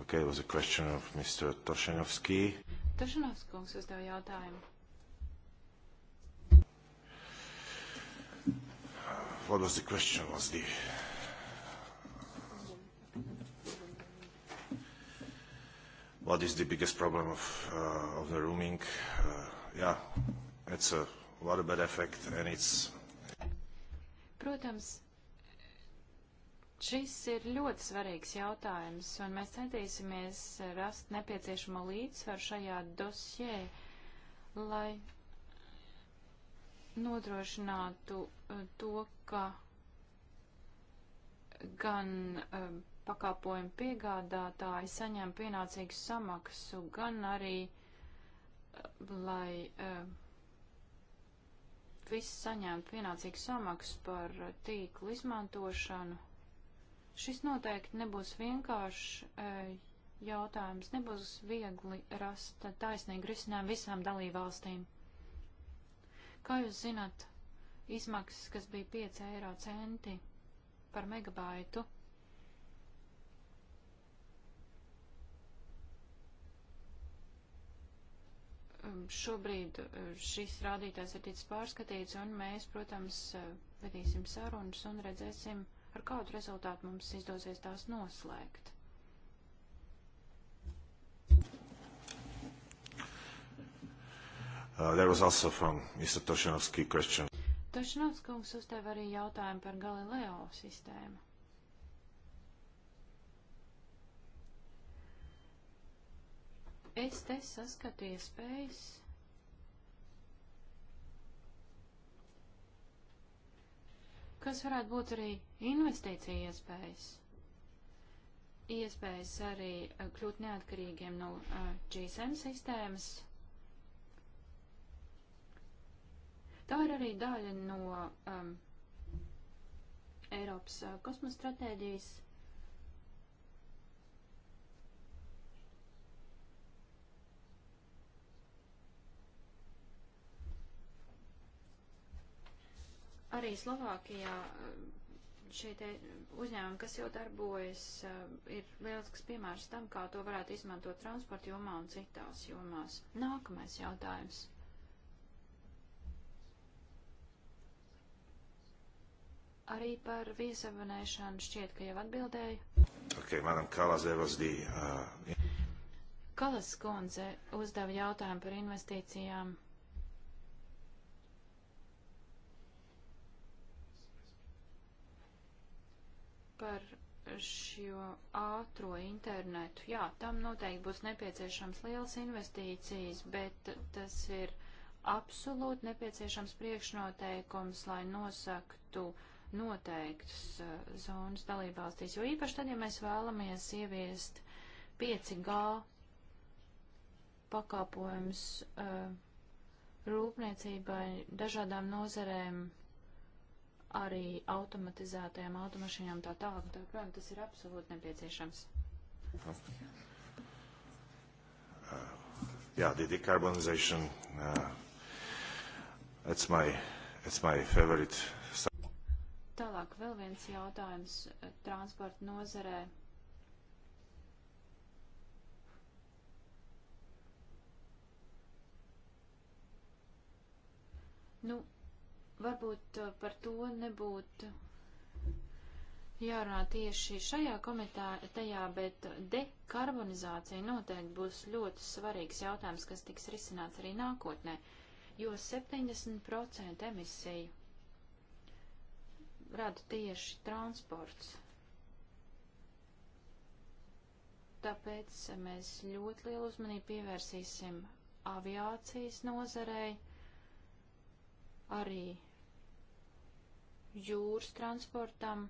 Okay, it was a question of Mr. Toshenovsky. Toshenovskungs uzdev jautājumu. What was the question? Was the what is the biggest problem of, uh, of the roaming. Uh, yeah, it's a lot of bad effect and it's. Protams, šis ir ļoti svarīgs jautājums un mēs centīsimies rast nepieciešamo līdzsvaru šajā dosjē, lai nodrošinātu uh, to, ka gan uh, pakalpojumu piegādātāji saņem pienācīgu samaksu, gan arī, eh, lai uh, visi saņemtu pienācīgu samaksu par eh, tīklu izmantošanu. Šis noteikti nebūs vienkāršs uh, jautājums, nebūs viegli rast taisnīgu risinājumu visām dalībvalstīm. Kā jūs zināt, izmaksas, kas bija 5 eiro centi par megabaitu, Um, šobrīd uh, šis rādītājs ir ticis pārskatīts, un mēs, protams, uh, vedīsim sarunas un redzēsim, ar kādu rezultātu mums izdosies tās noslēgt. Uh, there was also from Mr. Toshinovsky question. Tošinovskungs uzdev arī jautājumu par Galileo sistēmu. Es te saskatu iespējas. Kas varētu būt arī investīcija iespējas? Iespējas arī eh, kļūt neatkarīgiem no eh, GSM sistēmas. Tā ir arī daļa no um, Eiropas uh, kosmosa stratēģijas. Arī Slovākijā eh, šie uzņēmumi, kas jau darbojas, eh, ir lielisks piemērs tam, kā to varētu izmantot transporta jomā un citās jomās. Nākamais jautājums. Arī par viesavanēšanu šķiet, ka jau atbildēju. Ok, madam Kalazevas bija. Uh... Kalas kundze uzdeva jautājumu par investīcijām par šo ātro internetu. Jā, tam noteikti būs nepieciešams liels investīcijas, bet tas ir absolūti nepieciešams priekšnoteikums, lai nosaktu noteiktas uh, zonas dalībvalstīs, jo īpaši tad, ja mēs vēlamies ieviest 5G pakāpojums uh, eh, rūpniecībai, dažādām nozerēm arī automatizētajām automašīnām tā tālāk. Tā, protams, tas ir absolūti nepieciešams. Jā, uh, the decarbonization, uh, it's my, it's my favorite. Tālāk vēl viens jautājums uh, transporta nozarē. Nu, Varbūt uh, par to nebūtu jārunā tieši šajā komitējā, bet dekarbonizācija noteikti būs ļoti svarīgs jautājums, kas tiks risināts arī nākotnē, jo 70% emisiju rada tieši transports. Tāpēc mēs ļoti lielu uzmanību pievērsīsim aviācijas nozarei, arī jūras transportam.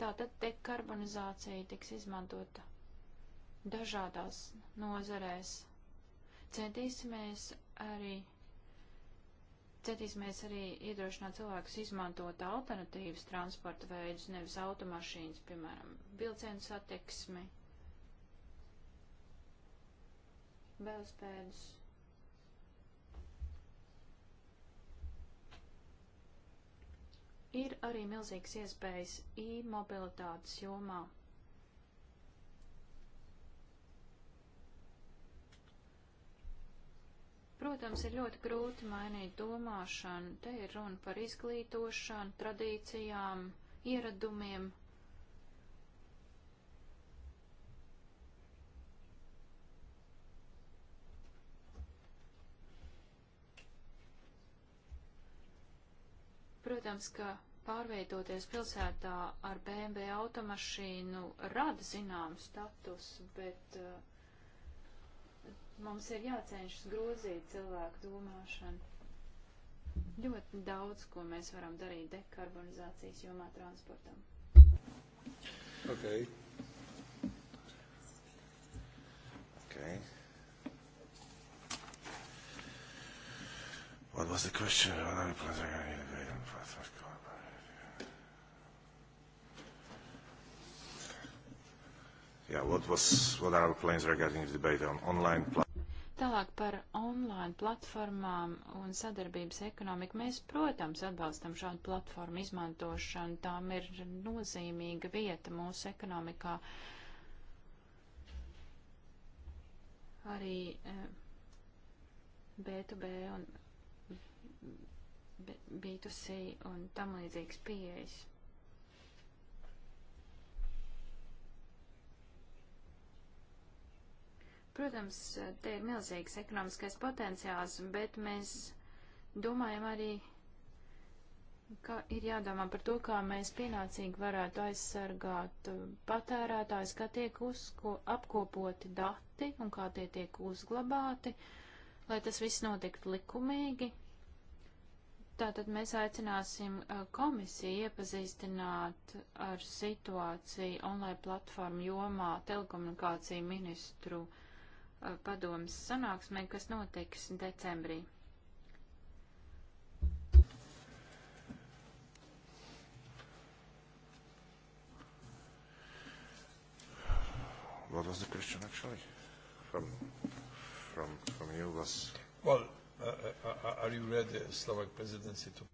Tātad dekarbonizācija tiks izmantota dažādās nozarēs. Centīsimies arī, centīsimies arī iedrošināt cilvēkus izmantot alternatīvas transporta veidus, nevis automašīnas, piemēram, vilcienu satiksmi, velospēdus. ir arī milzīgas iespējas e-mobilitātes jomā. Protams, ir ļoti grūti mainīt domāšanu. Te ir runa par izglītošanu, tradīcijām, ieradumiem, Protams, ka pārveidoties pilsētā ar BMW automašīnu rada zinām status, bet uh, mums ir jācenšas grozīt cilvēku domāšanu. Ļoti daudz, ko mēs varam darīt dekarbonizācijas jomā transportam. Okay. Okay. What was the question? Yeah, what was what are our plans regarding the debate on online Tālāk par online platformām un sadarbības ekonomiku. Mēs, protams, atbalstam šādu platformu izmantošanu. Tām ir nozīmīga vieta mūsu ekonomikā. Arī B2B eh, un B2C un tam līdzīgas pieejas. Protams, te ir milzīgs ekonomiskais potenciāls, bet mēs domājam arī, ka ir jādomā par to, kā mēs pienācīgi varētu aizsargāt patērētājs, kā tiek uzko, apkopoti dati un kā tie tiek uzglabāti, lai tas viss notiktu likumīgi. Tātad mēs aicināsim komisiju iepazīstināt ar situāciju online platformu jomā telekomunikāciju ministru padomas sanāksmē, kas notiks decembrī. What was the question actually from from from you was well Are you ready, Slovak presidency, to...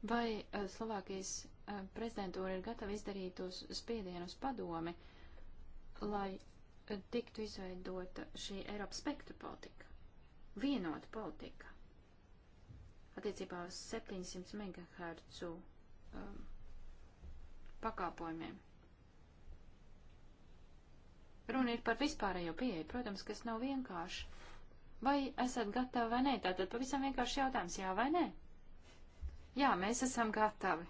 Vai eh, Slovākijas eh, prezidentūra ir gatava izdarīt uz spiedienu uz padomi, lai eh, tiktu izveidota šī Eiropas spektra politika, vienota politika attiecībā uz 700 MHz um, pakāpojumiem. Runa ir par vispārējo pieeju, protams, kas nav vienkārši. Vai esat gatavi vai nē? Tātad pavisam vienkārši jautājums, jā vai nē? Jā, mēs esam gatavi.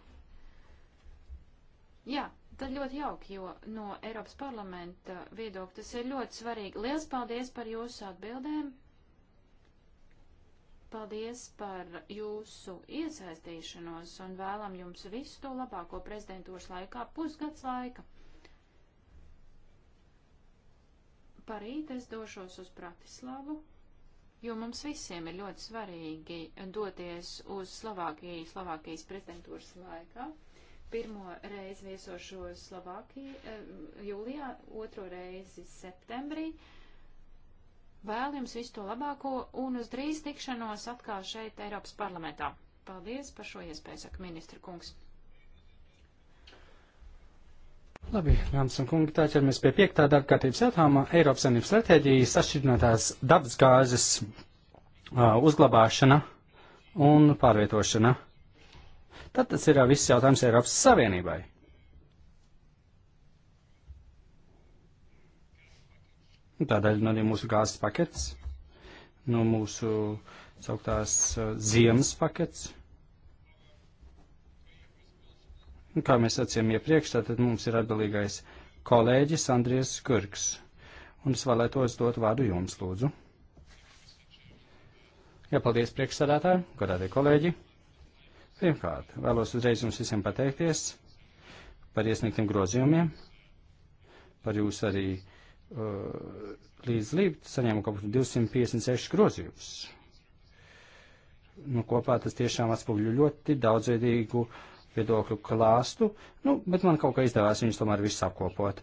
Jā, tad ļoti jauki, jo no Eiropas parlamenta viedokļa tas ir ļoti svarīgi. Lielas paldies par jūsu atbildēm. Paldies par jūsu iesaistīšanos un vēlam jums visu to labāko prezidentūras laikā, pusgads laika. Parīt es došos uz Bratislavu jo mums visiem ir ļoti svarīgi doties uz Slovākiju, Slovākijas prezidentūras laikā. Pirmo reizi viesošos Slovākiju eh, jūlijā, otro reizi septembrī. Vēl jums visu to labāko un uz drīz tikšanos atkal šeit Eiropas parlamentā. Paldies par šo iespēju, saka ministra kungs. Labi, Rāms un kungi, tā ķeramies pie piektā darba kārtības jautājuma - Eiropas Savienības stratēģijas sašķidrinātās dabas gāzes uh, uzglabāšana un pārvietošana. Tad tas ir uh, viss jautājums Eiropas Savienībai. Tādēļ arī mūsu gāzes pakets, no mūsu sauktās uh, ziemas pakets Un, nu, kā mēs sacījām iepriekš, tātad mums ir atbildīgais kolēģis Andries Skurks. Un es vēlētos dot vārdu jums, lūdzu. Jā, paldies priekšsādātāji, godātie kolēģi. Pirmkārt, vēlos uzreiz jums visiem pateikties par iesniegtiem grozījumiem, par jūsu arī uh, līdzlību saņēmu kaut 256 grozījumus. Nu, kopā tas tiešām atspoguļo ļoti daudzveidīgu uh, viedokļu klāstu, nu, bet man kaut kā izdevās viņus tomēr visus apkopot.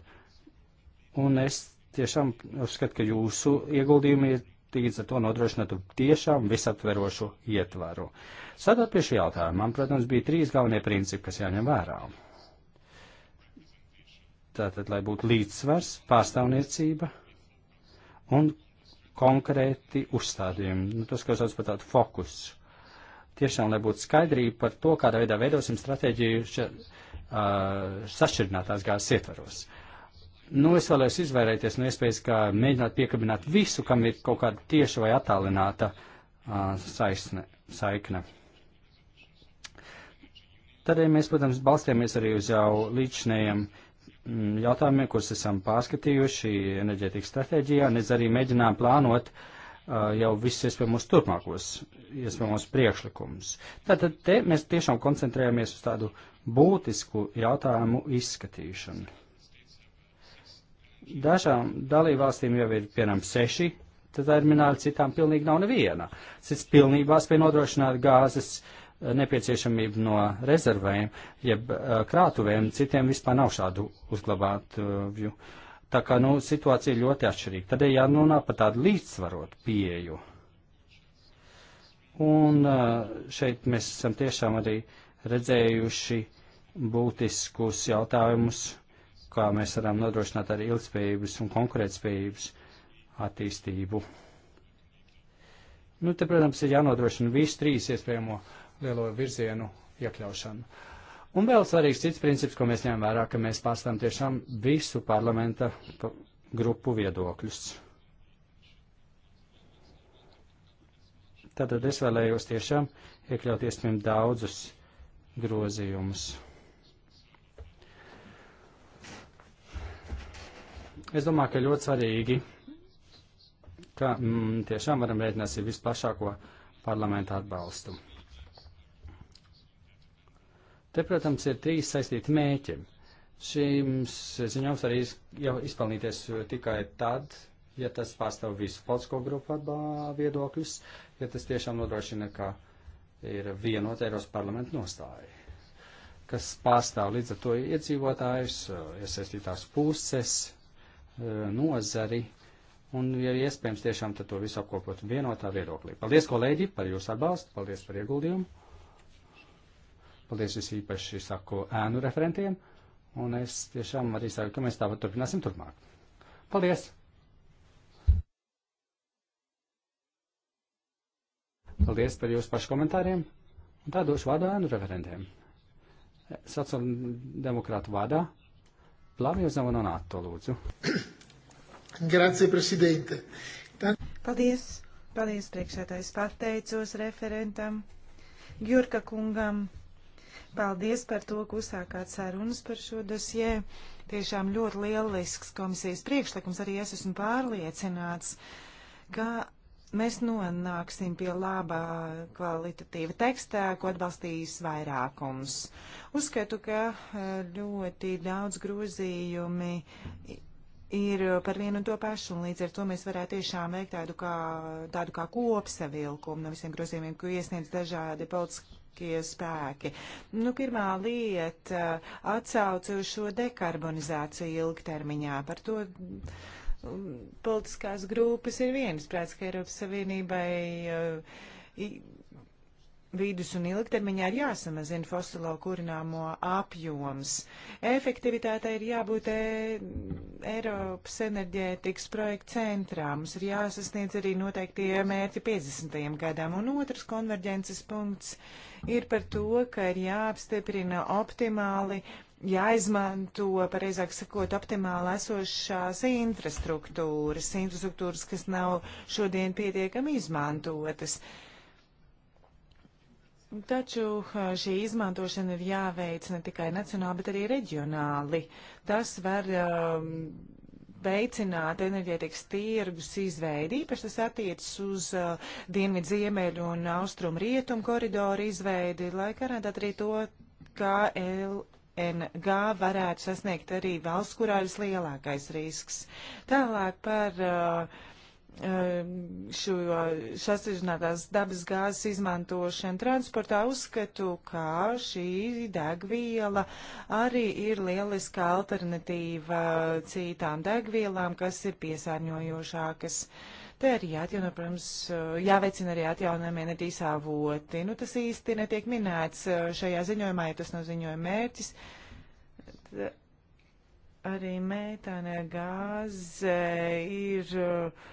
Un es tiešām uzskatu, ka jūsu ieguldījumi ir līdz ar to nodrošinātu tiešām visaptverošu ietvaru. Sadot pie šī jautājuma, man, protams, bija trīs galvenie principi, kas jāņem vērā. Tātad, lai būtu līdzsvars, pārstāvniecība un konkrēti uzstādījumi. Nu, tas, ko sauc par tādu fokusu tiešām, lai būtu skaidrība par to, kādā veidā veidosim stratēģiju še, uh, sašķirinātās gāzes ietvaros. Nu, es vēlēs izvairēties no iespējas, ka mēģināt piekabināt visu, kam ir kaut kāda tieša vai attālināta uh, saisne, saikne. Tādēļ mēs, protams, balstījāmies arī uz jau līdzinējiem mm, jautājumiem, kurus esam pārskatījuši enerģētikas stratēģijā, un es arī mēģinām plānot uh, jau visus iespējamos turpmākos iespējamos priekšlikumus. Tātad te mēs tiešām koncentrējamies uz tādu būtisku jautājumu izskatīšanu. Dažām dalībvalstīm jau ir, piemēram, seši termināli, citām pilnīgi nav neviena. Cits pilnībā spēj nodrošināt gāzes nepieciešamību no rezervēm, jeb krātuvēm, citiem vispār nav šādu uzglabātuvju. Uh, Tā kā nu, situācija ir ļoti atšķirīga. Tad ir jānonāk par tādu līdzsvarotu pieeju. Un šeit mēs esam tiešām arī redzējuši būtiskus jautājumus, kā mēs varam nodrošināt arī ilgspējības un konkurētspējības attīstību. Nu, te, protams, ir jānodrošina visu trīs iespējamo lielo virzienu iekļaušanu. Un vēl svarīgs cits princips, ko mēs ņemam vērā, ka mēs pārstāvam tiešām visu parlamenta grupu viedokļus. Tātad es vēlējos tiešām iekļaut iespējami daudzus grozījumus. Es domāju, ka ļoti svarīgi, ka mm, tiešām varam rēķināt ar visplašāko parlamentu atbalstu. Te, protams, ir trīs saistīti mēķi. Šīms ziņoms arī jau izpelnīties uh, tikai tad, ja tas pārstāv visu politisko grupu viedokļus, ja tas tiešām nodrošina, ka ir vienota Eiropas parlamenta nostāja, kas pārstāv līdz ar to iedzīvotājus, uh, iesaistītās puses, uh, nozari, un, ja iespējams, tiešām to visu apkopot vienotā viedoklī. Paldies, kolēģi, par jūsu atbalstu, paldies par ieguldījumu. Paldies es īpaši saku ēnu referentiem, un es tiešām arī saku, ka mēs tāpat turpināsim turpmāk. Paldies! Paldies par jūsu pašu komentāriem, un tā došu vārdu ēnu referentiem. Sociāldemokrātu vārdā Plavio Zavononato, lūdzu. Grazie, prezidente. Tā... Paldies, paldies priekšētājs, pateicos referentam, Jurka kungam Paldies par to, ka uzsākāt sarunas par šo dosjē. Tiešām ļoti lielisks komisijas priekšlikums. Arī es esmu pārliecināts, ka mēs nonāksim pie labā kvalitatīva tekstā, ko atbalstīs vairākums. Uzskatu, ka eh, ļoti daudz grozījumi ir par vienu un to pašu, un līdz ar to mēs varētu tiešām veikt tādu kā, tādu kā kopsavilkumu no visiem grozījumiem, ko iesniedz dažādi politiski politiskie spēki. Nu, pirmā lieta atsauce uz šo dekarbonizāciju ilgtermiņā. Par to mm, politiskās grupas ir viensprāts, ka Eiropas Savienībai uh, vidus un ilgtermiņā ir jāsamazina fosilo kurināmo apjoms. Efektivitātei ir jābūt e Eiropas enerģētikas projekta centrā. Mums ir jāsasniedz arī noteiktie mērķi 50. gadam. Un otrs konverģences punkts ir par to, ka ir jāapstiprina optimāli jāizmanto, pareizāk sakot, optimāli esošās infrastruktūras, infrastruktūras, kas nav šodien pietiekami izmantotas. Uh, Taču šī izmantošana ir jāveic ne tikai nacionāli, bet arī reģionāli. Tas var um, veicināt enerģētikas tirgus izveidi, īpaši tas attiecas uz uh, dienvidu ziemeļu un austrumu rietumu koridoru izveidi, lai garantētu arī to, kā L NG varētu sasniegt arī valsts, kurā ir vislielākais risks. Tālāk par uh, šo sasažinātās dabas gāzes izmantošanu transportā uzskatu, ka šī degviela arī ir lieliska alternatīva citām degvielām, kas ir piesārņojošākas. Te arī jāatjauno, protams, jāveicina arī atjaunojami enerģijas avoti. Nu, tas īsti netiek minēts šajā ziņojumā, ja tas nav ziņojuma mērķis. Arī mētāna gāze ir uh,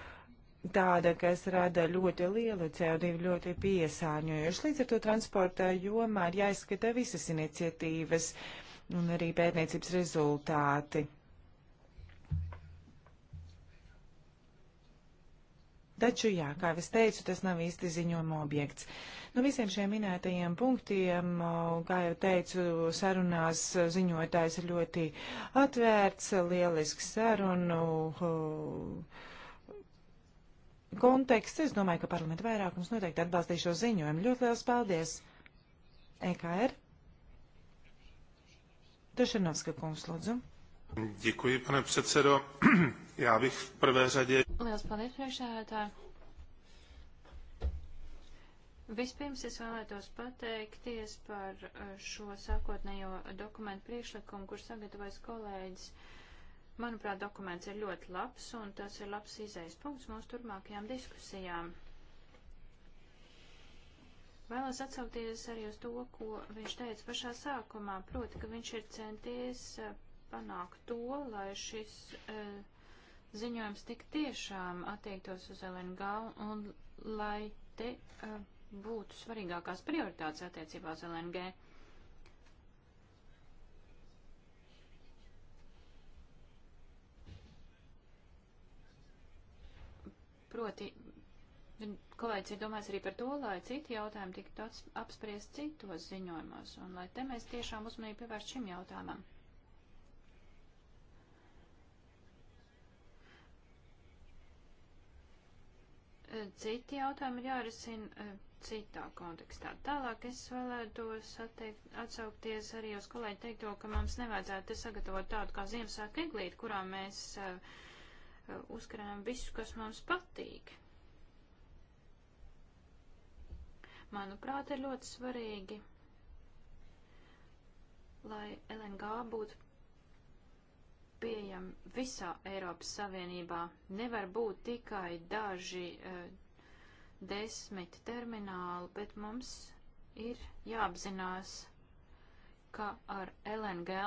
tāda, kas rada ļoti lielu CO2 ļoti piesāņojuši. Līdz ar to transporta jomā ir jāizskata visas iniciatīvas un arī pētniecības rezultāti. Taču, jā, kā es teicu, tas nav īsti ziņojuma objekts. No nu, visiem šiem minētajiem punktiem, uh, kā jau teicu, sarunās ziņotājs ir ļoti atvērts, lielisks sarunu. Uh, konteksts, es domāju, ka parlamenta vairākums noteikti atbalstīs šo ziņojumu. Ļoti liels paldies! EKR. Tošenovska kungs, lūdzu. Děkuji, pane předsedo. Já bych v prvé řadě... Liels paldies, priekšsēdētāji. Vispirms es vēlētos pateikties par eh, šo sākotnējo dokumentu priekšlikumu, kur sagatavojas kolēģis. Uh, Manuprāt, dokuments ir ļoti labs, un tas ir labs izējas punkts mūsu turpmākajām diskusijām. Vēlos atsaukties arī uz to, ko viņš teica pašā sākumā, proti, ka viņš ir centies eh, panākt to, lai šis uh, ziņojums tik tiešām attiektos uz LNG un lai te uh, būtu svarīgākās prioritātes attiecībā uz LNG. Proti, kolēģis ir domājis arī par to, lai citi jautājumi tiktu apspriest citos ziņojumos, un lai te mēs tiešām uzmanību pievērst šim jautājumam. E, citi jautājumi ir jārisina e, citā kontekstā. Tālāk es vēlētos atteikt, atsaukties arī uz kolēģi teikto, ka mums nevajadzētu sagatavot tādu kā Ziemassvētku eglīti, kurā mēs uh, uzkrājam visu, kas mums patīk. Manuprāt, ir ļoti svarīgi, lai LNG būtu pieejama visā Eiropas Savienībā. Nevar būt tikai daži uh, desmit termināli, bet mums ir jāapzinās, ka ar LNG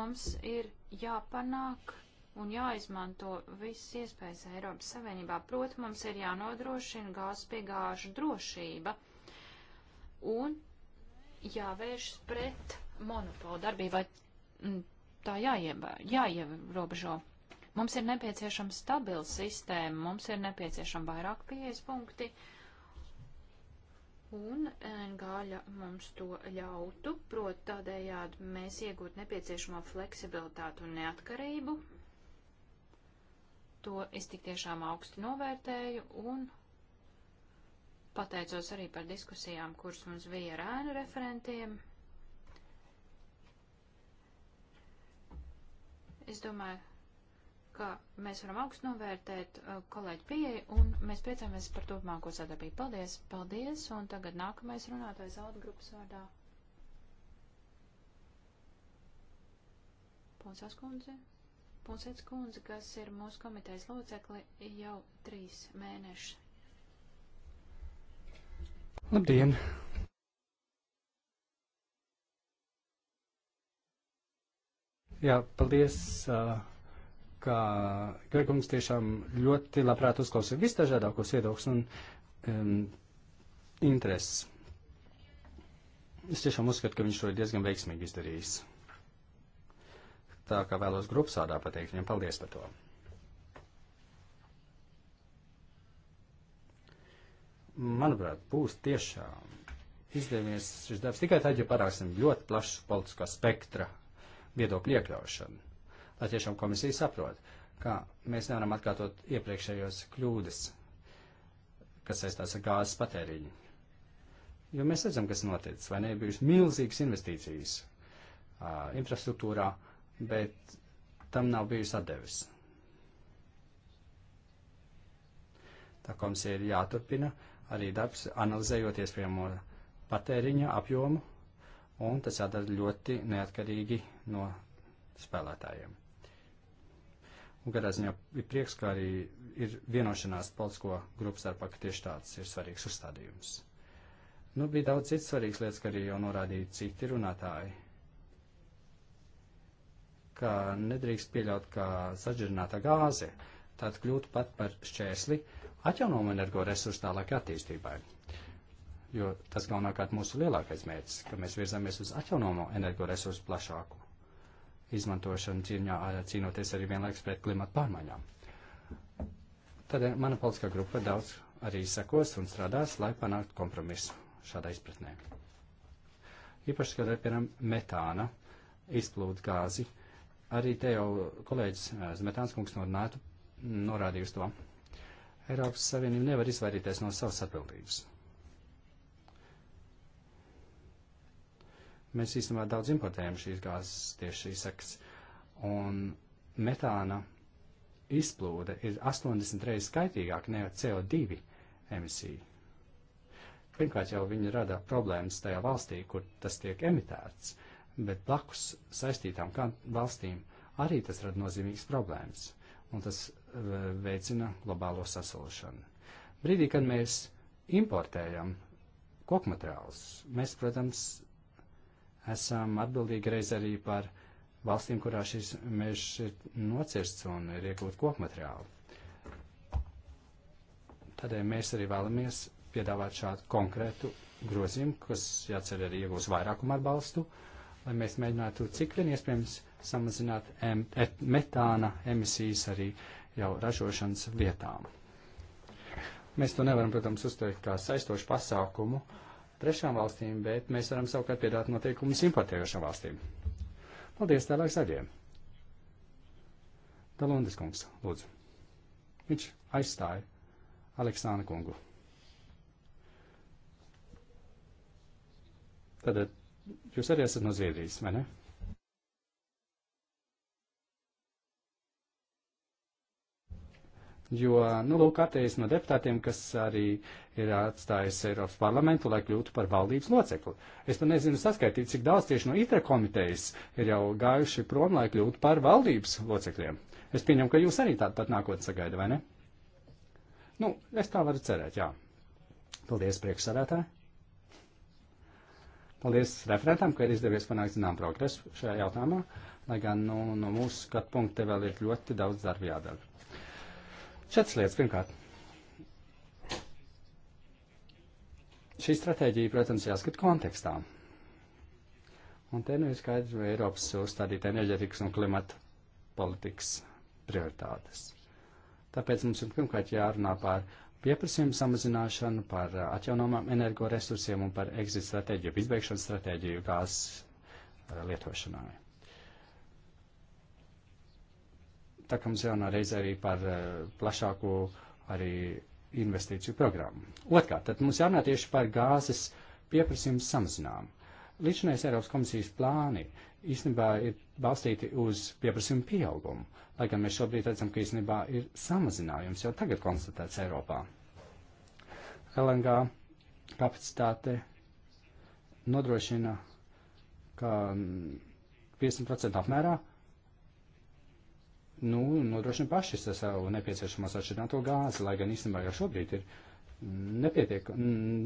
mums ir jāpanāk un jāizmanto visas iespējas Eiropas Savienībā. Proti, mums ir jānodrošina gāzes piegāžu drošība un jāvēršas pret monopolu darbību, vai mm, tā jāieba, jāierobežo. Mums ir nepieciešama stabila sistēma, mums ir nepieciešama vairāk pieejas punkti, un gāļa mums to ļautu, proti tādējādi mēs iegūtu nepieciešamo fleksibilitātu un neatkarību, To es tik tiešām augstu novērtēju un pateicos arī par diskusijām, kuras mums bija ar ēnu referentiem. Es domāju, ka mēs varam augstu novērtēt uh, kolēģi pieeju un mēs priecājamies par turpmāko sadarbību. Paldies! Paldies! Un tagad nākamais runātājs Altgrupas vārdā. Ponsas kundze. Pulsēts kundze, kas ir mūsu komitejas locekli jau trīs mēneši. Labdien! Jā, paldies, uh, ka Gregums tiešām ļoti labprāt uzklausīja visdažādākos viedokļus un um, intereses. Es tiešām uzskatu, ka viņš to ir diezgan veiksmīgi izdarījis tā kā vēlos grupsādā pateikt viņam paldies par to. Manuprāt, būs tiešām izdevies šis darbs tikai tad, ja parāksim ļoti plašu politiskā spektra viedokļu iekļaušanu, lai tiešām komisija saprot, ka mēs nevaram atkārtot iepriekšējos kļūdas, kas saistās ar gāzes patēriņu. Jo mēs redzam, kas noticis, vai ne, bijušas milzīgas investīcijas uh, infrastruktūrā, uh, bet tam nav bijis atdevis. Tā komisija ir jāturpina arī darbs, analizējot iespējamo patēriņa apjomu, un tas jādara ļoti neatkarīgi no spēlētājiem. Un katrā ziņā ir prieks, ka arī ir vienošanās politisko grupu starpā, ka tieši tāds ir svarīgs uzstādījums. Nu, bija daudz citas svarīgas lietas, ka arī jau norādīja citi runātāji ka nedrīkst pieļaut, ka saģerināta gāze tad kļūtu pat par šķērsli atjaunojumu energoresursu tālāk attīstībai. Jo tas galvenokārt mūsu lielākais mērķis, ka mēs virzamies uz atjaunojumu energoresursu plašāku izmantošanu cīņā, cīnoties arī vienlaikus pret klimatu pārmaiņām. Tad eh, mana politiskā grupa daudz arī sekos un strādās, lai panāktu kompromisu šādā izpratnē. Īpaši, kad ir, piemēram, metāna izplūdu gāzi, uh, Arī te jau kolēģis eh, Zmetāns kungs no NATO norādīja uz to. Eiropas Savienība nevar izvairīties no savas atbildības. Mēs īstenībā daudz importējam šīs gāzes tieši šīs sekas, un metāna izplūde ir 80 reizes skaitīgāka nekā CO2 emisija. Pirmkārt, jau viņi rada problēmas tajā valstī, kur tas tiek emitēts. Uh, bet blakus saistītām valstīm arī tas rada nozīmīgas problēmas, un tas eh, veicina globālo sasilšanu. Brīdī, kad mēs importējam kokmateriālus, mēs, protams, esam atbildīgi reiz arī par valstīm, kurā šis mežs ir nocirsts un ir iegūt kokmateriālu. Tādēļ mēs arī vēlamies piedāvāt šādu konkrētu grozījumu, kas jācer arī iegūs vairākumu atbalstu, uh, lai mēs mēģinātu cik vien iespējams samazināt em, et, metāna emisijas arī jau ražošanas vietām. Mēs to nevaram, protams, uzteikt kā saistošu pasākumu trešām valstīm, bet mēs varam savukārt piedāt noteikumus importējošām valstīm. Paldies tālāk zaļiem. Dalundis kungs, lūdzu. Viņš aizstāja Aleksāna kungu. Tātad Jūs arī esat no Zviedrijas, vai ne? Jo, nu, lūk, attejas no deputātiem, kas arī ir atstājis Eiropas parlamentu, lai kļūtu par valdības locekli. Es pat nezinu saskaitīt, cik daudz tieši no ITRE komitejas ir jau gājuši prom, lai kļūtu par valdības locekļiem. Es pieņemu, ka jūs arī tādu pat nākotnē sagaida, vai ne? Nu, es tā varu cerēt, jā. Paldies, priekšsādātāji. Paldies referentam, ka ir izdevies panākt zinām progresu šajā jautājumā, lai gan nu, no mūsu skatu punkta vēl ir ļoti daudz darba jādara. Četras lietas. Pirmkārt, šī stratēģija, protams, jāskat kontekstā. Un te nu ir skaidrs, vai Eiropas uzstādīta enerģetikas un klimata politikas prioritātes. Tāpēc mums ir pirmkārt jārunā par pieprasījumu samazināšanu, par uh, atjaunomām energoresursiem un par exit stratēģiju, izbeigšanas stratēģiju gāzes uh, lietošanai. Tā kā mums jaunā reize arī par uh, plašāku arī investīciju programmu. Otkārt, tad mums jārunā tieši par gāzes pieprasījumu samazinājumu. Līdzinājās Eiropas komisijas plāni īstenībā ir balstīti uz pieprasījumu pieaugumu, lai gan mēs šobrīd redzam, ka īstenībā ir samazinājums jau tagad konstatēts Eiropā. LNG kapacitāte nodrošina, ka 50% mm, apmērā nu, nodrošina paši savu nepieciešamos atšķirināto gāzi, lai gan īstenībā jau šobrīd ir nepietiek,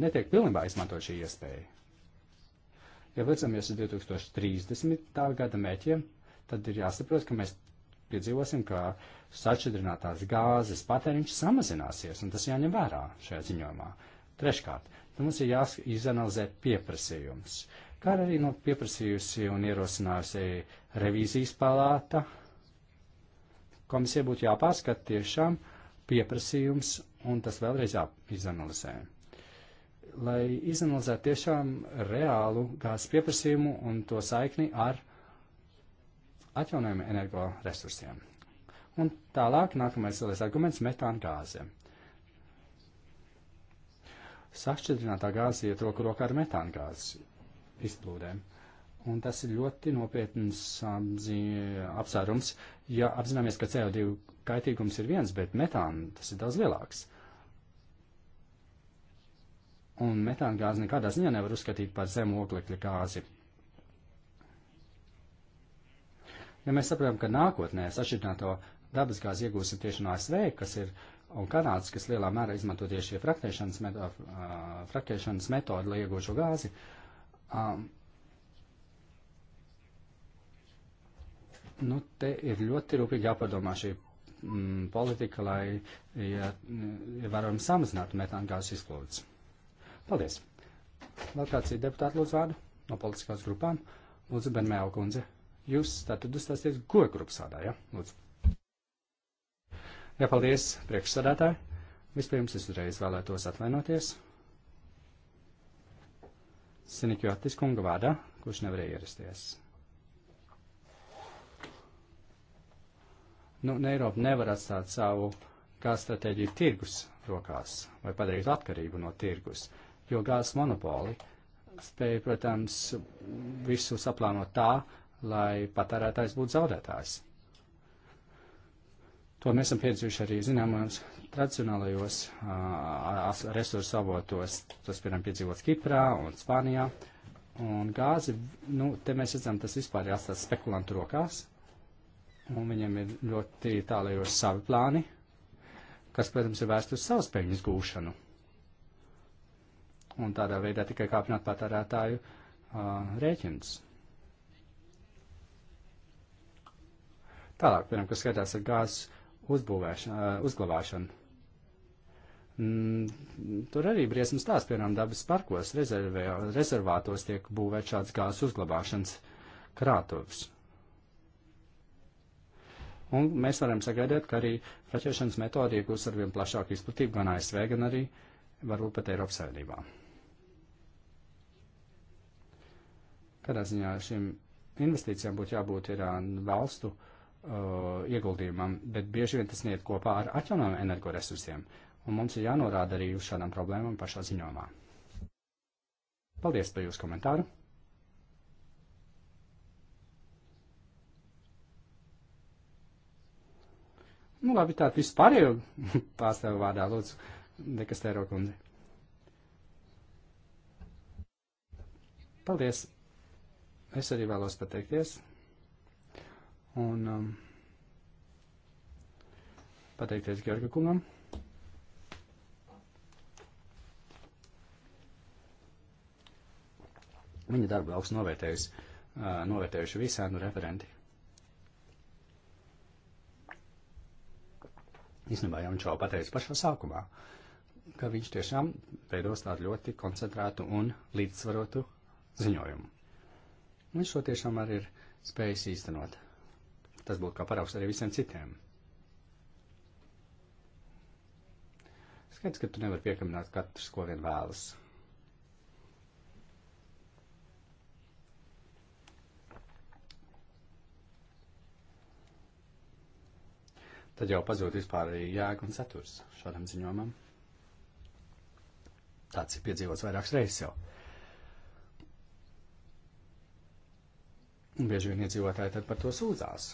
netiek pilnībā izmantot šī iespēja. Ja vecamies uz 2030. gada mēķiem, tad ir jāsaprot, ka mēs piedzīvosim, ka sačudrinātās gāzes patēriņš samazināsies, un tas jāņem vērā šajā ziņojumā. Treškārt, tad mums ir jāizanalizē pieprasījums. Kā arī no pieprasījusi un ierosinājusi revīzijas palāta, komisija būtu jāpārskata tiešām pieprasījums, un tas vēlreiz jāizanalizē lai izanalizētu tiešām reālu gāzes pieprasījumu un to saikni ar atjaunojumiem energoresursiem. Un tālāk nākamais lielais arguments - metāna gāze. Sašķidrinātā gāze iet roku rokā ar metāna gāzes izplūdēm. Un tas ir ļoti nopietns apsvērums, ja apzināmies, ka CO2 kaitīgums ir viens, bet metāna tas ir daudz lielāks. Uh, un metāna gāzi nekādā ziņā nevar uzskatīt par zemu oglekļa gāzi. Ja mēs saprotam, ka nākotnē sašķidrināto dabas gāzi iegūsim tieši no ASV, kas ir un Kanādas, kas lielā mērā izmanto tieši fraktēšanas, meto, fraktēšanas metodu, lai iegūtu šo gāzi, um, nu, te ir ļoti rūpīgi jāpadomā šī mm, politika, lai ja, ja varam samazināt metāna gāzes izplūdes. Paldies! Vēl kāds ir deputāti lūdzu vārdu no politiskās grupām? Lūdzu, Benmēla kundze, jūs tātad uzstāsties goja grupas vārdā, ja? Lūdzu. Jā, paldies, priekšsādātāji. Vispirms es uzreiz vēlētos atvainoties. Sinikjotis kunga vārdā, kurš nevarēja ierasties. Nu, ne Eiropa nevar atstāt savu kā stratēģiju tirgus rokās vai padarīt atkarību no tirgus. Uh, jo gāzes monopoli spēja, protams, visu saplānot tā, lai patērētājs būtu zaudētājs. To mēs esam piedzīvojuši arī zināmos tradicionālajos uh, resursu avotos. Tas, piemēram, piedzīvots Kiprā un Spānijā. Un gāzi, nu, te mēs redzam, tas vispār ir atstāts spekulantu rokās. Un viņiem ir ļoti tālajos savi plāni, kas, protams, ir vērsti uz savas peļņas gūšanu un tādā veidā tikai kāpināt patērētāju uh, rēķins. Tālāk, piemēram, kas skatās ar gāzes uzbūvēšanu, uh, uzglabāšanu. Mm, tur arī briesmas tās, piemēram, dabas parkos, rezervē, rezervātos tiek būvēt šāds gāzes uzglabāšanas krātuvs. Un mēs varam sagaidāt, ka arī fraķēšanas metodi iegūs arvien plašāku izplatību gan ASV, gan arī varbūt pat Eiropas Savienībā. Tādā ziņā šīm investīcijām būtu jābūt ir valstu uh, ieguldījumam, bet bieži vien tas niet kopā ar atjaunojumiem energoresursiem, un mums ir jānorāda arī uz šādām problēmām pašā ziņojumā. Paldies par jūsu komentāru! Nu, labi, tā vispārējo pārstāvu vārdā, lūdzu, dekastēro kundzi. Paldies! Es arī vēlos pateikties un um, pateikties Georga kungam. Viņa darbu augstu novērtējusi, uh, novērtējuši visādi nu referenti. Īstenībā jau viņš jau pateica pašā sākumā, ka viņš tiešām veidos tādu ļoti koncentrētu un līdzsvarotu ziņojumu. Viņš to tiešām arī ir spējis īstenot. Tas būtu kā paraugs arī visiem citiem. Skaidrs, ka tu nevari piekamināt katrs, ko vien vēlas. Tad jau pazūd vispār jēga un saturs šādam ziņojumam. Tāds ir piedzīvots vairākas reizes jau. Un bieži vien iedzīvotāji tad par to sūdzās.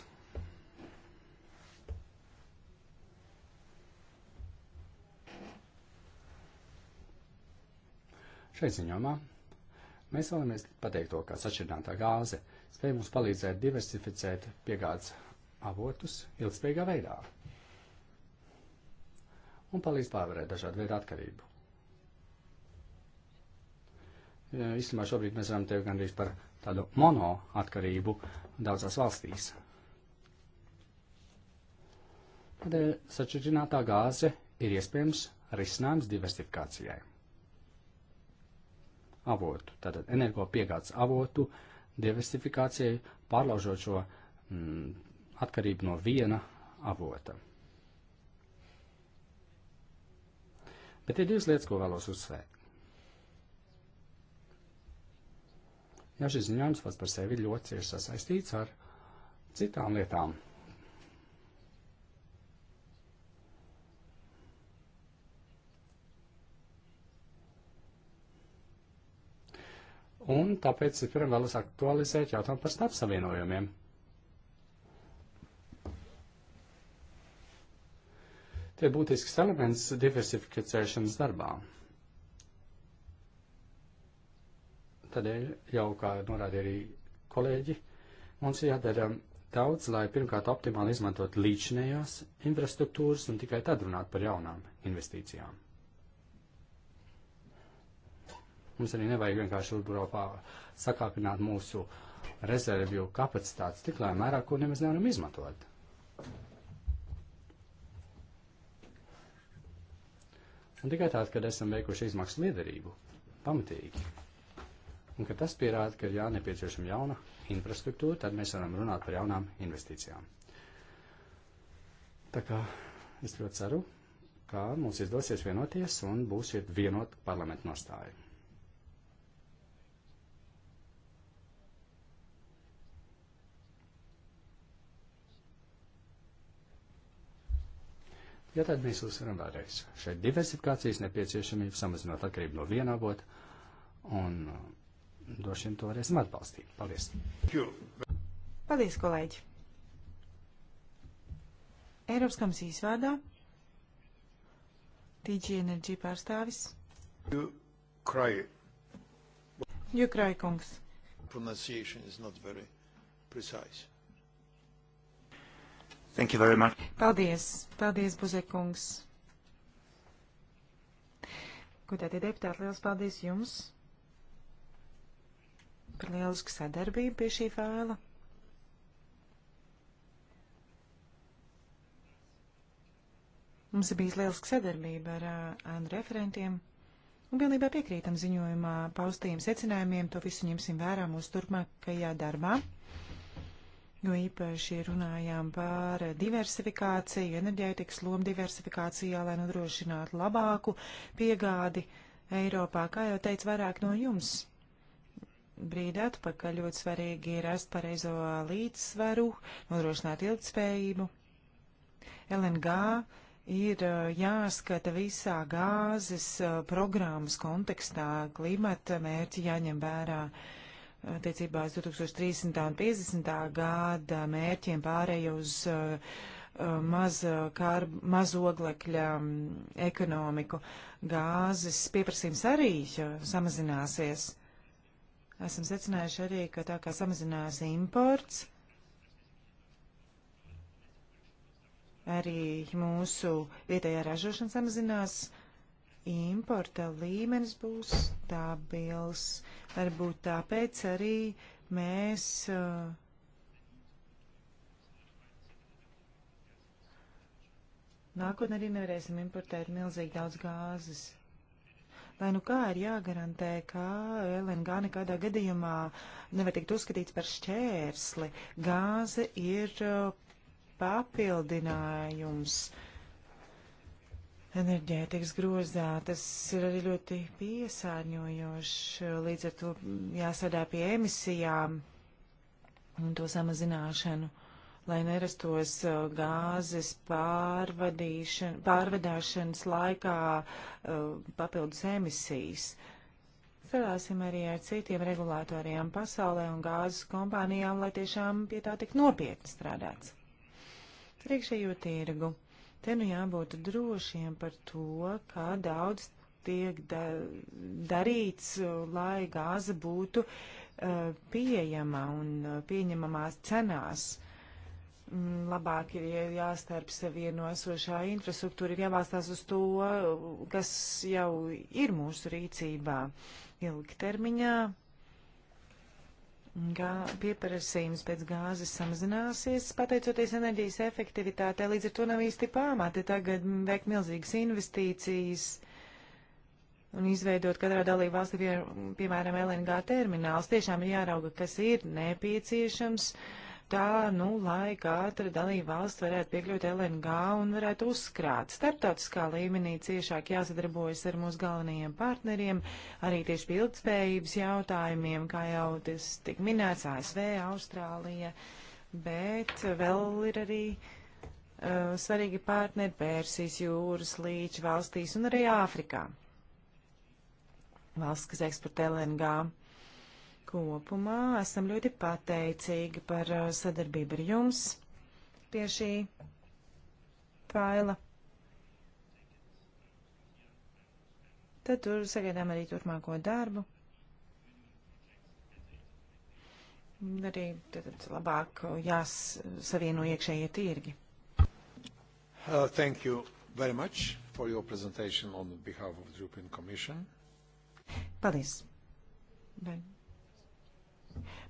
Šai ziņomā mēs vēlamies pateikt to, ka sašķirinātā gāze spēj mums palīdzēt diversificēt piegādes avotus ilgspējīgā veidā un palīdz pārvarēt dažādu veidu atkarību. Īstenībā šobrīd mēs varam tevi gandrīz par tādu monoatkarību daudzās valstīs. Tādēļ sašķidrinātā gāze ir iespējams risinājums diversifikācijai. Avotu, tātad energopiegādes avotu diversifikācijai, pārlaužot šo mm, atkarību no viena avota. Bet ir divas lietas, ko vēlos uzsvērt. ja šis ziņojums pats par sevi ir ļoti cieši sasaistīts ar citām lietām. Un tāpēc es pirmie vēlos aktualizēt jautājumu par starp savienojumiem. Tie būtisks elements diversifikēšanas darbā. Tādēļ jau, kā norādīja arī kolēģi, mums ir jādara daudz, lai pirmkārt optimāli izmantot līdzinējās infrastruktūras un tikai tad runāt par jaunām investīcijām. Mums arī nevajag vienkārši Eiropā sakāpināt mūsu rezervju kapacitātes tik lielā mērā, ko nemaz nevaram izmantot. Un tikai tāds, kad esam veikuši izmaksu liederību, pamatīgi. Un, kad tas pierāda, ka jā, nepieciešama jauna infrastruktūra, tad mēs varam runāt par jaunām investīcijām. Tā kā es ļoti ceru, ka mums izdosies vienoties un būs vienot parlamentu nostāju. Ja tad mēs uzsveram vēlreiz, šeit diversifikācijas nepieciešamība samazinot atkarību no viena avota un droši vien to varēsim atbalstīt. Paldies! Paldies, kolēģi! Eiropas komisijas vārdā TG Energy pārstāvis Jukrai kungs. Pronunciation is not very precise. Thank you very much. Paldies, paldies, Buzekungs. Gudētie deputāti, liels paldies jums! par lielisku sadarbību pie šī faila. Mums ir bijis lieliska sadarbība ar ANU referentiem un pilnībā piekrītam ziņojumā paustajiem secinājumiem. To visu ņemsim vērā mūsu turpmākajā darbā, jo īpaši runājām par diversifikāciju, enerģētikas lomu diversifikācijā, lai nodrošinātu labāku piegādi Eiropā, kā jau teica vairāk no jums brīdi atpakaļ. Ļoti svarīgi ir rast pareizo līdzsvaru, nodrošināt ilgtspējību. LNG ir jāskata visā gāzes programmas kontekstā, klimata mērķi jāņem vērā attiecībā uz 2030. un 50. gada mērķiem pārējo uz uh, maz, kār, mazoglekļa ekonomiku. Gāzes pieprasījums arī samazinās. Esam secinājuši arī, ka tā kā samazinās imports, arī mūsu vietējā ražošana samazinās, importa līmenis būs stabils. Varbūt tāpēc arī mēs uh, nākotnē arī nevarēsim importēt milzīgi daudz gāzes. Lai nu kā ir jāgarantē, ka LNG nekādā gadījumā nevar tikt uzskatīts par šķērsli. Gāze ir uh, papildinājums enerģētikas grozā. Tas ir arī ļoti piesārņojoši, līdz ar to jāsadā pie emisijām un to samazināšanu lai nerastos uh, gāzes pārvadāšanas laikā uh, papildus emisijas. Strādāsim arī ar citiem regulātoriem pasaulē un gāzes kompānijām, lai tiešām pie tā tik nopietni strādāts. Priekšējo tirgu. Te nu jābūt drošiem par to, kā daudz tiek da darīts, uh, lai gāze būtu uh, pieejama un uh, pieņemamās cenās. Mm, labāk ir ja jāstarp sevi vienosošā infrastruktūra, ir jābalstās uz to, kas jau ir mūsu rīcībā ilgtermiņā. Gā, pieprasījums pēc gāzes samazināsies, pateicoties enerģijas efektivitātē, līdz ar to nav īsti pamati. Tagad vajag milzīgas investīcijas un izveidot katrā dalību valstī, pie, piemēram, LNG termināls. Tiešām ir jārauga, kas ir nepieciešams. Uh, tā, nu, lai katra dalība valsts varētu piekļūt LNG un varētu uzkrāt. Starptautiskā līmenī ciešāk jāsadarbojas ar mūsu galvenajiem partneriem, arī tieši pie ilgspējības jautājumiem, kā jau tas tik minēts, ASV, Austrālija, bet vēl ir arī uh, svarīgi partneri Persijas jūras līča valstīs un arī Āfrikā. Valsts, kas eksportē LNG Kopumā esam ļoti pateicīgi par uh, sadarbību ar jums pie šī faila. Tad tur sagaidām arī turpmāko darbu. Arī tad labāk jāsavieno iekšējie tirgi. Uh, thank you very much for your presentation on behalf of the European Commission. Paldies. Bye.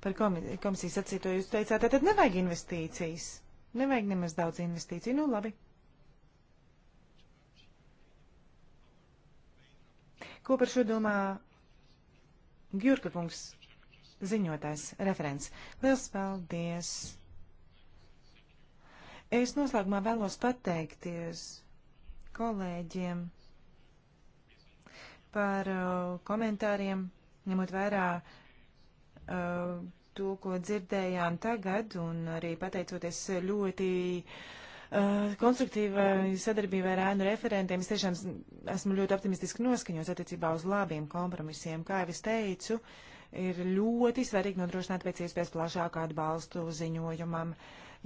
Par komisijas sacīto jūs teicāt, tātad nevajag investīcijas. Nevajag nemaz daudz investīciju. Nu, labi. Ko par šo domā Gjurka kungs ziņotājs, referents? Liels paldies! Es noslēgumā vēlos pateikties kolēģiem par uh, komentāriem, ņemot vērā uh, to, ko dzirdējām tagad, un arī pateicoties ļoti uh, konstruktīvai sadarbībai ar ēnu referentiem, es tiešām esmu ļoti optimistiski noskaņots attiecībā uz labiem kompromisiem. Kā jau es teicu, ir ļoti svarīgi nodrošināt pēc iespējas plašāku atbalstu ziņojumam,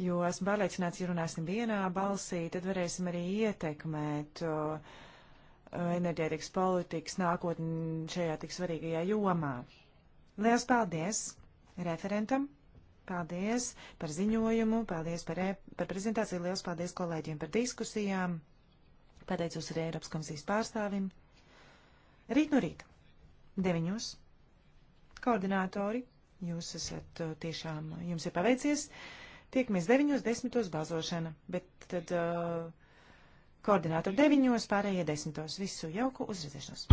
jo esmu pārliecināts, ja runāsim vienā balsī, tad varēsim arī ietekmēt uh, enerģētikas politikas nākotni šajā tik svarīgajā jomā. Liels paldies referentam! Paldies par ziņojumu, paldies par, e par prezentāciju, liels paldies kolēģiem par diskusijām. Pateicos arī Eiropas komisijas pārstāvim. Rīt no rīta, deviņos, koordinātori, jūs esat uh, tiešām, jums ir paveicies, tiekamies deviņos, desmitos bazošana, bet tad uh, koordinātori deviņos, pārējie desmitos. Visu jauku uzredzēšanos!